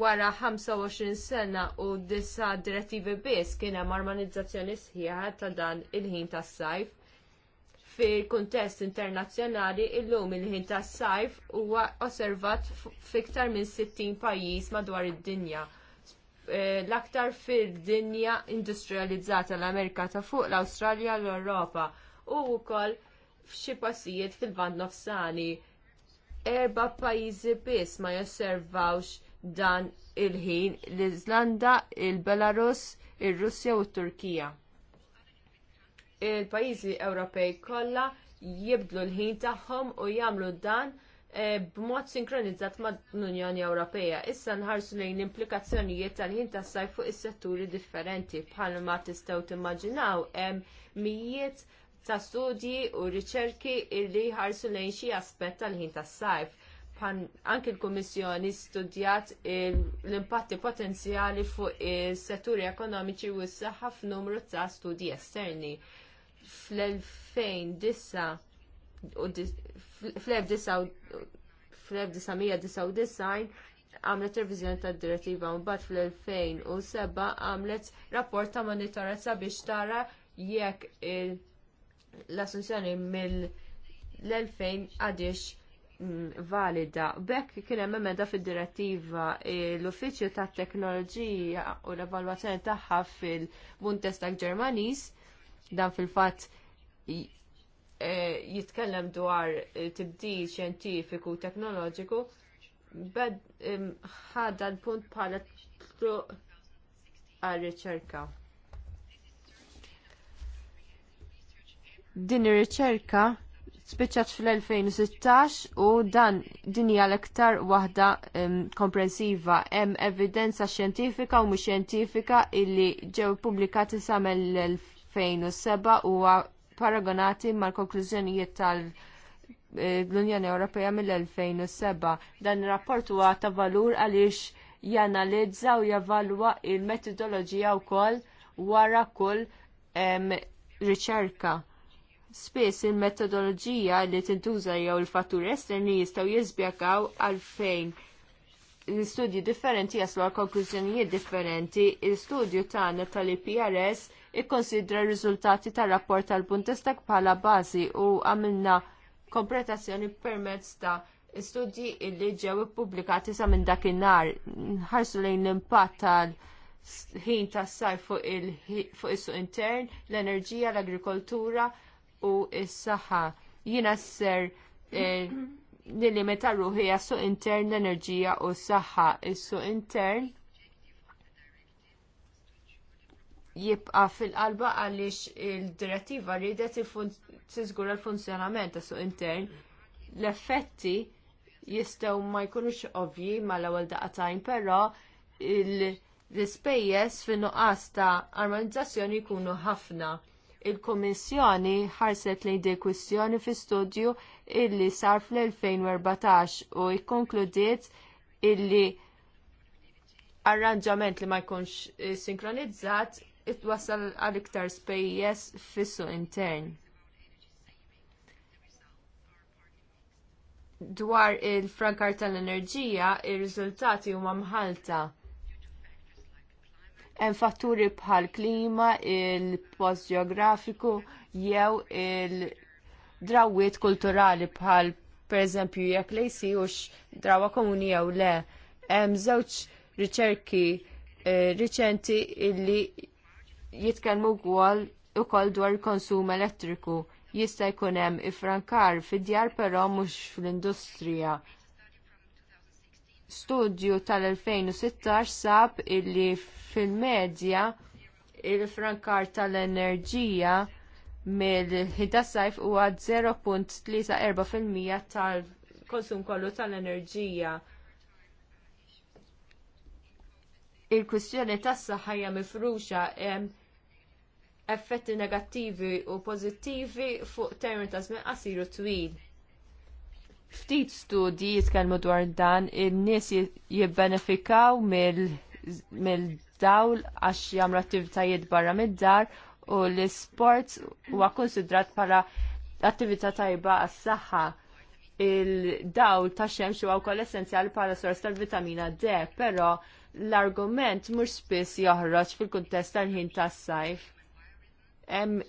wara 25 sena u disa direttivi biss kien hemm armonizzazzjoni sħiħa ta' dan il-ħin tas-sajf fil-kuntest internazzjonali illum il-ħin tas sajf huwa osservat fiktar minn 60 pajjiż madwar id-dinja. Eh, l-aktar fid-dinja industrializzata l-Amerika ta' fuq l-Awstralja l-Ewropa u wkoll f'xi passijiet fil band Nofsani. Erba' pajjiżi biss ma josservawx dan il-ħin l-Iżlanda, il-Belarus, ir-Russja u t-Turkija il-pajjiżi Ewropej kollha jibdlu l-ħin tagħhom u jagħmlu dan eh, b'mod sinkronizzat mal-Unjoni Ewropea. Issa nħarsu lejn l-implikazzjonijiet tal-ħin tas-sajf fuq is-setturi differenti bħalma tistgħu timmaġinaw hemm mijiet ta' studji u riċerki li ħarsu lejn xi aspett tal-ħin tas-sajf. Anke l-Kummissjoni studjat l-impatti potenzjali fuq is-setturi ekonomiċi u s-saħħa f'numru ta' studji esterni fl-2009 fl-1999 għamlet revizjoni tad direttiva u mbagħad fl-2007 għamlet rapport ta' monitorazza biex tara jekk l-assunzjoni mill-2000 għadix mm, valida. Bekk kien hemm emenda fid-direttiva e, l-Uffiċċju tat-Teknoloġija u l-Evalwazzjoni tagħha fil-Bundestag Ġermaniż dan fil-fatt e, jitkellem dwar tibdil xjentifiku u teknoloġiku bed ħadda l-punt bħala għal-riċerka. Din ir-riċerka spiċċat fl-2016 u dan din hija l aktar waħda komprensiva hemm evidenza xjentifika u mhux xjentifika illi ġew pubblikati l-2016. 2007 huwa paragonati mal-konklużjonijiet tal- eh, unjoni Ewropea mill-2007. Dan ir-rapport huwa ta' valur għaliex janalizza u javalwa il-metodoloġija wkoll wara kull riċerka. Spiss il-metodoloġija li tintuża jew il-fatturi esterni jistgħu jiżbjakaw għalfejn l-istudji differenti jaslu għal konklużjonijiet differenti. l istudju tagħna tal-IPRS ikkonsidra r-riżultati tar-rapport tal-Bundestag bħala bażi u għamilna kompletazzjoni permezz ta' studji illi ġew ippubblikati sa minn dakinhar ħarsu lejn l-impatt tal- ħin tas-sar fuq is-suq intern, l-enerġija, l-agrikoltura u s-saħħa. Jiena s-ser eh, nillimita ruħi għas-suq intern, l-enerġija u s-saħħa. Is-suq intern jibqa fil-qalba għaliex il-direttiva t-sizgur l-funzjonament tas suq intern l-effetti jistgħu ma jkunux ovvji mal-ewwel daqatajn, però l-ispejjeż fin-nuqqas ta' armonizzazzjoni jkunu ħafna. Il-Kummissjoni ħarset lejn di kwistjoni fi studju illi sar fl-2014 u jkonkludiet illi arranġament li ma jkunx eh, sinkronizzat itwassal għal iktar spejjeż fissu intern. Dwar il-frankar tal-enerġija, ir-riżultati huma mħalta. Hemm fatturi bħal klima, il-post ġeografiku jew il-drawiet kulturali bħal pereżempju jekk le jsirux drawa komuni jew le. Hemm żewġ riċerki eh, riċenti illi jitkellmu wkoll ukoll dwar konsum elettriku. Jista' jkun hemm ifrankar fid-djar però mhux fl-industrija. Studju tal-2016 sab illi fil-medja il-frankar tal-enerġija mill-ħida sajf huwa 0.34% tal-konsum kollu tal-enerġija. Il-kwistjoni tas-saħħa hija mifruxa hemm effetti negattivi u pożittivi fuq termin ta' żmien qasiru twil. Ftit studji jitkellmu dwar dan in-nies jibbenefikaw mill-dawl għax jagħmlu attivitajiet barra mid-dar u l isport huwa konsidrat bħala attività tajba għas-saħħa il-dawl ta' xemx huwa wkoll essenzjali bħala sors tal-vitamina D, però l-argument mhux spiss joħroġ fil-kuntest tal-ħin tas-sajf hemm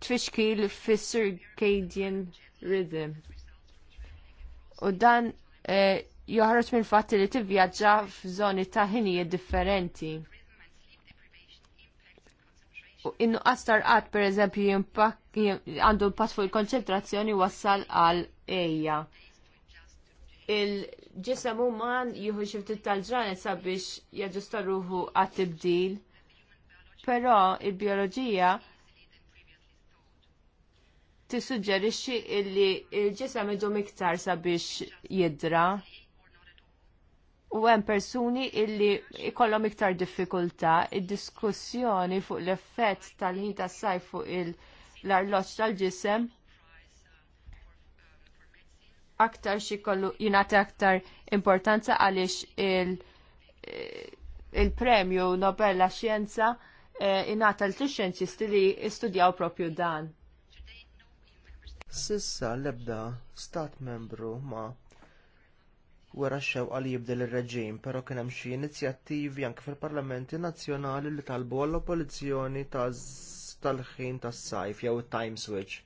tfixkil fis-circadian rhythm. U dan eh, joħroġ minn fatt li tivvjaġġa f'żoni ta' ħinijiet differenti. U innu qastar qatt pereżempju għandu pass fuq il-konċentrazzjoni wassal għal ejja ġisem uman jieħu xi ftit tal-ġranet sabiex jaġġusta ruħu għat-tibdil. Però il-bioloġija tissuġġerixxi illi il-ġisem idum iktar sabiex jidra. U hemm persuni illi ikollhom iktar diffikultà, id-diskussjoni fuq l-effett tal-ħin tas-sajf fuq l arloġġ tal-ġisem aktar xi kollu jingħati aktar importanza għaliex eh, il-premju il Nobel la xjenza jingħata eh, l xjenzisti li studjaw propju dan. Sissa l-ebda stat membru ma wara xew għal jibdel ir-reġim, però kien hemm xi inizjattivi anke fil-parlamenti nazzjonali li talbu għall oppożizzjoni tal-ħin tas-sajf jew it-time switch.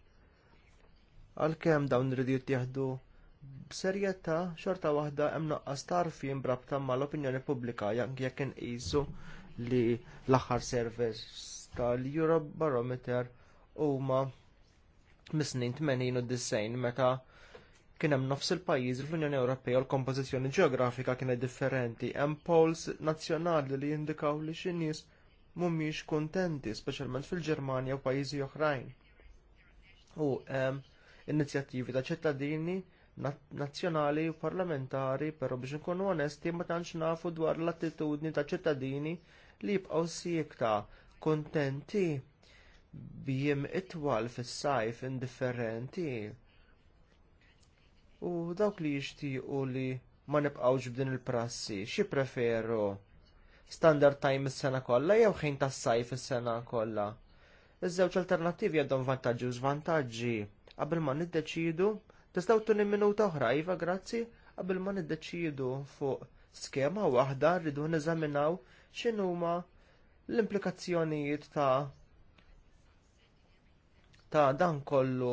Għalkemm dawn iridu jittieħdu b'serjetà xorta waħda hemm noqqas tarfi mbrabta mal-opinjoni pubblika jekk inqisu li l-aħħar service tal-Eurobarometer huma mis-snin 80 u 90 meta kien hemm nofs il-pajjiż fl-Unjoni Ewropea u l-kompożizzjoni ġeografika kienet differenti. Hemm polls nazzjonali li jindikaw li xi nies mhumiex kuntenti, speċjalment fil-Ġermanja u pajjiżi oħrajn. U hemm inizjattivi ta' ċittadini nazzjonali u parlamentari, però biex nkunu onesti ma tantx nafu dwar l-attitudni ta' ċittadini li jibqgħu siegta kuntenti bjiem itwal fis-sajf indifferenti. U dawk li jixtiequ li ma nibqgħux b'din il-prassi, xi preferu? Standard time is-sena kollha jew ħin tas-sajf is-sena kollha? Iż-żewġ alternattivi għandhom vantaġġi u żvantaġġi qabel ma niddeċidu Tistaw tuni minuta oħra, Iva, grazzi, qabel ma niddeċidu fuq skema waħda rridu neżaminaw x'inhuma l-implikazzjonijiet ta' ta' dan kollu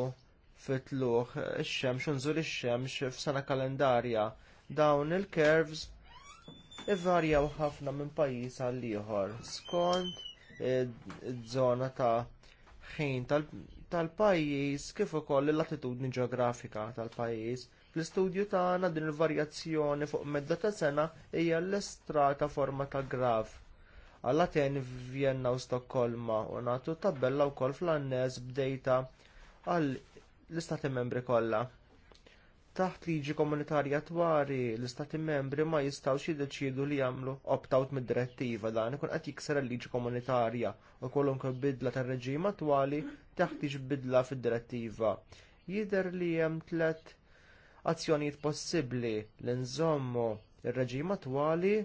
fitluħ ix-xemx unżur ix-xemx f'sena kalendarja dawn il-curves ivarjaw ħafna minn pajjiż għal ieħor skont id żona ta' ħin tal- tal-pajjiż kif ukoll l-latitudni ġeografika tal-pajjiż. Fl-istudju tagħna din il-varjazzjoni fuq medda ta' sena hija l-estrata forma ta' graf. għal ten Vienna u Stokkolma u nagħtu tabella wkoll fl anness bdejta għall istati membri kollha taħt liġi komunitarja twari l-istati membri ma jistgħux jiddeċiedu li jagħmlu opt-out mid-direttiva dan ikun qed jikser il-liġi komunitarja u kwalunkwe bidla tar-reġim attwali liġi bidla fid-direttiva. Jidher li hemm tliet azzjonijiet possibbli li nżommu ir-reġim attwali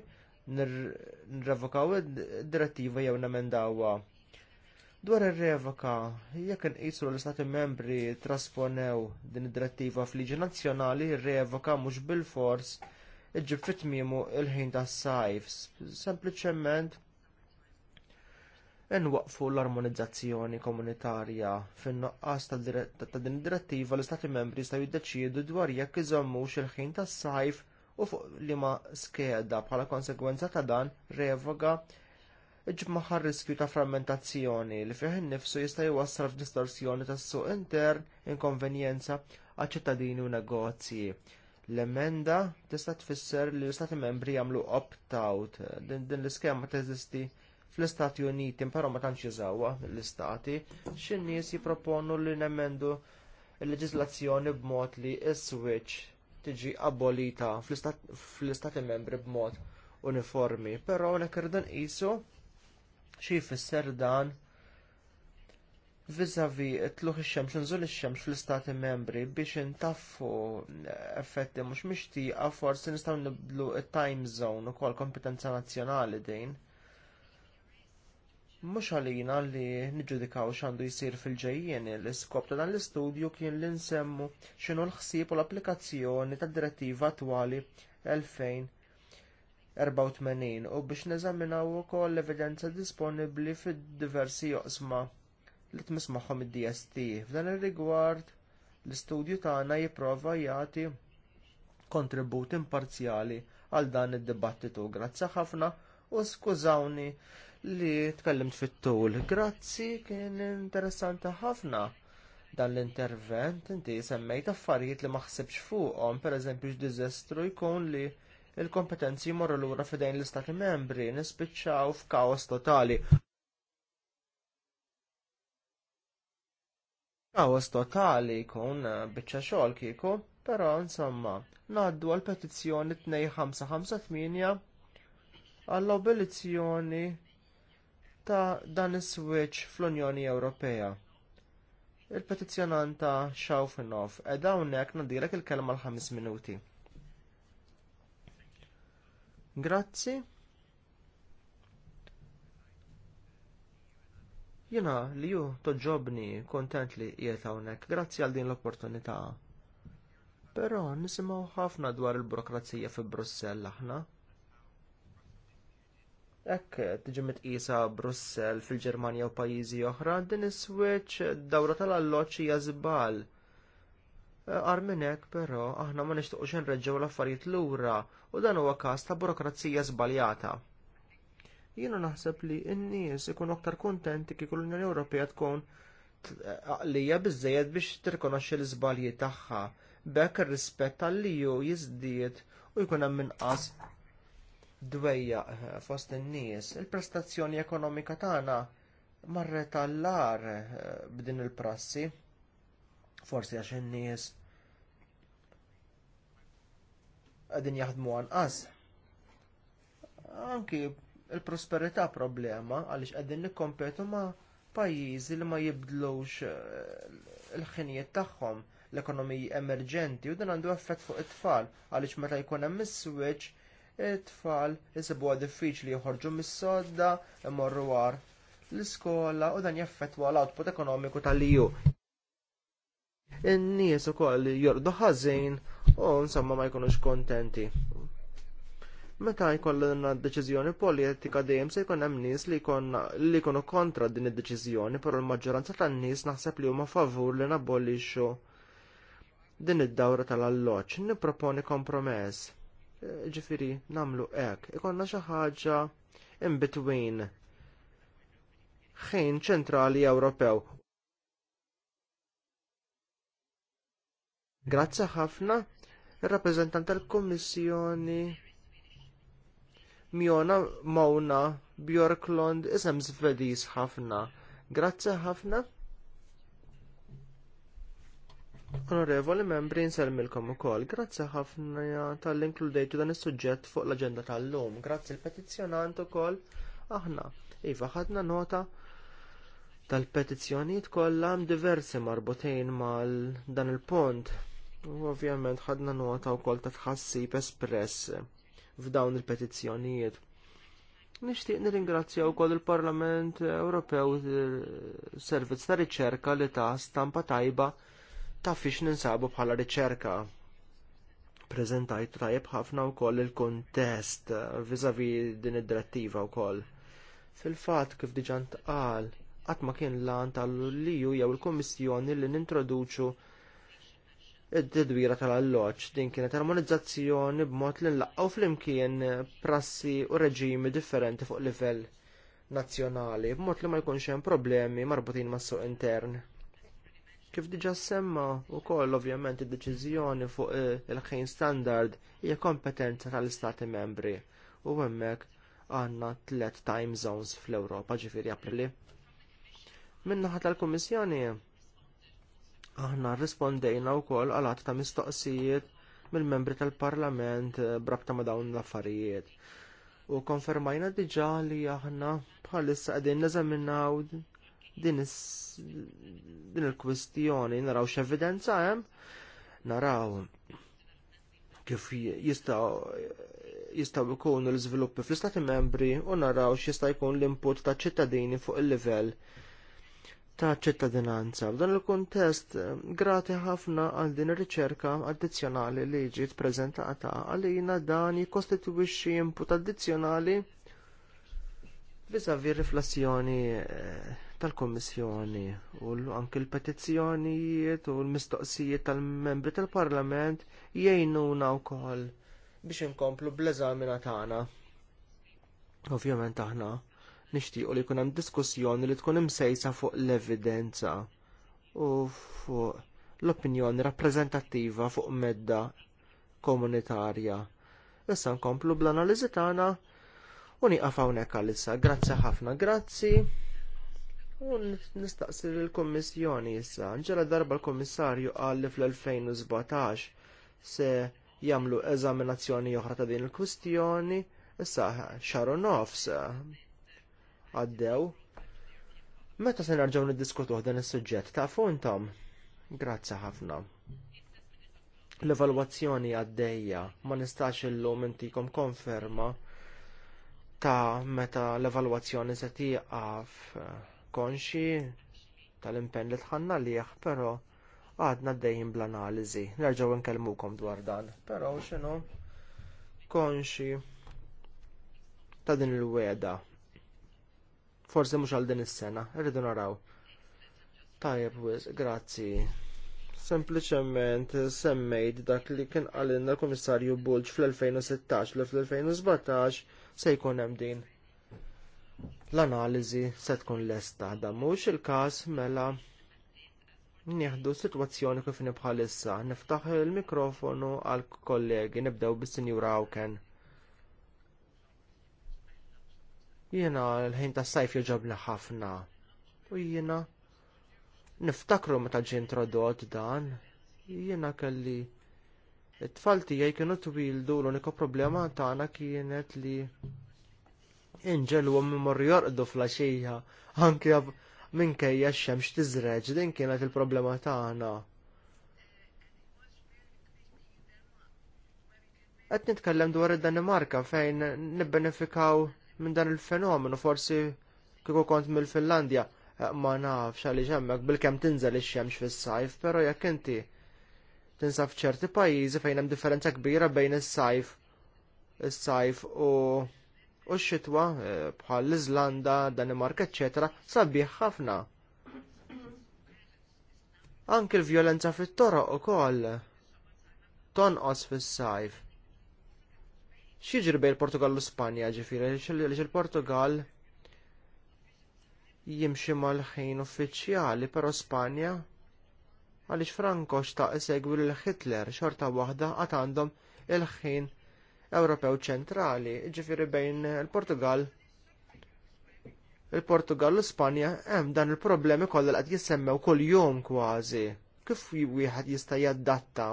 nirrevokaw id-direttiva jew nemendawha Dwar ir-revoka, jekk inqisu l-Istati membri trasponew din id-direttiva fl-liġi nazzjonali, ir-revoka mhux bil-fors iġib fit-tmiemu il-ħin tas-sajf. Sempliċement inwaqfu l-armonizzazzjoni komunitarja fin-noqqas ta' din id-direttiva l-Istati membri jistgħu jiddeċiedu dwar jekk iżommux il-ħin tas-sajf u fuq liema skeda bħala konsegwenza ta' dan revoka iġmaħar riskju ta' frammentazzjoni li fih innifsu jista' jwassal f'distorsjoni tas-suq intern inkonvenjenza għaċ ċittadini u negozji. L-emenda tista' tfisser li l-Istati membri jagħmlu opt-out din, din l-iskema teżisti fl-Istati Uniti però ma tantx jużawha l-istati x'in-nies jipproponu li nemendu l-leġiżlazzjoni b'mod li s-switch tiġi abolita fl-Istati membri b'mod uniformi, però nekk irdan qisu Xi jfisser dan vizavi tluħ ix-xemx, nżul ix-xemx fl-istati membri biex intaffu eh, effetti mhux mixtieqa forsi nistgħu nibdlu it-time zone ukoll kompetenza nazzjonali din. Mhux għalina li niġġudikaw x'għandu jsir fil-ġejjien l-iskop ta' dan l-istudju kien li nsemmu x'inhu l-ħsieb u l-applikazzjoni tad direttiva attwali 2000 84 u biex neżaminaw ukoll l-evidenza disponibbli fid-diversi joqsma li tmiss magħhom id-DST. F'dan ir-rigward l-istudju tagħna jipprova jagħti kontribut imparzjali għal dan id-dibattitu. Grazzi ħafna u skużawni li tkellimt fit-tul. Grazzi kien interessanti ħafna dan l-intervent inti semmejt affarijiet li ma ħsibx fuqhom, pereżempju x'diżastru jkun li il-kompetenzi jmorru lura fidejn l-Istati membri nispiċċaw f'kaos totali. Kaos totali jkun biċċa xogħol kieku, però insomma, ngħaddu għal petizzjoni 2558 għall-obilizzjoni ta' dan is-switch fl-Unjoni Ewropea il-petizjonanta xawfinov, ed hawnhekk nadilek il-kelma l-5 minuti. Grazzi. Jena li ju toġobni kontent li jieta hawnhekk. Grazzi għal din l-opportunità. Però nisimgħu ħafna dwar il-burokrazija fi Brussell aħna. Ekk, tiġi mitqisa Brussell fil-Ġermanja u pajjiżi oħra, din is-switch dawra tal alloċi jazbal. Ar minn hekk però aħna ma nixtiequx inreġgħu l-affarijiet lura u dan huwa każ ta' burokrazija żbaljata. Jiena naħseb li n-nies ikunu aktar kuntenti kieku l-Unjoni Ewropea tkun għalija biżżejjed biex tirkonoxxi l-iżbalji tagħha b'hekk ir-rispett liju jiżdied u jkun hemm inqas dwejja eh, fost in-nies. Il-prestazzjoni ekonomika tagħna marret tal-lar eh, b'din il-prassi. Forsi għax in-nies għadin jaħdmu għanqas. Anki il-prosperità problema għaliex qegħdin nikkompetu ma' pajjiżi li ma jibdlux il-ħinijiet eh, tagħhom l-ekonomiji emerġenti u dan għandu effett fuq it-tfal għaliex meta jkun hemm mis switch it-tfal jisibuha diffiċli joħorġu mis-sodda imorru war l-iskola u dan jaffettwa l-output ekonomiku tal-EU. In-nies ukoll jordu ħażin u insomma ma jkunux kontenti. Meta jkollna deċiżjoni politika dejjem se jkun hemm nies li jkunu kontra din id-deċiżjoni, però l-maġġoranza tan-nies naħseb li huma favur li nabolixxu din id-dawra tal-alloċ. Nipproponi kompromess. Ġifiri, namlu hekk. Ikonna xi ħaġa in between ħin ċentrali Ewropew. Grazzi ħafna ir rappresentant tal-Kummissjoni Miona Mawna Bjorklond isem Svediż ħafna. Grazzi ħafna. Onorevoli membri, u ukoll. Grazzi ħafna tal-inkludejtu dan is-suġġett fuq l-aġenda tal-lum. Grazzi l-petizzjonant ukoll aħna. Iva ħadna nota tal-petizzjonijiet kollha diversi marbutin mal dan il-pont U ovvjament ħadna nota wkoll ta' tħassib espress f'dawn il-petizzjonijiet. Nixtieq nirringrazzja wkoll il-Parlament Ewropew eh, servizz ta' riċerka li ta' stampa tajba ta' fiex ninsabu bħala riċerka. Preżentajt tajb ħafna wkoll il-kontest viżavi din id-direttiva wkoll. Fil-fatt kif diġà ntqal, qatt ma kien lan tal-liju jew il-Kummissjoni li nintroduċu id-didwira tal-alloġġ din kienet armonizzazzjoni b'mod li nlaqqaw flimkien prassi u reġimi differenti fuq livell nazzjonali b'mod li ma jkunx hemm problemi marbutin mas-suq intern. Kif diġà semma wkoll ovvjament id-deċiżjoni fuq eh, il-ħin standard hija kompetenza tal-Istati membri u hemmhekk għandna tliet time zones fl-Ewropa ġifieri Aprili. Min-naħa tal-Kummissjoni Aħna rrispondejna wkoll għal għalat ta' mistoqsijiet mill-membri tal-Parlament eh, brabta ma' dawn l-affarijiet. U konfermajna diġà li aħna bħalissa qegħdin neżaminaw din il-kwistjoni, naraw x'evidenza hemm, naraw kif jistgħu jkunu l-iżviluppi fl-istati membri u naraw x'jista' jkun l-input taċ ċittadini fuq il-livell ta' ċittadinanza. F'dan il-kuntest eh, grati ħafna għal din ir-riċerka addizzjonali li ġiet preżentata għalina dan jikkostitwixxi input addizzjonali viżavi riflessjoni eh, tal kummissjoni u anke l-petizzjonijiet u l-mistoqsijiet tal-membri tal-Parlament jgħinuna wkoll biex inkomplu bl-eżamina tagħna. Ovvjament aħna nixtiequ li jkun hemm diskussjoni li tkun imsejsa fuq l-evidenza u fuq l-opinjoni rappreżentattiva fuq medda komunitarja. Issa nkomplu bl-analiżi tagħna u nieqaf hawnhekk għalissa. Grazzi ħafna, grazzi. U nistaqsi l-Kommissjoni issa. Ġela darba l-Kommissarju qal li fl-2017 se jagħmlu eżaminazzjoni oħra ta' din il-kwistjoni issa xaru nofs għaddew. Meta se nerġgħu niddiskutuh dan is-suġġett ta' intom? Grazzi ħafna. L-evalwazzjoni għaddejja ma nistax illum intikom konferma ta' meta l-evalwazzjoni se tieqaf eh, konxi tal-impenn li tħanna liħ, però għadna dejjem bl-analiżi. Nerġgħu nkellmukom dwar dan, però x'inhu konxi ta' din il-weda Forsi mhux għal din is-sena, irridu naraw. Tajjeb wisq, grazzi. Sempliċement semmejt dak li kien għalinna l-Komissarju Bulġ fl-2016 li fl-2017 se jkun hemm din l-analiżi se tkun lesta da mhux il-każ mela nieħdu sitwazzjoni kif bħalissa. Niftaħ il-mikrofonu għal kollegi nibdew bis-Sinjura Hawken. Jiena l-ħin tas sajf joġobni ħafna. U jiena niftakru meta ġie introdott dan. Jiena kelli it-tfal tiegħi kienu twildu l-unika problema tagħna kienet li inġelu u mimor jorqdu flaxija anke minkejja x-xemx tiżreġ din kienet il-problema tagħna. Qed nitkellem dwar id-Danimarka fejn nibbenefikaw minn dan il-fenomenu, forsi kieku kont mill-Finlandja, eh, ma nafx għaliex hemmhekk bil kem tinżel ix-xemx fis-sajf, però jekk inti tinsa f'ċerti pajjiżi fejn hemm differenza kbira bejn is-sajf is-sajf u u x-xitwa eh, bħal l-Iżlanda, Danimarka, eċetera, sabiħ ħafna. Anki l-vjolenza fit-toroq ukoll tonqos fis-sajf xieġri bej il-Portugal u Spanja ġifiri, għaliex il-Portugal jimxi mal-ħin uffiċjali, però Spanja għaliex Franco xtaq segwi lil Hitler xorta waħda għad għandhom il-ħin Ewropew ċentrali, ġifiri bejn il-Portugal il-Portugal u Spanja hemm dan il-problemi kollha qed jissemmew kuljum kważi. Kif wieħed jista' jaddatta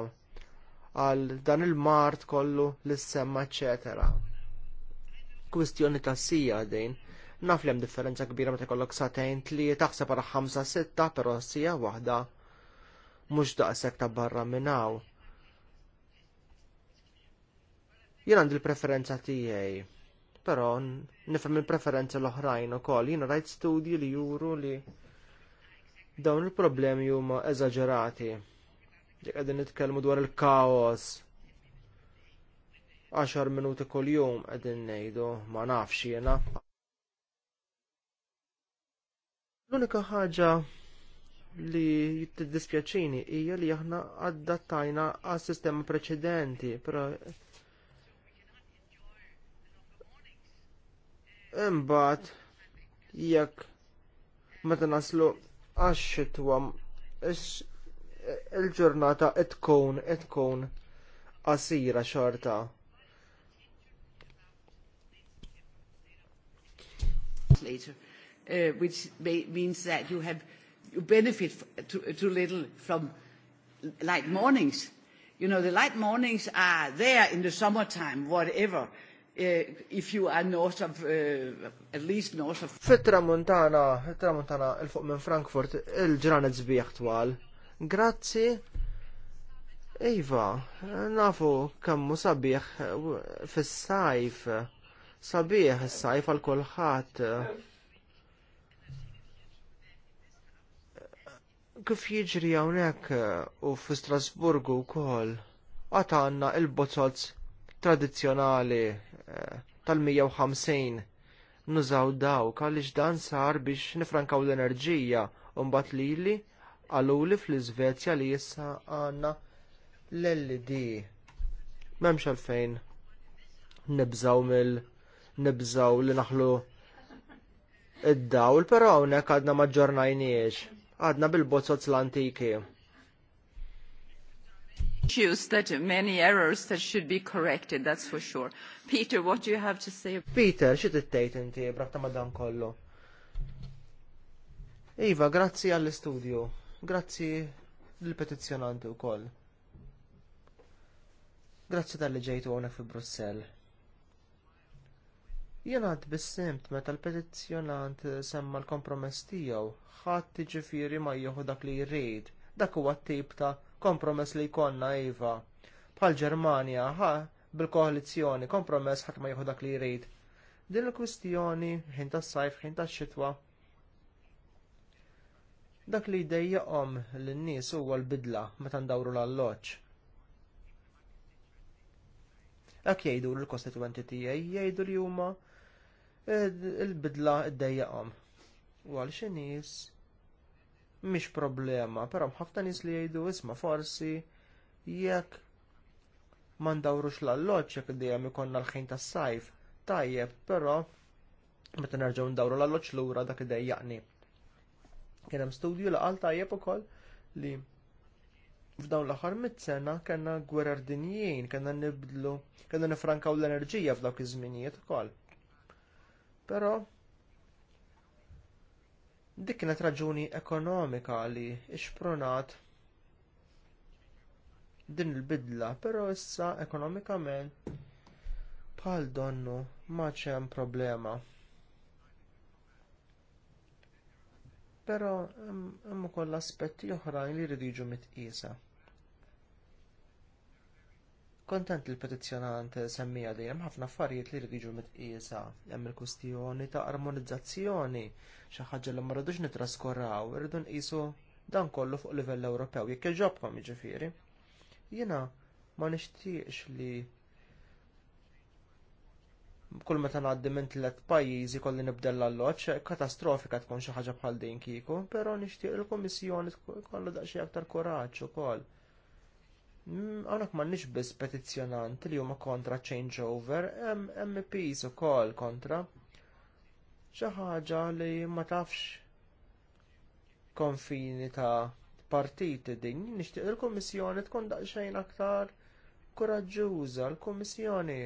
għal dan il-mart kollu l-semma, ecc. Kwistjoni ta' sija dejn. Naf li differenza kbira meta kollok satajn li taħseb għal 5-6 però sija waħda mhux daqshekk ta' barra minnaw. hawn. Jien għandi l-preferenza tiegħi, però nifhem il-preferenza l-oħrajn ukoll. Jiena rajt studji li juru li dawn il-problemi huma eżaġerati li qegħdin nitkellmu dwar il-kaos. 10 minuti kuljum qegħdin ngħidu ma nafx jiena. L-unika ħaġa li tiddispjaċini hija li aħna adattajna għas sistema preċedenti, pero. imbagħad jekk meta naslu għax-xitwa il-ġurnata qed tkun tkun qasira xorta. Later, uh, which may, means that you have you benefit too, too little from light mornings. You know, the light mornings are there in the summertime, whatever. Uh, if you are north of, uh, at least north of... Fit-tramuntana, fit-tramuntana, il-fuq minn Frankfurt, il-ġranet zbieħ twal. Grazzi. Iva, nafu kammu sabiħ fis-sajf. Sabiħ is-sajf għal kulħadd. Kif jiġri hawnhekk uh, u fi Strasburgu wkoll għad għandna il-bozzolz tradizzjonali uh, tal-150 nużaw dawk għaliex dan sar biex nifrankaw l-enerġija u mbagħad lili għaluli fl-Iżvezja li issa għandna l-LD. M'hemmx għalfejn nibżaw mill nibżaw li naħlu id-dawl, però hawnhekk għadna ma ġornajniex. Għadna bil-bozzot l-antiki. Issues that many errors that should be corrected, that's for sure. Peter, what do you have to say? Peter, xi tittejt inti brabta ma dan kollu? Iva, grazzi għall-istudju. Grazzi lill-petizzjonanti wkoll. Grazzi tal-li ġejtu għona fi Brussell. Jena għad bissimt meta l-petizzjonant semma l-kompromess tiegħu, ħadd ġifieri ma jieħu dak li jrid. Dak huwa t-tip ta' kompromess li jkollna iva. Bħal Ġermanja, ħa bil-koalizzjoni kompromess ħadd ma jieħu dak li jrid. Din il-kwistjoni ħin tas-sajf, ħin tax-xitwa, Dak li jdejjaqhom lin-nies huwa l-bidla meta ndawru l alloċ Ak jgħidu l-kostituenti tiegħi jgħidu li huma eh, l-bidla ddejjaqhom. U għal xi nies mhix problema, però ħafna nies li jgħidu isma' forsi jekk ma l-alloġġ jekk dejjem ikonna l-ħin tas-sajf. Tajjeb, però meta nerġgħu ndawru l-alloġġ lura dak id-dejjaqni. Kien hemm studju li qal tajjeb ukoll li f'dawn l-aħħar mit-sena kellna gwerar dinjin, kellna nibdlu, kena nifrankaw l-enerġija f'dawk iż-żminijiet ukoll. Però dik kienet raġuni ekonomika li ixpronat din il-bidla, però issa ekonomikament bħal donnu ma hemm problema Però hemm ukoll aspetti oħrajn li jridu jiġu mitqiesa. Kontent il-petizzjonant semmija dejjem ħafna affarijiet li jridu jiġu mitqiesa. Hemm il-kwistjoni ta' armonizzazzjoni xi ħaġa li ma rridux nitraskorraw, irridu nqisu dan kollu fuq livell Ewropew jekk iġobkom jiġifieri. Jiena ma nixtieqx li kull meta ngħaddi minn tliet pajjiżi kolli nibdel l-alloċ, katastrofika tkun xi ħaġa bħal din kieku, però nixtieq il-Kummissjoni kollu daqsxejn aktar kuraġġ ukoll. ma mm, nix biss petizzjonanti li huma kontra changeover, hemm MPs ukoll kontra. Xi ħaġa li ma tafx konfini ta' partiti din, nixtieq il-Kummissjoni tkun daqsxejn aktar koraġġuża l-Kummissjoni.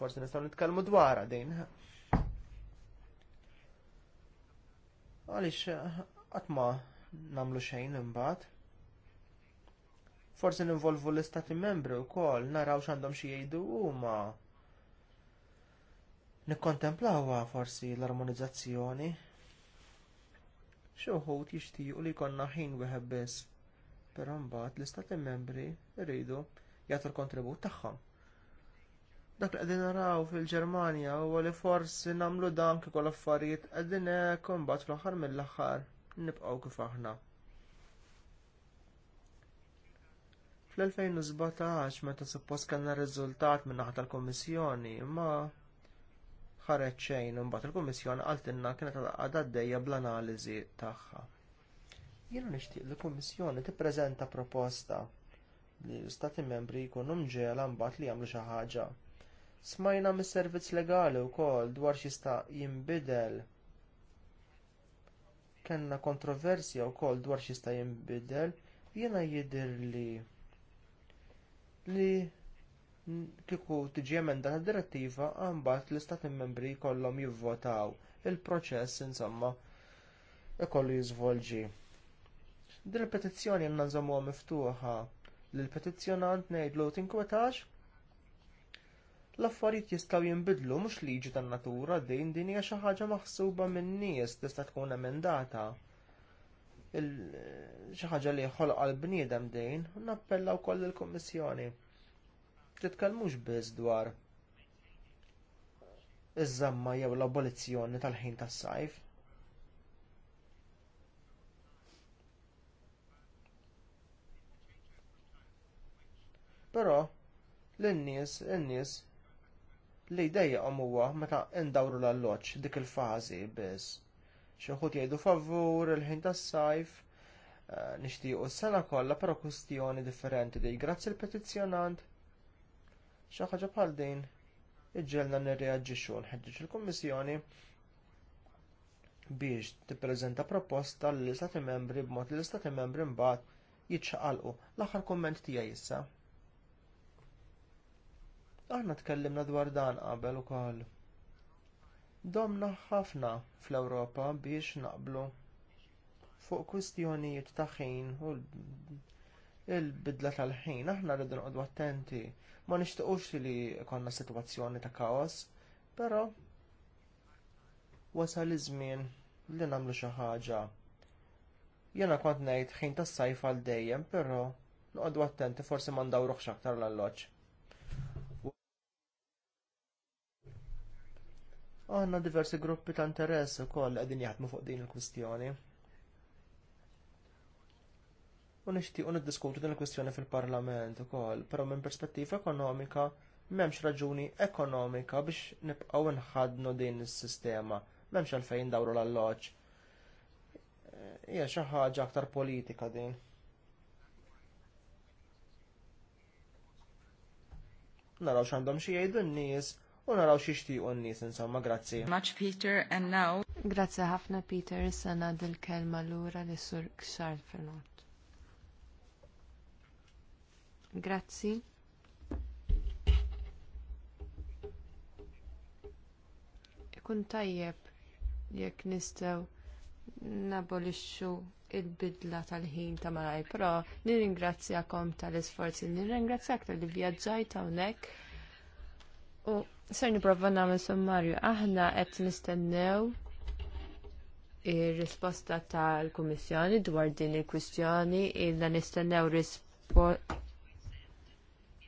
Forsi nistgħu nitkellmu dwarha din. Għaliex qatt ma nagħmlu xejn imbagħad. Forsi ninvolvu l-istati membri wkoll naraw x'għandhom xi jgħidu huma. Nikkontemplawha forsi l-armonizzazzjoni. Xi jixtiequ li jkollna ħin wieħed biss, però mbagħad l-istati membri rridu jagħtu l-kontribut tagħhom. Dak li qegħdin naraw fil-Ġermanja huwa li forsi nagħmlu dan kif l affarijiet qegħdin hekk imbagħad fl-aħħar mill-aħħar nibqgħu kif aħna. Fl-2017 meta suppost kellna riżultat minn naħa tal-Kummissjoni, ma ħareġ xejn imbagħad il-Kummissjoni qaltilna kienet għaddejja bl-analiżi tagħha. Jiena nixtieq li l-Kummissjoni tippreżenta proposta li l-Stati membri jkunu mġela mbagħad li jagħmlu xi ħaġa. Smajna mis-servizz legali wkoll dwar x'jista' jinbidel Kellna kontroversja wkoll dwar x'jista' jinbidel, jiena jidher li li kieku tiġi emenda ta' direttiva għambat l-istati membri jkollhom jivvotaw il-proċess insomma ikollu jiżvolġi. Din il-petizzjoni għandna nżommuha miftuħa l-petizzjonant ngħidlu tinkwetax l-affarijiet jistgħu jinbidlu mhux liġi tan-natura din din hija xi ħaġa maħsuba minn nies tista' tkun emendata. Xi ħaġa li ħolqa l-bniedem dejn u nappella wkoll il-Kummissjoni. Titkellmux biss dwar iż-żamma jew l-abolizzjoni tal-ħin tas-sajf. Però lin-nies, in-nies li dejjaqhom huwa meta ndawru l-alloċ dik il-fażi biss. Xi wħud jgħidu favur il-ħin tas-sajf, eh, nixtiequ s-sena kollha però kwistjoni differenti li grazzi l-petizzjonant xi ħaġa bħal din iġġelna nirreaġixxu nħeġġeġ il-Kummissjoni biex tippreżenta proposta lill istati membri b'mod li l-Istati membri mbagħad jiċċaqalqu l-aħħar kumment tiegħi issa. Aħna tkellimna dwar dan qabel ukoll. Domna ħafna fl-Ewropa biex naqblu fuq kwistjonijiet ta' ħin u l-bidla tal-ħin. Aħna rridu noqogħdu attenti. Ma nixtiequx li jkollna sitwazzjoni ta' kaos, però wasal iż-żmien li nagħmlu xi ħaġa. Jiena kont ngħid ħin tas-sajf għal dejjem, però noqogħdu attenti forsi ma ndawruħx aktar l-alloġġ. Għanna diversi gruppi ta' interess ukoll qegħdin jaħdmu fuq din il-kwistjoni. U nixtiequ niddiskutu din il-kwistjoni fil-Parlament ukoll, però minn perspettiva ekonomika m'hemmx raġuni ekonomika biex nibqgħu nħadnu din is-sistema, m'hemmx għalfejn dawru l-alloġġ. Eh, hija xi ħaġa aktar politika din. naraw x'għandhom xi jgħidu n-nies u naraw xi xtiequ n-nies insomma grazzi. Much Peter and now. Grazzi ħafna Peter issa ngħaddi l-kelma lura li sur Kxar Fernot. Grazzi. Ikun tajjeb jekk nistgħu nabolixxu il-bidla tal-ħin ta' malaj, però nirringrazzjakom tal-isforzi, nirringrazzjak tal-li vjaġġajt hawnhekk U ser niprofa nagħmel sommarju, aħna qed nistennew ir-risposta tal-Kummissjoni dwar din il-kwistjoni ilna nistennew risposta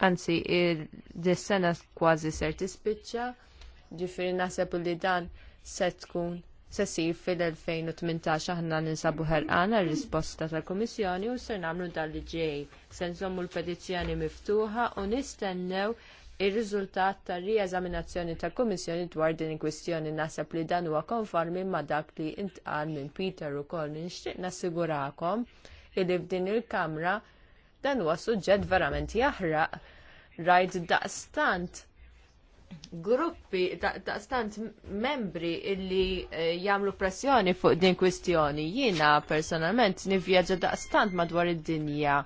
anzi il sena kważi ser tispiċċa, ġifieri naħseb li dan se tkun se sir fil-2018 aħna ninsabu ħerqana r-risposta tal-Kummissjoni u ser nagħmlu dan li ġej. Se nżommu l-petizzjoni miftuħa u nistennew ir-riżultat tar rieżaminazzjoni tal-Kummissjoni dwar din il-kwistjoni naħseb li dan huwa konformi ma' dak li intqal minn Peter ukoll nixtieq nassigurakom li f'din il-Kamra dan huwa suġġett verament jaħraq rajt daqstant gruppi daqstant membri illi eh, jagħmlu pressjoni fuq din kwistjoni. Jiena personalment nivvjaġġa daqstant madwar id-dinja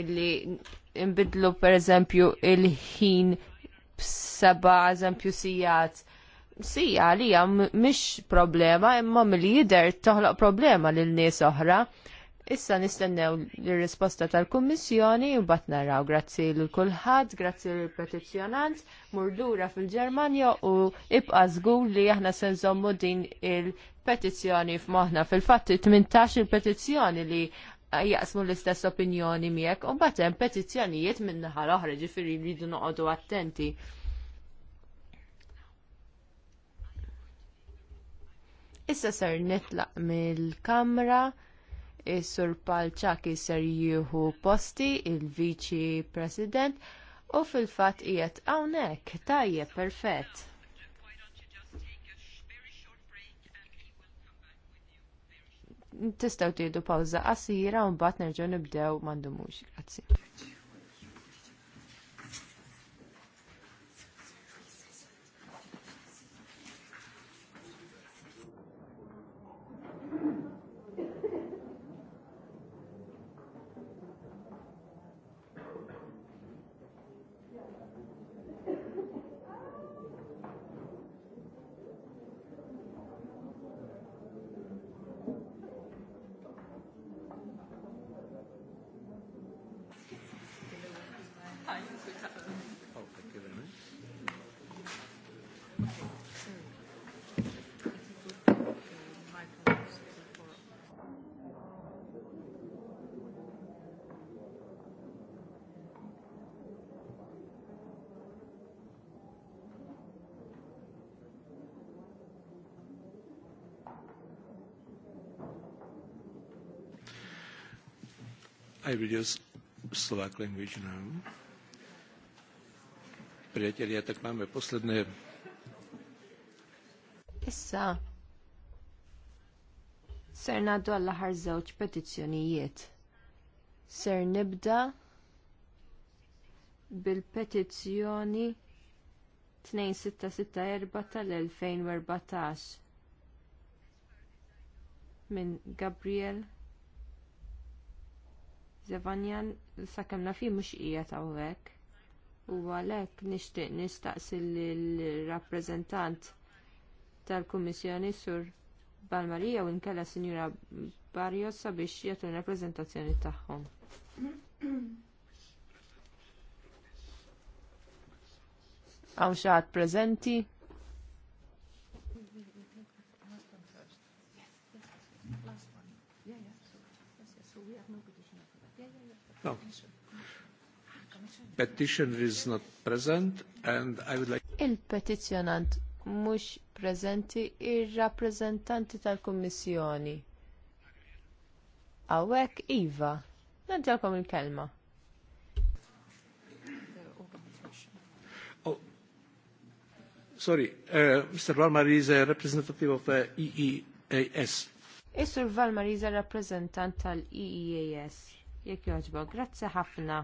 illi imbidlu per eżempju il-ħin b'seba eżempju sijat. Sija li mhix problema imma mill-jider toħloq problema lil nies oħra. Issa nistennew l-risposta tal-Kummissjoni u bat naraw grazzi l kulħadd, grazzi l petizzjonant murdura fil-Ġermanja u ibqa żgur li aħna se nżommu din il-petizzjoni f'moħħna. Fil-fatt 18 il-petizzjoni li jaqsmu l-istess opinjoni miegħek u mbagħad hemm petizzjonijiet minn naħa l-oħra ġifieri jridu noqogħdu attenti. Issa ser nitlaq mill-kamra is-sur Palċaki ser jieħu posti il-Viċi President u fil-fatt qiegħed hawnhekk tajjeb perfett. Tistgħu tiedu pawża qasira u mbagħad nerġgħu nibdew m'għandhomux. Grazie. I will use Slovak language now. ja tak máme posledné. Issa. Ser naddu għall aħħar żewġ petizzjonijiet. Ser nibda bil-petizzjoni 2664 tal-2014 minn Gabriel Zevanjan sakemm nafih mhux ta' hawnhekk. U għalhekk nixtieq nistaqsi l-rappreżentant tal-Kummissjoni Sur Balmarija u nkella Sinjura Barrios sabiex jagħtu rappreżentazzjoni tagħhom. Hawn xi No. Petitioner is not present and I would like... Il-petizjonant mhux preżenti ir-rappreżentanti tal-Kummissjoni. Awek, Iva, nadjalkom il-kelma. Oh, sorry, uh, Mr. Valmar is a representative of uh, EEAS. Mr. Valmar is a rappresentant tal-EEAS jekk jogħġbok. Grazzi ħafna.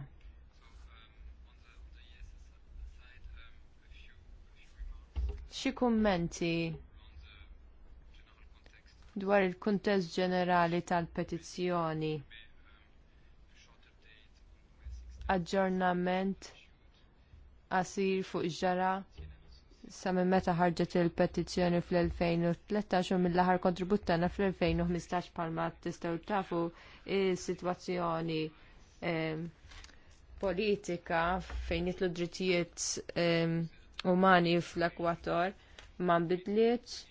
Xi kummenti dwar il-kuntest ġenerali tal-petizzjoni. Aġġornament għasir fuq ġara sa minn meta ħarġet il-petizzjoni fl-2013 u mill-aħħar kontribut tagħna fl-2015 palma tistgħu tafu is-sitwazzjoni politika fejn jitlu drittijiet umani fl-ekwator ma bidliet.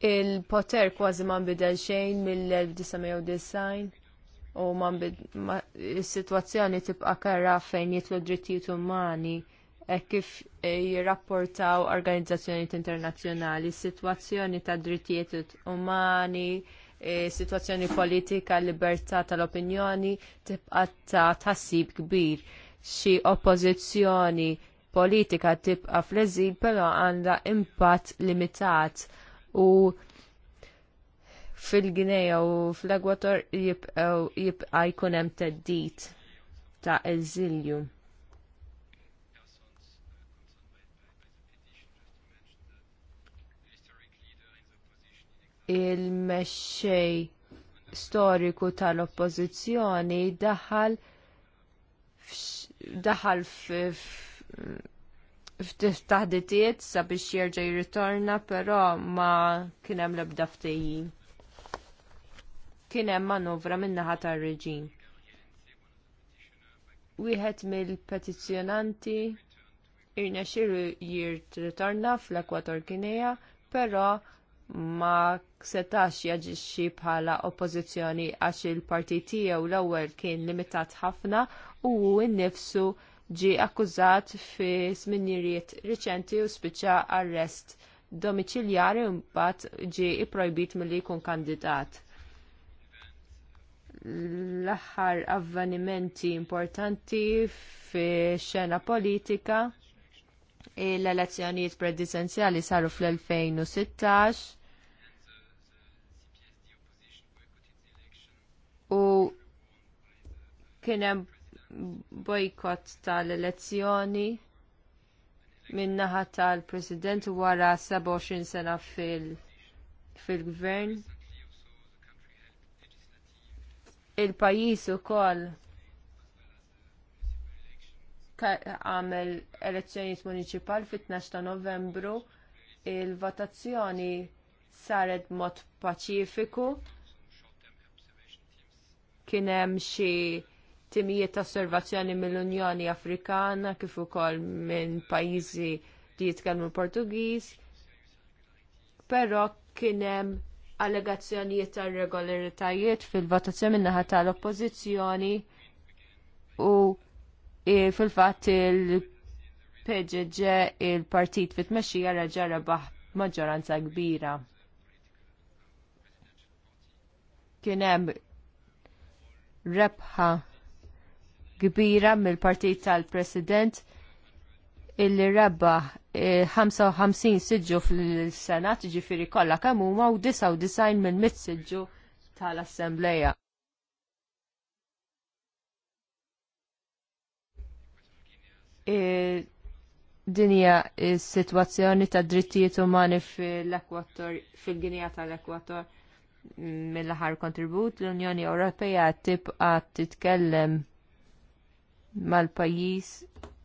Il-poter kważi ma nbidel xejn mill-1990 u ma is-sitwazzjoni tibqa' karra fejn jitlu drittijiet umani E kif e, jirrapportaw organizzazzjonijiet internazzjonali, situazzjoni ta' drittijiet umani, e, situazzjoni politika, libertà tal-opinjoni tibqa' ta' tassib kbir. Xi oppożizzjoni politika tibqa' fl-eżil però għandha impatt limitat u fil-Ginea u fl-Ekwator jibqa' jkun hemm teddit ta' eżilju il-mexxej storiku tal-oppożizzjoni daħal daħal f'taħditiet sabiex jerġa' jirritorna, però ma kien hemm l-ebda ftehim. Kien hemm manovra min-naħa tar-reġim. Wieħed mill-petizzjonanti irnexxielu jirritorna fl-Ekwator Kinea, però ma setax jaġixxi bħala oppożizzjoni għax il-partit tiegħu l-ewwel kien limitat ħafna u nnifsu ġie akkużat fi żminijiet riċenti u spiċċa arrest domiċiljari u mbagħad ġie ipprojbit milli jkun kandidat l-aħħar avvenimenti importanti fix xena politika l-elezzjonijiet predisenziali saru fl-2016 u kienem bojkott tal-elezzjoni minnaħa tal-president wara 27 sena fil- fil-gvern. Il-pajis u koll għamel elezzjonijiet municipal fit-12 ta' novembru il-votazzjoni saret mod paċifiku kien hemm xi timijiet ta' osservazzjoni mill-Unjoni Afrikana kif ukoll minn pajjiżi li jitkellmu Portugiż, però kien hemm allegazzjonijiet ta' irregolaritajiet fil-votazzjoni min-naħa tal-Oppożizzjoni u E, fil-fatt il-PGG il-partit fit għara ġara rebaħ maġġoranza kbira. Kien hemm rebħa kbira mill-partit tal-President illi rebba 55 e, siġġu fil-Senat ġifiri kollha kemm huma u 99 mill-mit siġġu tal-Assembleja. E, dinja is-sitwazzjoni e, ta' drittijiet umani fil-Ekwator, fil-Ginja tal-Ekwator mill-aħħar kontribut l-Unjoni Ewropea tibqa titkellem mal-pajjiż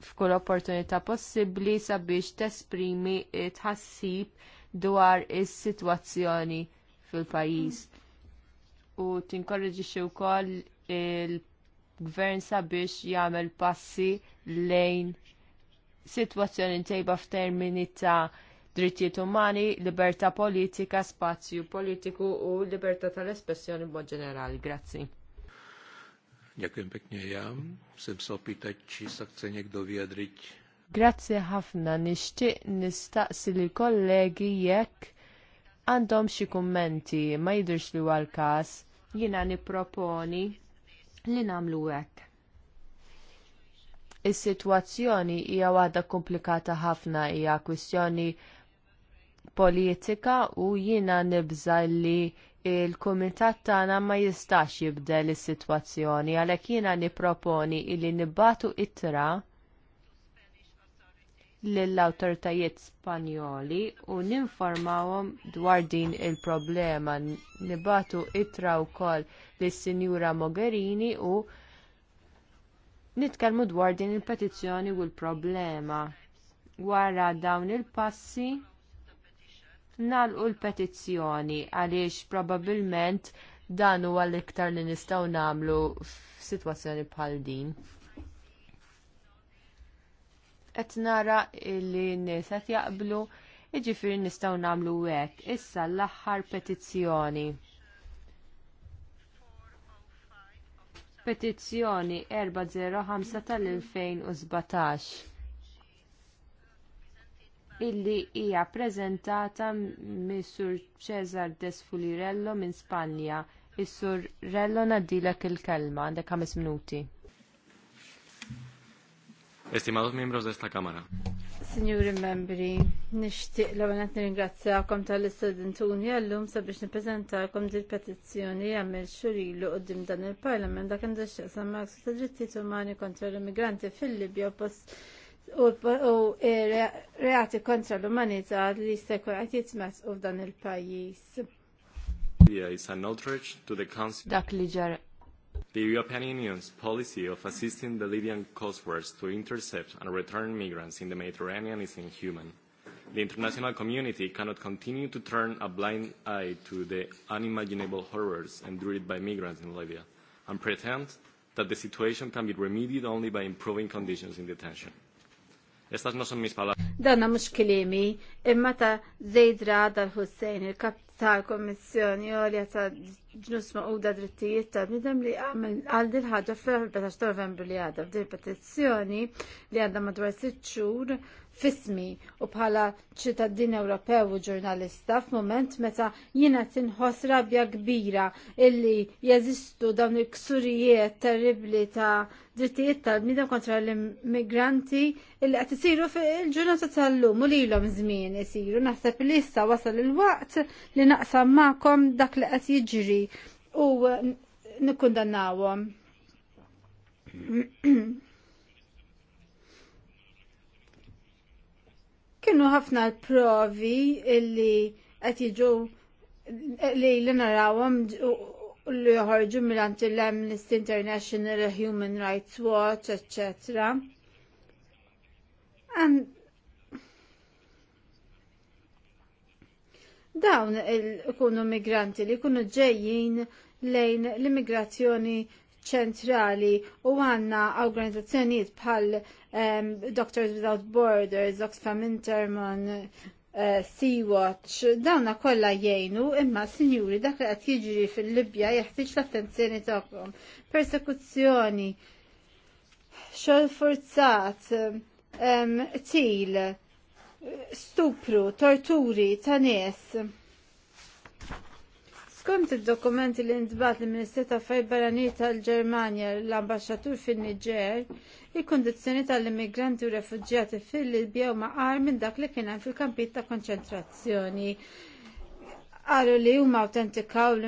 f'kull opportunità possibbli sabiex tesprimi tħassib dwar is-sitwazzjoni fil-pajjiż. U tinkorreġixxi wkoll il gvern sabiex jagħmel passi lejn sitwazzjoni ntejba f'termini ta' drittijiet umani, libertà politika, spazju politiku u libertà tal-espressjoni b'mod ġenerali. Grazzi. Dziękuję pięknie ja. Chcę zapytać, czy chce Grazzi ħafna nixtieq nistaqsi lill kollegi jekk għandhom xi kummenti ma jidhirx li huwa l-każ. Jiena nipproponi li nagħmlu hekk. Is-sitwazzjoni hija waħda komplikata ħafna hija kwistjoni politika u jiena nibża li l kumitat tagħna ma jistax jibdel is-sitwazzjoni għalhekk jiena nipproponi li nibbatu ittra lill-awtoritajiet Spanjoli u ninformawhom dwar din il-problema. Nibatu ittra wkoll lis-Sinjura Mogherini u nitkellmu dwar din il-petizzjoni u l-problema. Wara dawn il-passi nagħlqu l-petizzjoni għaliex probabbilment dan huwa l-iktar li nistgħu nagħmlu f'sitwazzjoni bħal din qed nara li n-nies qed jaqblu jiġifieri nistgħu nagħmlu hekk issa l aħħar petizzjoni. Petizzjoni 405 tal-2017 illi hija ppreżentata mis-sur Cesar Desfulirello minn Spanja. Is-sur Rello nadilek il-kelma għandek 5 minuti. Estimados miembros de esta Cámara. Signori membri, nixtieq l għanet nirringrazzjakom tal-istudentuni għallum sabiex niprezentarkom dil petizzjoni għamil xurilu qoddim dan il-Parlament dak għandu xieqsam maqsu ta' drittijiet umani kontra l-immigranti fil-Libja post u reati kontra l-umanità li jistekwa għat jitmess u f'dan il-pajis. Dak li ġar The European Union's policy of assisting the Libyan guards to intercept and return migrants in the Mediterranean is inhuman. The international community cannot continue to turn a blind eye to the unimaginable horrors endured by migrants in Libya and pretend that the situation can be remedied only by improving conditions in detention. Estas no son mis palabras. Dana mux kelimi, imma ta' Zeydra dal-Hussein, il-kap tal-Kommissjoni għolja ta' ġnus maquda drittijiet tal-bnidem li għamil għal din ħaġa fl-14 novembru li għadha f'din petizzjoni li għadha madwar sitt xhur fismi u bħala ċittadin Ewropew u ġurnalista f'mument meta jiena tinħoss rabja kbira illi jeżistu dawn il-ksurijiet terribli ta' drittijiet tal-bniedem kontra l-immigranti illi qed isiru fil-ġurnata tal-lum u lilhom żmien isiru naħseb li issa wasal il-waqt li naqsam magħkom dak li qed jiġri u nikkundannawhom. Kienu ħafna l-provi illi qed jiġu li l narawhom li joħorġu mill-anti l-Amnesty International, Human Rights Watch, etc. And dawn il-kunu migranti li jkunu ġejjin lejn l-immigrazzjoni ċentrali u għanna organizzazzjonijiet bħal um, Doctors Without Borders, Oxfam Intermon, uh, Sea-Watch, dawna kolla jgħinu imma sinjuri dak li qed jiġri fil-Libja jeħtieġ l-attenzjoni tagħhom. Persekuzzjoni, xogħol forzat, um, til, stupru, torturi ta' nies Skont id-dokumenti li ntbat li Ministru ta' Affarijiet Barranin tal-Ġermanja l-Ambaxxatur fin-Niġer, il kondizjoni tal-immigranti u refuġjati fil-Libja huma maqar minn dak li kien hemm fil-kampit ta' konċentrazzjoni. Qalu li huma awtentikaw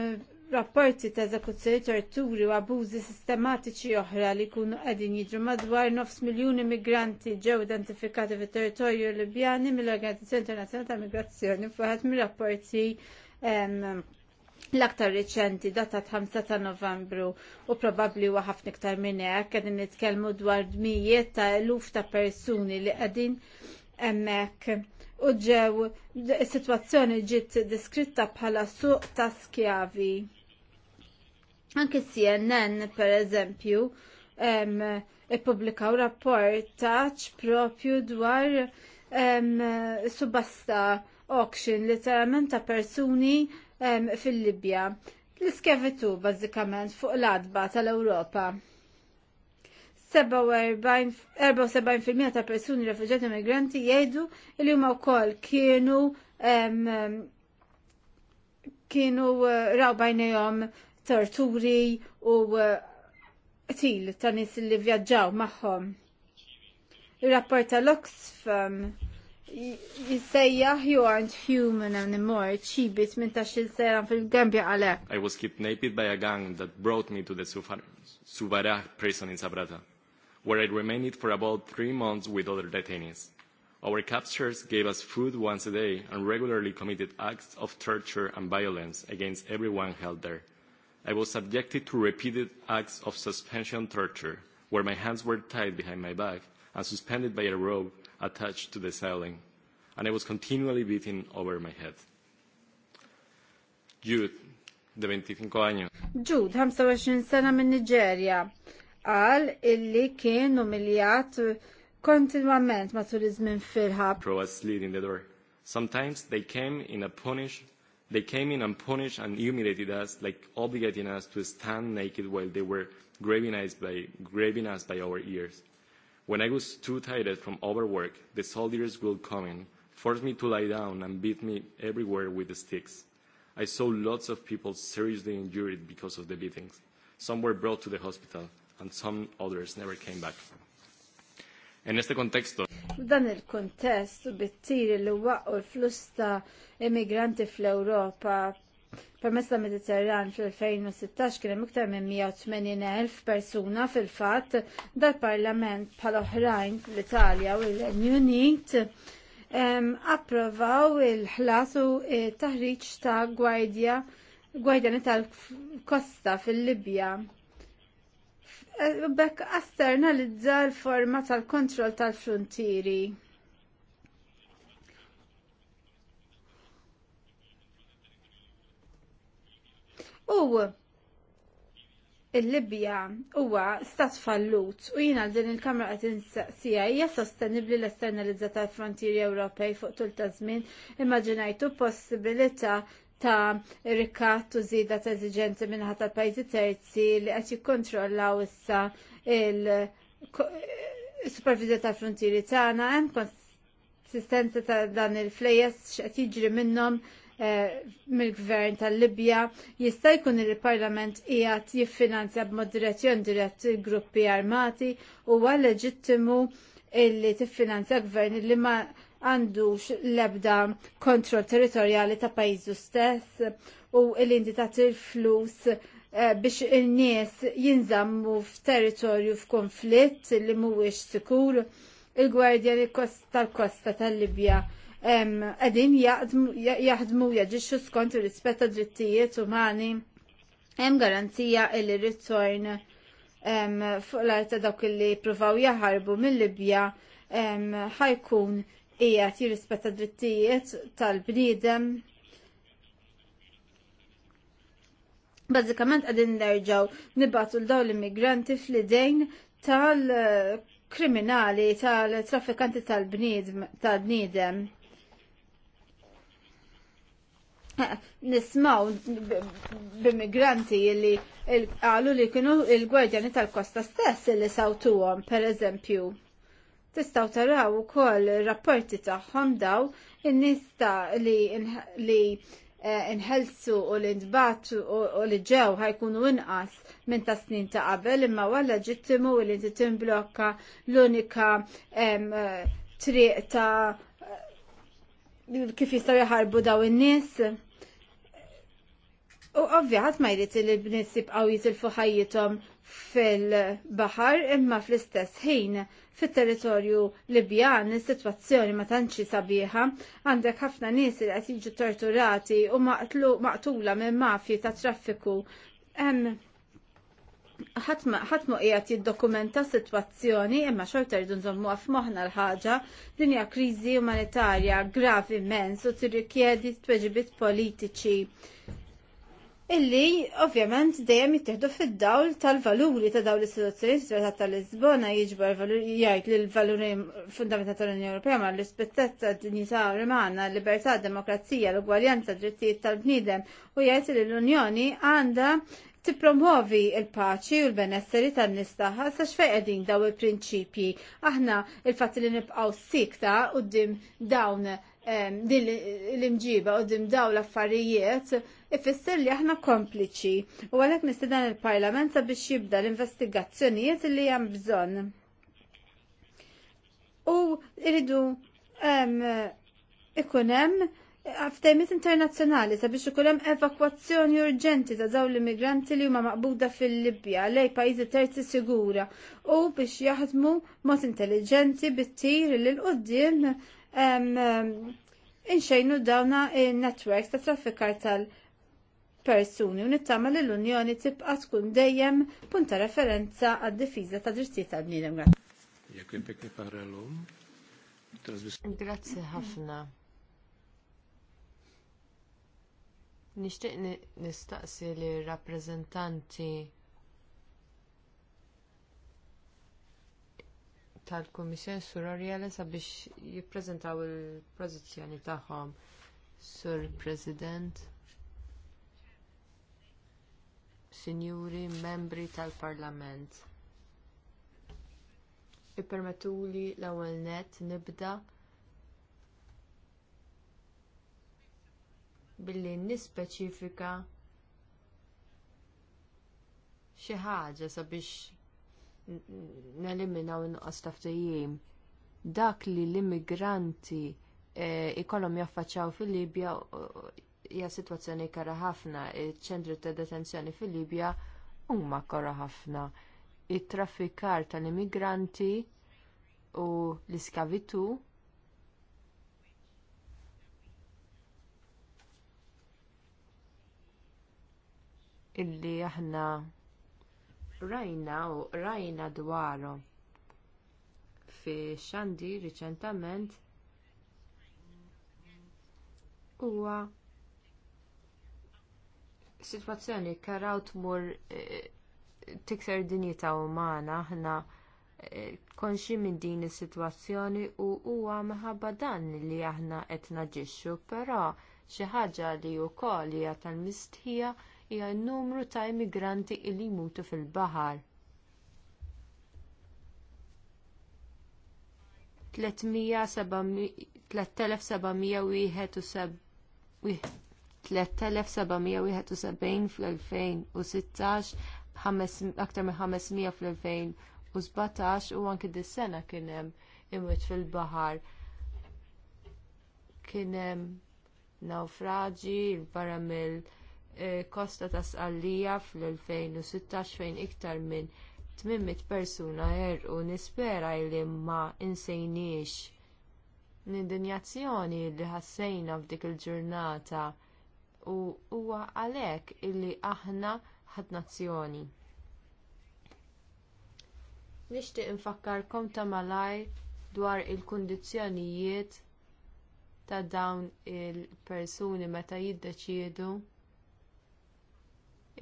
rapporti ta' eżekuzzjoni torturi u abużi sistematiċi oħra li jkunu qegħdin jidru madwar nofs miljun immigranti ġew identifikati fit-territorju Libjani mill-Organizzazzjoni Internazzjonali ta' Migrazzjoni fuq mir-rapporti L-aktar reċenti data 5 ta' novembru u probabli huwa ħafna iktar minn hekk qegħdin nitkellmu dwar dmijiet ta' eluf ta' persuni li qegħdin hemmhekk u ġew is-sitwazzjoni ġiet diskritta bħala suq ta' skjavi. Anke CNN per eżempju ippubblikaw rapportaġġ propju dwar subasta auction literalment ta' persuni fil-Libja. L-iskevitu bażikament fuq l-adba tal-Ewropa. 74% ta' persuni refuġjati migranti jgħidu li huma wkoll kienu kienu eh, raw bajnejhom torturi u eh, til ta' nies li vjaġġaw magħhom. Ir-rapport tal-Oxfam jissejjaħ You Aren't Human Anymore, ċibit minn ta' xil-sejran fil gambja għale. I was kidnapped by a gang that brought me to the Suvarah prison in Sabrata, where I remained for about three months with other detainees. Our captors gave us food once a day and regularly committed acts of torture and violence against everyone held there. I was subjected to repeated acts of suspension torture, where my hands were tied behind my back and suspended by a rope attached to the ceiling, and I was continually beating over my head. Jude, de 25 años. Jude, 25 sena minn Nigeria, għal illi kien umiljat kontinuament ma' turizmin fil-ħab. Pro was leading the door. Sometimes they came in a punish They came in and punished and humiliated us, like obligating us to stand naked while they were graving us by, graving us by our ears. When I was too tired from overwork, the soldiers would come in, force me to lie down, and beat me everywhere with the sticks. I saw lots of people seriously injured because of the beatings. Some were brought to the hospital, and some others never came back. En este contexto. Dan il-kontest u bittiri li waqqu l-flus ta' fl-Europa Permess ta' Mediterran fil-2016 kien hemm iktar minn 180,000 persuna fil-fatt dal-Parlament pal oħrajn l-Italja u l-Renju Unit approvaw il-ħlas u taħriġ ta' gwardja gwardjani tal-kosta fil-Libja. E, bekk asternalizza l-forma tal-kontroll tal-frontieri. U il-Libja huwa stat fallut u jina din il-Kamra qed insaqsija hija sostenibbli l esternalizza tal-frontieri Ewropej fuq tul ta' żmien immaġinajtu possibilità ta' rikat u żieda ta' eżiġenzi minħat tal-pajjiżi terzi li qed jikkontrollaw issa il-supervizja tal-frontieri tagħna hemm konsistenza ta' dan il-flejes x'qed jiġri minnhom Eh, mill-gvern tal-Libja jista' jkun il-Parlament qiegħed jiffinanzja b'mod direzzjon dirett gruppi armati u huwa leġittimu illi tiffinanzja gvern li ma għandux l-ebda kontrol territorjali ta' pajizu stess u illi indi tagħti flus eh, biex in-nies jinżammu f'territorju f'konflitt li mhuwiex sikur il-Gwardja tal-Kosta tal-Libja. tal kosta tal libja għedin jaħdmu jaġiċu skont rispetta drittijiet umani hemm garanzija illi ritorn fuq l-art dawk li provaw jaħarbu mill-Libja ħajkun qiegħed jirrispetta drittijiet tal-bniedem Bażikament qegħdin nerġgħu nibatu l-daw l-immigranti fl-idejn tal-kriminali, eh, tal-traffikanti tal-bniedem. tal kriminali tal traffikanti tal bniedem tal tal bniedem nismaw b'immigranti li għalu li kienu il-gwardjani tal-kosta stess li sawtuhom, per eżempju. Tistaw taraw u koll rapporti taħħom daw in-nista li eh, inħelsu u li nbatu u li ġew ħajkunu inqas minn ta' snin ta' qabel imma walla ġittimu u li tinti timblokka l-unika eh, triq ta' kif jistaw jħarbu daw in-nies. U ovvijat ma jrit li l jibqaw jibqgħu jitilfu fil-baħar imma fl-istess ħin fit-territorju Libjan is-sitwazzjoni ma tanċi sabiħa għandek ħafna nies li qed jiġu torturati u maqtula minn mafji ta' traffiku ħadd mu qiegħed jiddokumenta sitwazzjoni imma xorta rridu nżommu f'moħħna l-ħaġa din hija kriżi umanitarja gravi immens u tirrikjedi tweġibiet politiċi illi ovvjament dejjem jittieħdu fid-dawl tal-valuri ta' dawn is sitwazzjoni trattat tal-Lisbona jiġbor jgħid li l-valuri fundamentali tal-Unjoni Ewropea ma' l rispettat tad dinjità l libertà, demokrazija, l-ugwaljanza, drittijiet tal-bniedem u jgħid li l-Unjoni għandha tippromovi il-paċi u l-benesseri tan-nistaħa sa xfeqedin daw il-prinċipji. Aħna il-fatt li nibqaw sikta u dim dawn l-imġiba u dim daw l-affarijiet ifisser li aħna kompliċi u għalek dan il-parlament sabiex jibda l-investigazzjonijiet li jam bżon. U irridu ikunem għaftemiet internazzjonali sabiex ikun hemm evakwazzjoni urġenti ta' dawn l-immigranti li huma maqbuda fil-Libja lej pajjiżi terzi sigura u biex jaħdmu mod intelligenti bit-tir lil qudiem inxejnu dawna in-networks ta' traffikar tal-persuni u nittama li l-Unjoni tibqa' tkun dejjem punta referenza għad-difiża ta' drittijiet tal-bniedem. Grazie ħafna. Nixtieq nistaqsi li rappreżentanti tal-Kummissjoni Sur sabiex jippreżentaw il-pożizzjoni tagħhom Sur President. Sinjuri membri tal-Parlament. Ippermettuli l-ewwel nett nibda billi nispeċifika xi ħaġa sabiex neliminaw inqas taftejjim dak li l-immigranti eh, ikollhom jaffaċċjaw fil-Libja eh, hija sitwazzjoni kara ħafna, iċ-ċentri ta' detenzjoni fil-Libja huma kara ħafna. It-traffikar tal-immigranti u l-iskavitu illi aħna rajna u rajna dwaru fi xandi riċentament huwa sitwazzjoni karaw tmur eh, tikser dinjità umana aħna eh, konxi minn din is-sitwazzjoni u huwa minħabba dan li aħna qed naġixxu, però xi ħaġa li wkoll hija tal-mistħija hija n-numru ta' immigranti li jmutu fil-baħar. 3771 fl-2016 aktar minn 500 fl-2017 u anki dis-sena kien hemm imwiet fil-baħar. Kien hemm nawfraġi barra mill- Kosta e, ta' Sqallija fl-2016 fejn iktar minn 800 persuna erqu nispera li ma insejniex l-indinjazzjoni li ħassejna f'dik il-ġurnata u huwa għalhekk illi aħna ħadd nazzjoni. Nixtieq infakkarkom ta' malajr dwar il-kundizzjonijiet ta' dawn il-persuni meta jiddeċiedu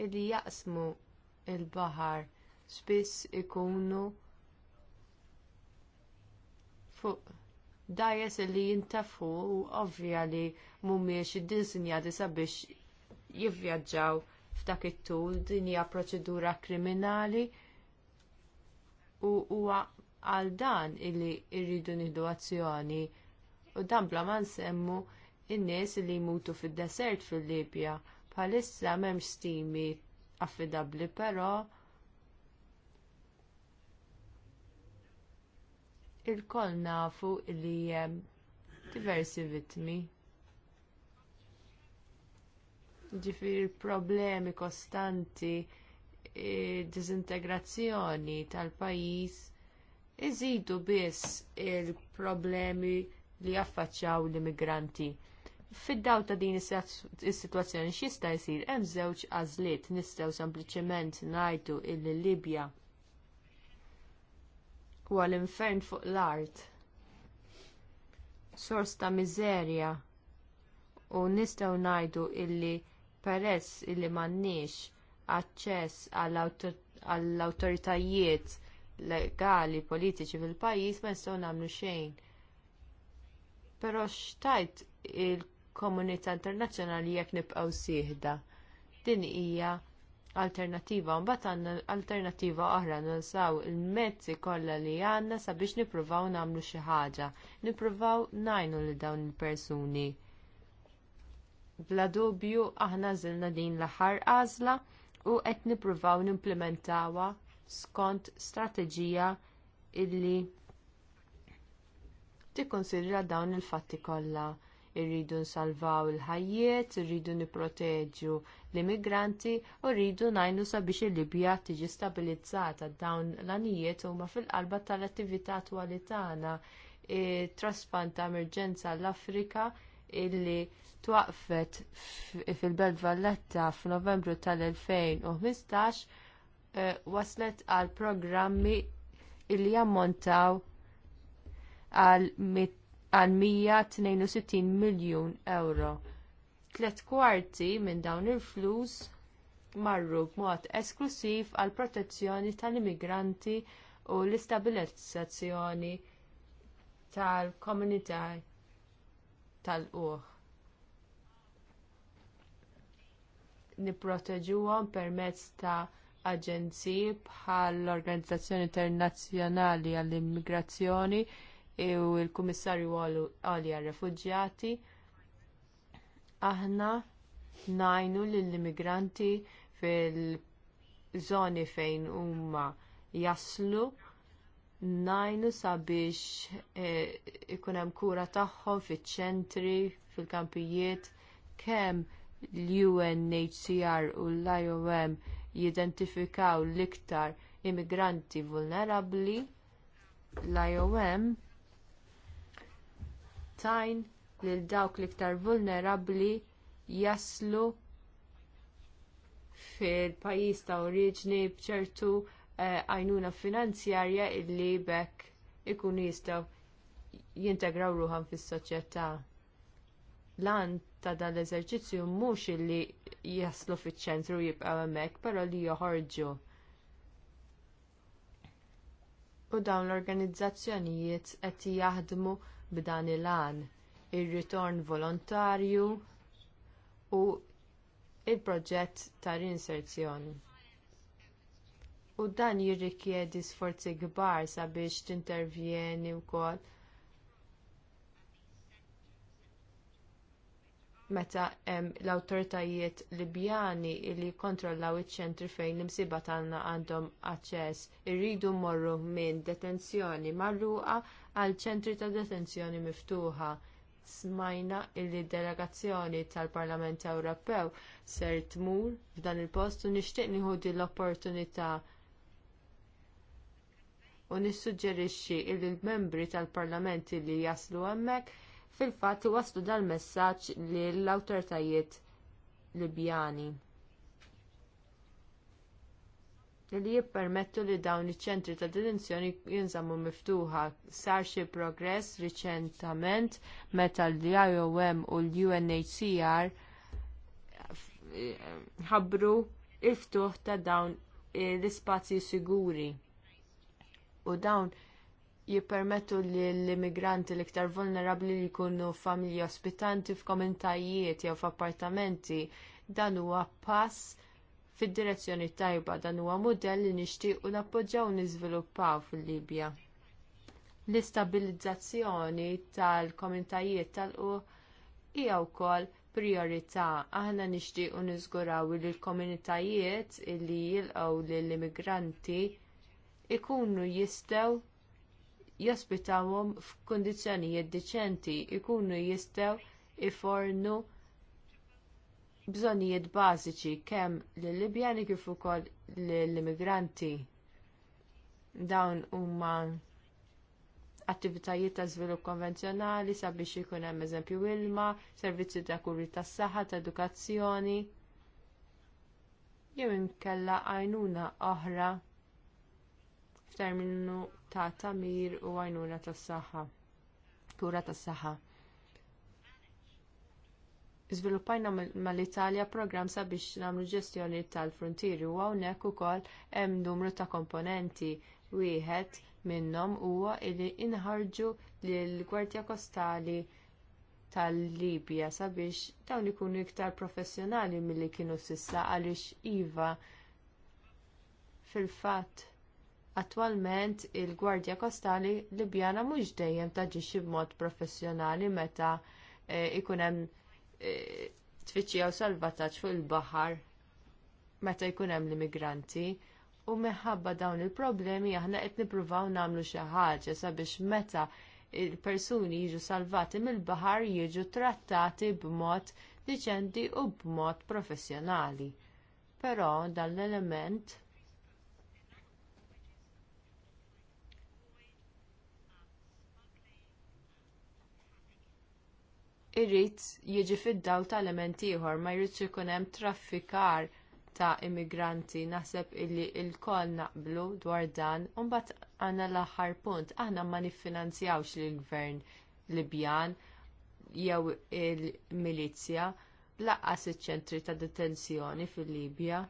illi jaqsmu l il baħar spiss ikunu fuq dajes li jintafu u ovvja li mhumiex iddisinjati sabiex jivvjaġġaw f'dak it-tul din hija proċedura kriminali u huwa għal dan illi rridu nieħdu azzjoni u dan bla ma nsemmu in-nies li jmutu fid-desert fil-Libja bħalissa m'hemmx stimi affidabbli però il-koll nafu li hemm diversi vittmi. Ġifir problemi kostanti e, dizintegrazzjoni tal-pajis iżidu biss il-problemi li jaffaċċjaw l-immigranti. Fid-daw ta' din is-sitwazzjoni xista' jsir hemm żewġ għażliet nistgħu sempliċement ngħidu lil Libja huwa l-infern fuq l-art. Sors ta' miżerja u nistgħu ngħidu illi peress illi m'għandniex aċċess għall awtoritajiet legali politiċi fil-pajjiż ma nistgħu nagħmlu xejn. Però xtajt il komunità internazzjonali jekk nibqgħu sieħda. Din hija alternattiva u mbagħad għandna alternattiva oħra nusaw il-mezzi kollha li għandna sabiex nippruvaw nagħmlu xi ħaġa, nippruvaw ngħinu lil dawn il-persuni. Bla dubju aħna żilna din l-aħħar għażla u qed nippruvaw nimplementawha skont strateġija illi tikkonsidra dawn il-fatti kollha irridu nsalvaw il-ħajjiet, irridu nipproteġu l-immigranti u rridu najnu sabiex il-Libja tiġi stabilizzata dawn l-anijiet huma fil-qalba tal-attività attwali tagħna traspant ta' emerġenza l-Afrika illi twaqfet fil-Belt Valletta f'Novembru tal-2015 eh, waslet għal programmi illi jammontaw għal għal 162 miljun euro. Tlet kwarti minn dawn il-flus marru b'mod esklusiv għal protezzjoni tal-immigranti u l-istabilizzazzjoni tal-komunità tal-uħ. Nipproteġuhom permezz ta' aġenziji bħall organizzazzjoni Internazzjonali għall-Immigrazzjoni u l-Kummissarju għali għal-Refugġjati, aħna najnu lill-immigranti fil-żoni fejn huma jaslu najnu sabiex eh, ikun hemm kura tagħhom fiċ-ċentri, fil-kampijiet, kemm l-UNHCR u l-IOM jidentifikaw l-iktar immigranti vulnerabbli l-IOM tajn lil dawk l-iktar vulnerabbli jaslu fil pajjiż ta' oriġni bċertu eh, għajnuna finanzjarja illi bekk ikunu jistgħu jintegraw ruħan fis-soċjetà. Lan ta' dan l-eżerċizzju mhux illi jaslu fiċ-ċentru jibqgħu hemmhekk, però li joħorġu. U dawn l-organizzazzjonijiet qed jaħdmu b'dan il an, ir-ritorn volontarju u l proġett ta' reinserzjoni. U dan jirrikjedi sforzi kbar sabiex tintervjeni wkoll meta hemm l-awtoritajiet Libjani li jikkontrollaw iċ-ċentri fejn l-imsiba tagħna għandhom aċċess irridu mmorru minn detenzjoni marruqa għal ċentri ta' detenzjoni miftuħa. Smajna li d delegazzjoni tal-Parlament Ewropew ser tmur f'dan il-post u nixtieq nieħu din l-opportunità u nissuġġerixxi li l-membri tal-Parlament li jaslu hemmhekk fil-fatt waslu dal-messaġġ lill awtoritajiet Libjani li jippermettu li dawn iċ-ċentri ta' detenzjoni jinżammu miftuħa. Sar xi progress riċentament meta l-IOM u l-UNHCR ħabbru l ftuħ ta' dawn l-ispazji siguri. U dawn jippermettu li l-immigranti l-iktar vulnerabbli li jkunu familji ospitanti f'komunitajiet jew f'appartamenti dan huwa pass fid-direzzjoni tajba dan huwa mudell li nixtiequ nappoġġjaw niżviluppaw fil-Libja. L-istabilizzazzjoni tal-komunitajiet tal-qu hija wkoll priorità aħna nixtiequ niżguraw li l-komunitajiet li jilqgħu lill immigranti ikunu jistgħu jospitawhom f'kundizzjonijiet diċenti jkunu jistgħu ifornu bżonnijiet bażiċi kemm lill-Libjani kif ukoll lill-immigranti. Dawn huma attivitajiet ta' żvilupp konvenzjonali sabiex ikun hemm eżempju ilma, servizzi ta' kuri tas-saħħa, ta' edukazzjoni jew inkella għajnuna oħra f'terminu ta' tamir u għajnuna tas saħħa kura tas saħħa Iżviluppajna mal-Italja programm sabiex nagħmlu ġestjoni tal-frontieri u hawnhekk ukoll hemm numru ta' komponenti wieħed minnhom huwa li inħarġu lill gwardja Kostali tal-Libja sabiex dawn ikunu iktar professjonali milli kienu sissa għaliex iva fil-fatt Attwalment il-Gwardja Kostali Libjana mhux dejjem taġixxi b'mod professjonali meta e, ikun hemm e, tfittxijaw salvataġġ fuq il-baħar meta jkun hemm l-immigranti u minħabba dawn il-problemi aħna qed nippruvaw nagħmlu xi ħaġa sabiex meta il-persuni jiġu salvati mill-baħar jiġu trattati b'mod diċenti u b'mod professjonali. Però dan l-element irrid jiġi fid-dawl ta' element ieħor ma jridx ikun hemm traffikar ta' immigranti naħseb illi lkoll naqblu dwar dan u mbagħad għandna l-aħħar punt aħna ma niffinanzjawx lill gvern Libjan jew il-milizja laqqas iċ-ċentri ta' detenzjoni fil-Libja.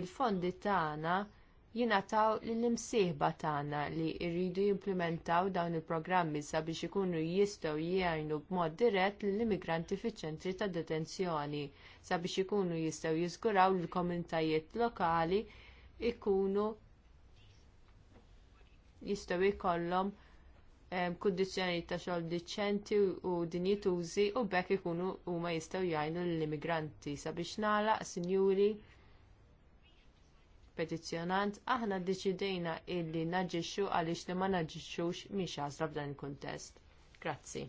Il-fondi tagħna jingħataw lill-imsieħba tagħna li jridu jimplementaw dawn il-programmi sabiex ikunu jistgħu jgħinu b'mod dirett lill-immigranti fiċ-ċentri ta' detenzjoni sabiex ikunu jistgħu jiżguraw lill l-komunitajiet lokali ikunu jistgħu jkollhom kundizzjonijiet ta' xogħol diċenti u dinjitużi u bekk ikunu huma jistgħu jgħinu lill-immigranti sabiex nagħlaq sinjuri petizzjonant, aħna ddeċidejna illi naġixxu għaliex li ma naġixxux miex għażla f'dan il-kuntest. Grazzi.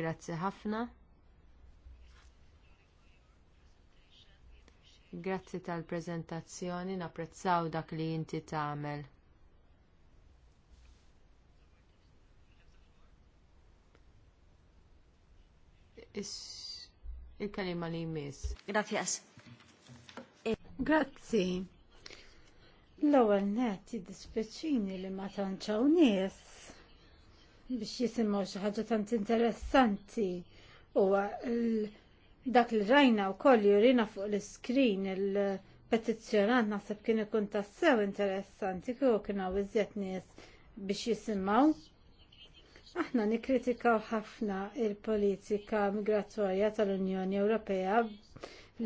Grazzi ħafna. Grazzi tal-prezentazzjoni, napprezzaw dak li inti tagħmel. il-kalima li jmiss. Grazie. Grazzi. L-ewwel net jiddispjaċini li ma tantx nies biex jisimgħu xi ħaġa tant interessanti huwa dak li rajna wkoll jurina fuq l-iskrin il-petizzjonant naħseb kien ikun tassew interessanti kieku kien hawn iżjed nies biex jisimgħu. Aħna nikkritikaw ħafna il-politika migratorja tal-Unjoni Ewropea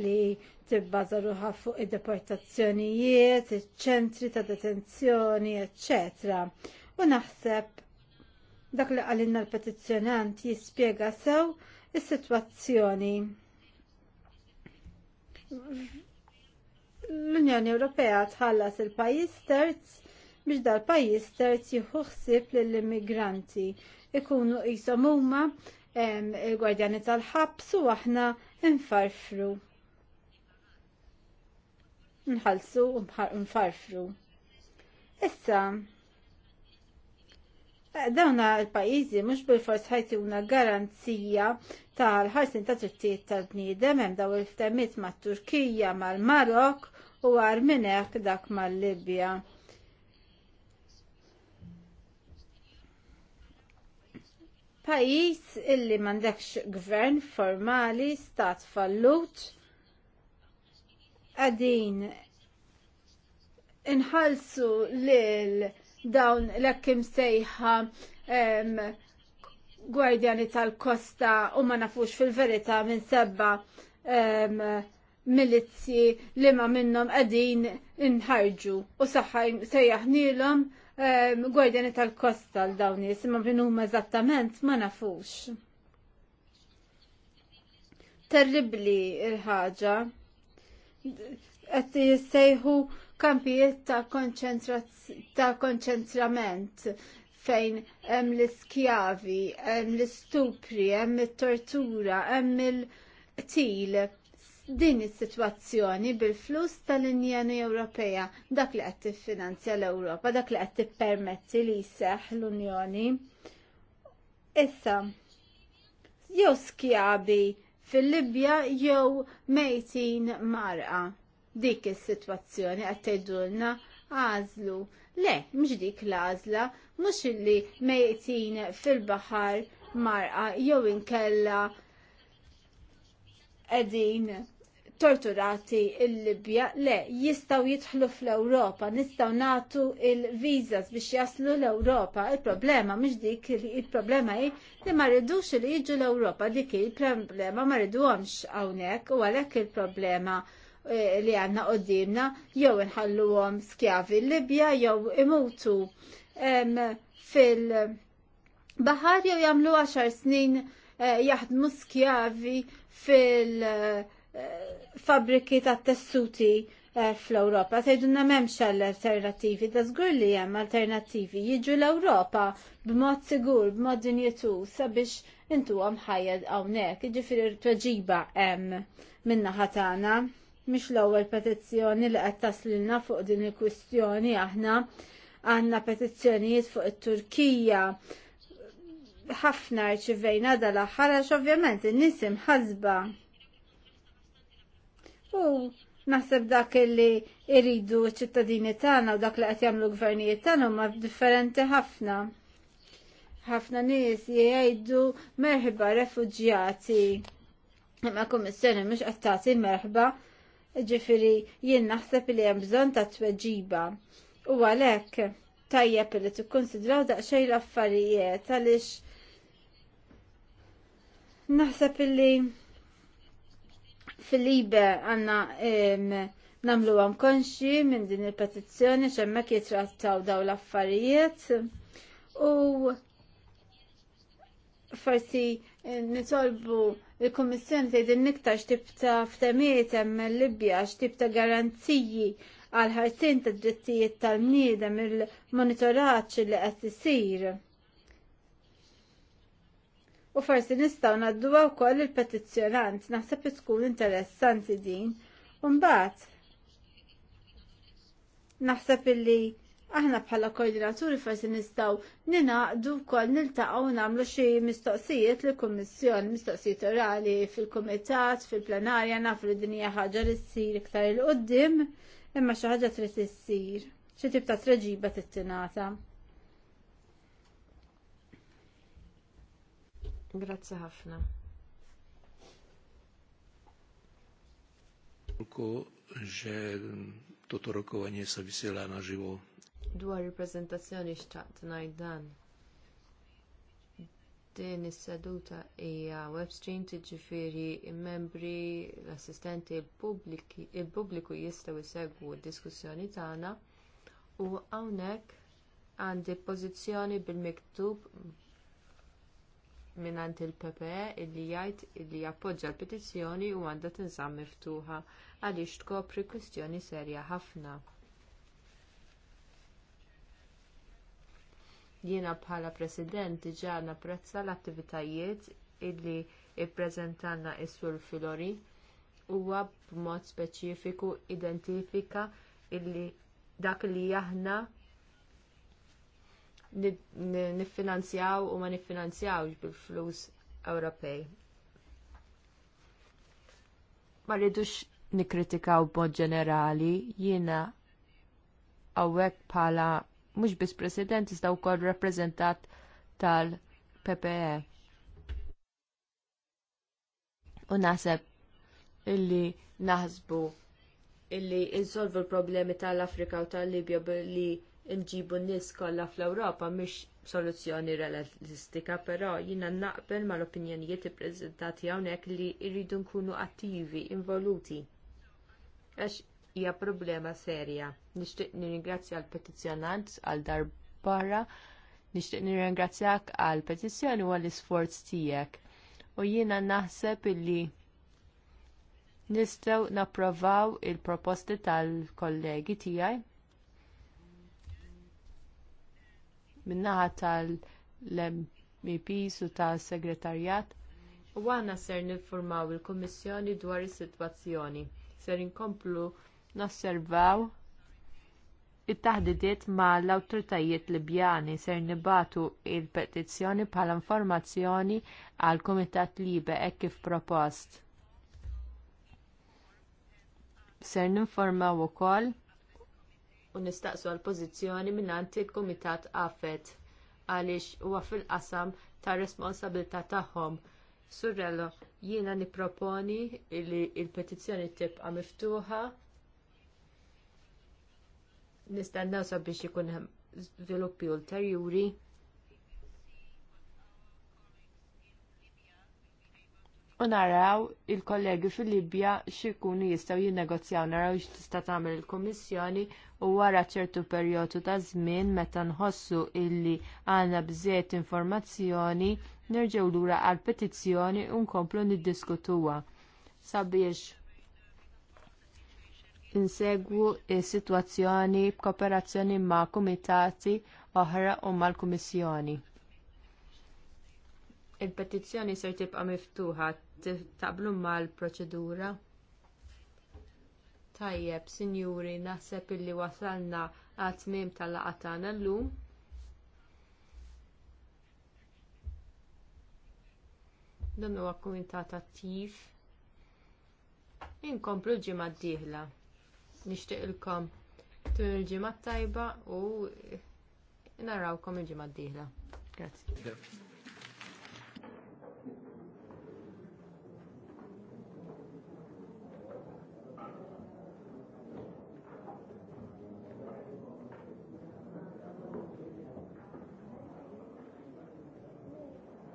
li tibbaza ruħa fuq id-deportazzjonijiet, iċ-ċentri ta' detenzjoni, ecc. U naħseb dak li għalinna l-petizzjonant jispiega sew is-sitwazzjoni. L-Unjoni Ewropea tħallas il-pajjiż terz biex dal-pajjiż terz jieħu ħsieb lill-immigranti ikunu qishom huma il-gwardjani tal-ħabs u aħna infarfru nħalsu u nfarfru. Issa, eh, dawna l-pajizi mux bil-fors una garanzija tal-ħarsin ta' trittijiet tal-bniedem hemm daw il-ftemiet ma' Turkija, mal-Marok u għarminek dak mal-Libja. Pajis illi mandekx gvern formali, stat fallut, għadin inħalsu lil dawn l-ekkim sejħa gwardjani tal-kosta u ma nafux fil-verita minn sebba milizzi li ma minnom għadin inħarġu u saħħajn sejjaħnilom gwardjani tal-kosta l-dawni simma minnu ma eżattament ma nafux. Terribli il-ħagġa qed jissejħu kampijiet ta' konċentrament fejn hemm l-iskjavi, hemm l-istupri, hemm it-tortura, hemm il-qtil. Din is-sitwazzjoni bil-flus tal-Unjoni Ewropea, dak li qed tiffinanzja l-Ewropa, dak li qed tippermetti li jseħħ l-Unjoni. Issa, jew skjabi fil-Libja jew mejtin marqa. Dik is-sitwazzjoni qed tgħidulna għażlu. Le, mhux dik l-għażla, mhux illi mejtin fil-baħar marqa jew inkella qegħdin torturati il-Libja, le, jistaw jitħlu fl-Europa, nistaw natu il-vizas biex jaslu l-Europa. Il-problema mhux dik, il-problema hi li ma rridux li jiġu l-Europa, dik il-problema ma rriduhomx hawnhekk u għalhekk il-problema eh, li għanna qoddimna jew inħalluhom skjavi l-Libja jew imutu fil-baħar jew jagħmlu għaxar snin eh, jaħdmu skjavi fil- fabriki ta' tessuti eh, fl-Europa. Sejdunna memx alternativi, da zgur li jem alternativi. Jiġu l-Europa b'mod sigur, b'mod dinjetu, sabiex intu għom ħajjed għawnek. Ġifiri r-tweġiba em minna ħatana. Mish l-ewwel petizzjoni li qed taslilna fuq din il-kwistjoni aħna għandna petizzjonijiet fuq it-Turkija ħafna rċivejna dal-aħħar ovvjament in-nies imħasba U naħseb dak li iridu ċittadini tagħna u dak li qed jagħmlu gvernijiet tagħna huma differenti ħafna. Ħafna nies jgħidu merħba refuġjati. Imma kummissjoni mhux qed tagħti merħba ġifiri jien naħseb li hemm bżonn ta' tweġiba. U għalhekk tajjeb li tikkonsidraw daqsxejn l-affarijiet għaliex naħseb illi fil-libe għanna namlu għam konxi minn din il-petizzjoni xemmek jitrattaw daw l-affarijiet u forsi eh, nitolbu il-Kommissjoni tgħidin niktar x'tib ta' ftemiet hemm libja x'tip ta' garanziji għal ħarsin ta' drittijiet tal-bniedem il-monitoraġġ li qed isir. U forsi nistaw naddu wkoll il-petizzjonant naħseb tkun interessanti din. u mbagħad naħseb illi aħna bħala koordinaturi forsi nistaw ninaqdu wkoll niltaqgħu nagħmlu xi mistoqsijiet li kummissjoni, mistoqsijiet orali fil-kumitat, fil-plenarja nafru li din hija ħaġa li ssir iktar il qudiem imma xi ħaġa trid issir. Xi tip ta' treġiba tittinata. Grazzi ħafna. Dwar že toto na xtaqt ngħid dan. Din is-seduta hija web stream tiġifieri membri l-assistenti il-pubbliku jistgħu jsegwu d-diskussjoni tagħna u hawnhekk għandi pożizzjoni bil-miktub minant il-PPE illi jgħid illi jappoġġa l-petizzjoni u għandha tinżamm miftuħa għaliex tkopri kwistjoni serja ħafna. Jiena bħala President diġà napprezza l-attivitajiet illi ippreżentanna is-Sur Filori huwa b'mod speċifiku identifika illi dak li aħna niffinanzjaw u ma niffinanzjawx bil-flus Ewropej. Ma rridux nikkritikaw b'mod ġenerali jiena hawnhekk bħala mhux biss president iżda wkoll rappreżentat tal-PPE. U naħseb illi naħsbu illi insolvu l-problemi tal-Afrika u tal-Libja billi inġibu n-nies kollha fl-Ewropa mhix soluzzjoni realistika, però jiena naqbel mal-opinjonijiet ippreżentati hawnhekk li jridu nkunu attivi, involuti. Għax hija problema serja. Nixtieq nirringrazzja għall petizzjonant għal darbara, nixtieq nirringrazzjak għall petizzjoni u għall isforz tiegħek. U jiena naħseb illi nistgħu napprovaw il-proposti tal-kollegi tiegħi min-naħa tal-MEPs u tas segretarjat u għana ser nifurmaw il kummissjoni dwar is-sitwazzjoni. Ser inkomplu nosservaw it-taħdidiet mal awtoritajiet Libjani ser nibatu l petizzjoni bħala informazzjoni għall Kumitat Libe hekk kif propost. Ser ninformaw ukoll u nistaqsu għal pożizzjoni minnant il-Kumitat Afet għaliex huwa fil-qasam tar responsabilità tagħhom. Surrello, jiena nipproponi li l petizzjoni tibqa' miftuħa nistennew sabiex ikun hemm żviluppi ulterjuri. u naraw il-kollegi fil-Libja xikunu jistaw jinnegozjaw naraw x'tista' tagħmel il-Kummissjoni u wara ċertu perjodu ta' żmien meta nħossu illi għandna bżiet informazzjoni nerġgħu lura għall petizzjoni u nkomplu niddiskutuha sabiex insegwu s-sitwazzjoni b'kooperazzjoni ma' kumitati oħra u mal-Kummissjoni il-petizzjoni ser tibqa' miftuħa taqblu mal-proċedura. Tajjeb, sinjuri, naħseb illi wasalna għal tmiem tal laqgħa tagħna llum. Dan huwa kumitat attiv. Inkomplu l-ġimgħa d-dieħla. Nixtieqilkom tul il-ġimgħa tajba u narawkom il-ġimgħa d-dieħla. Grazie.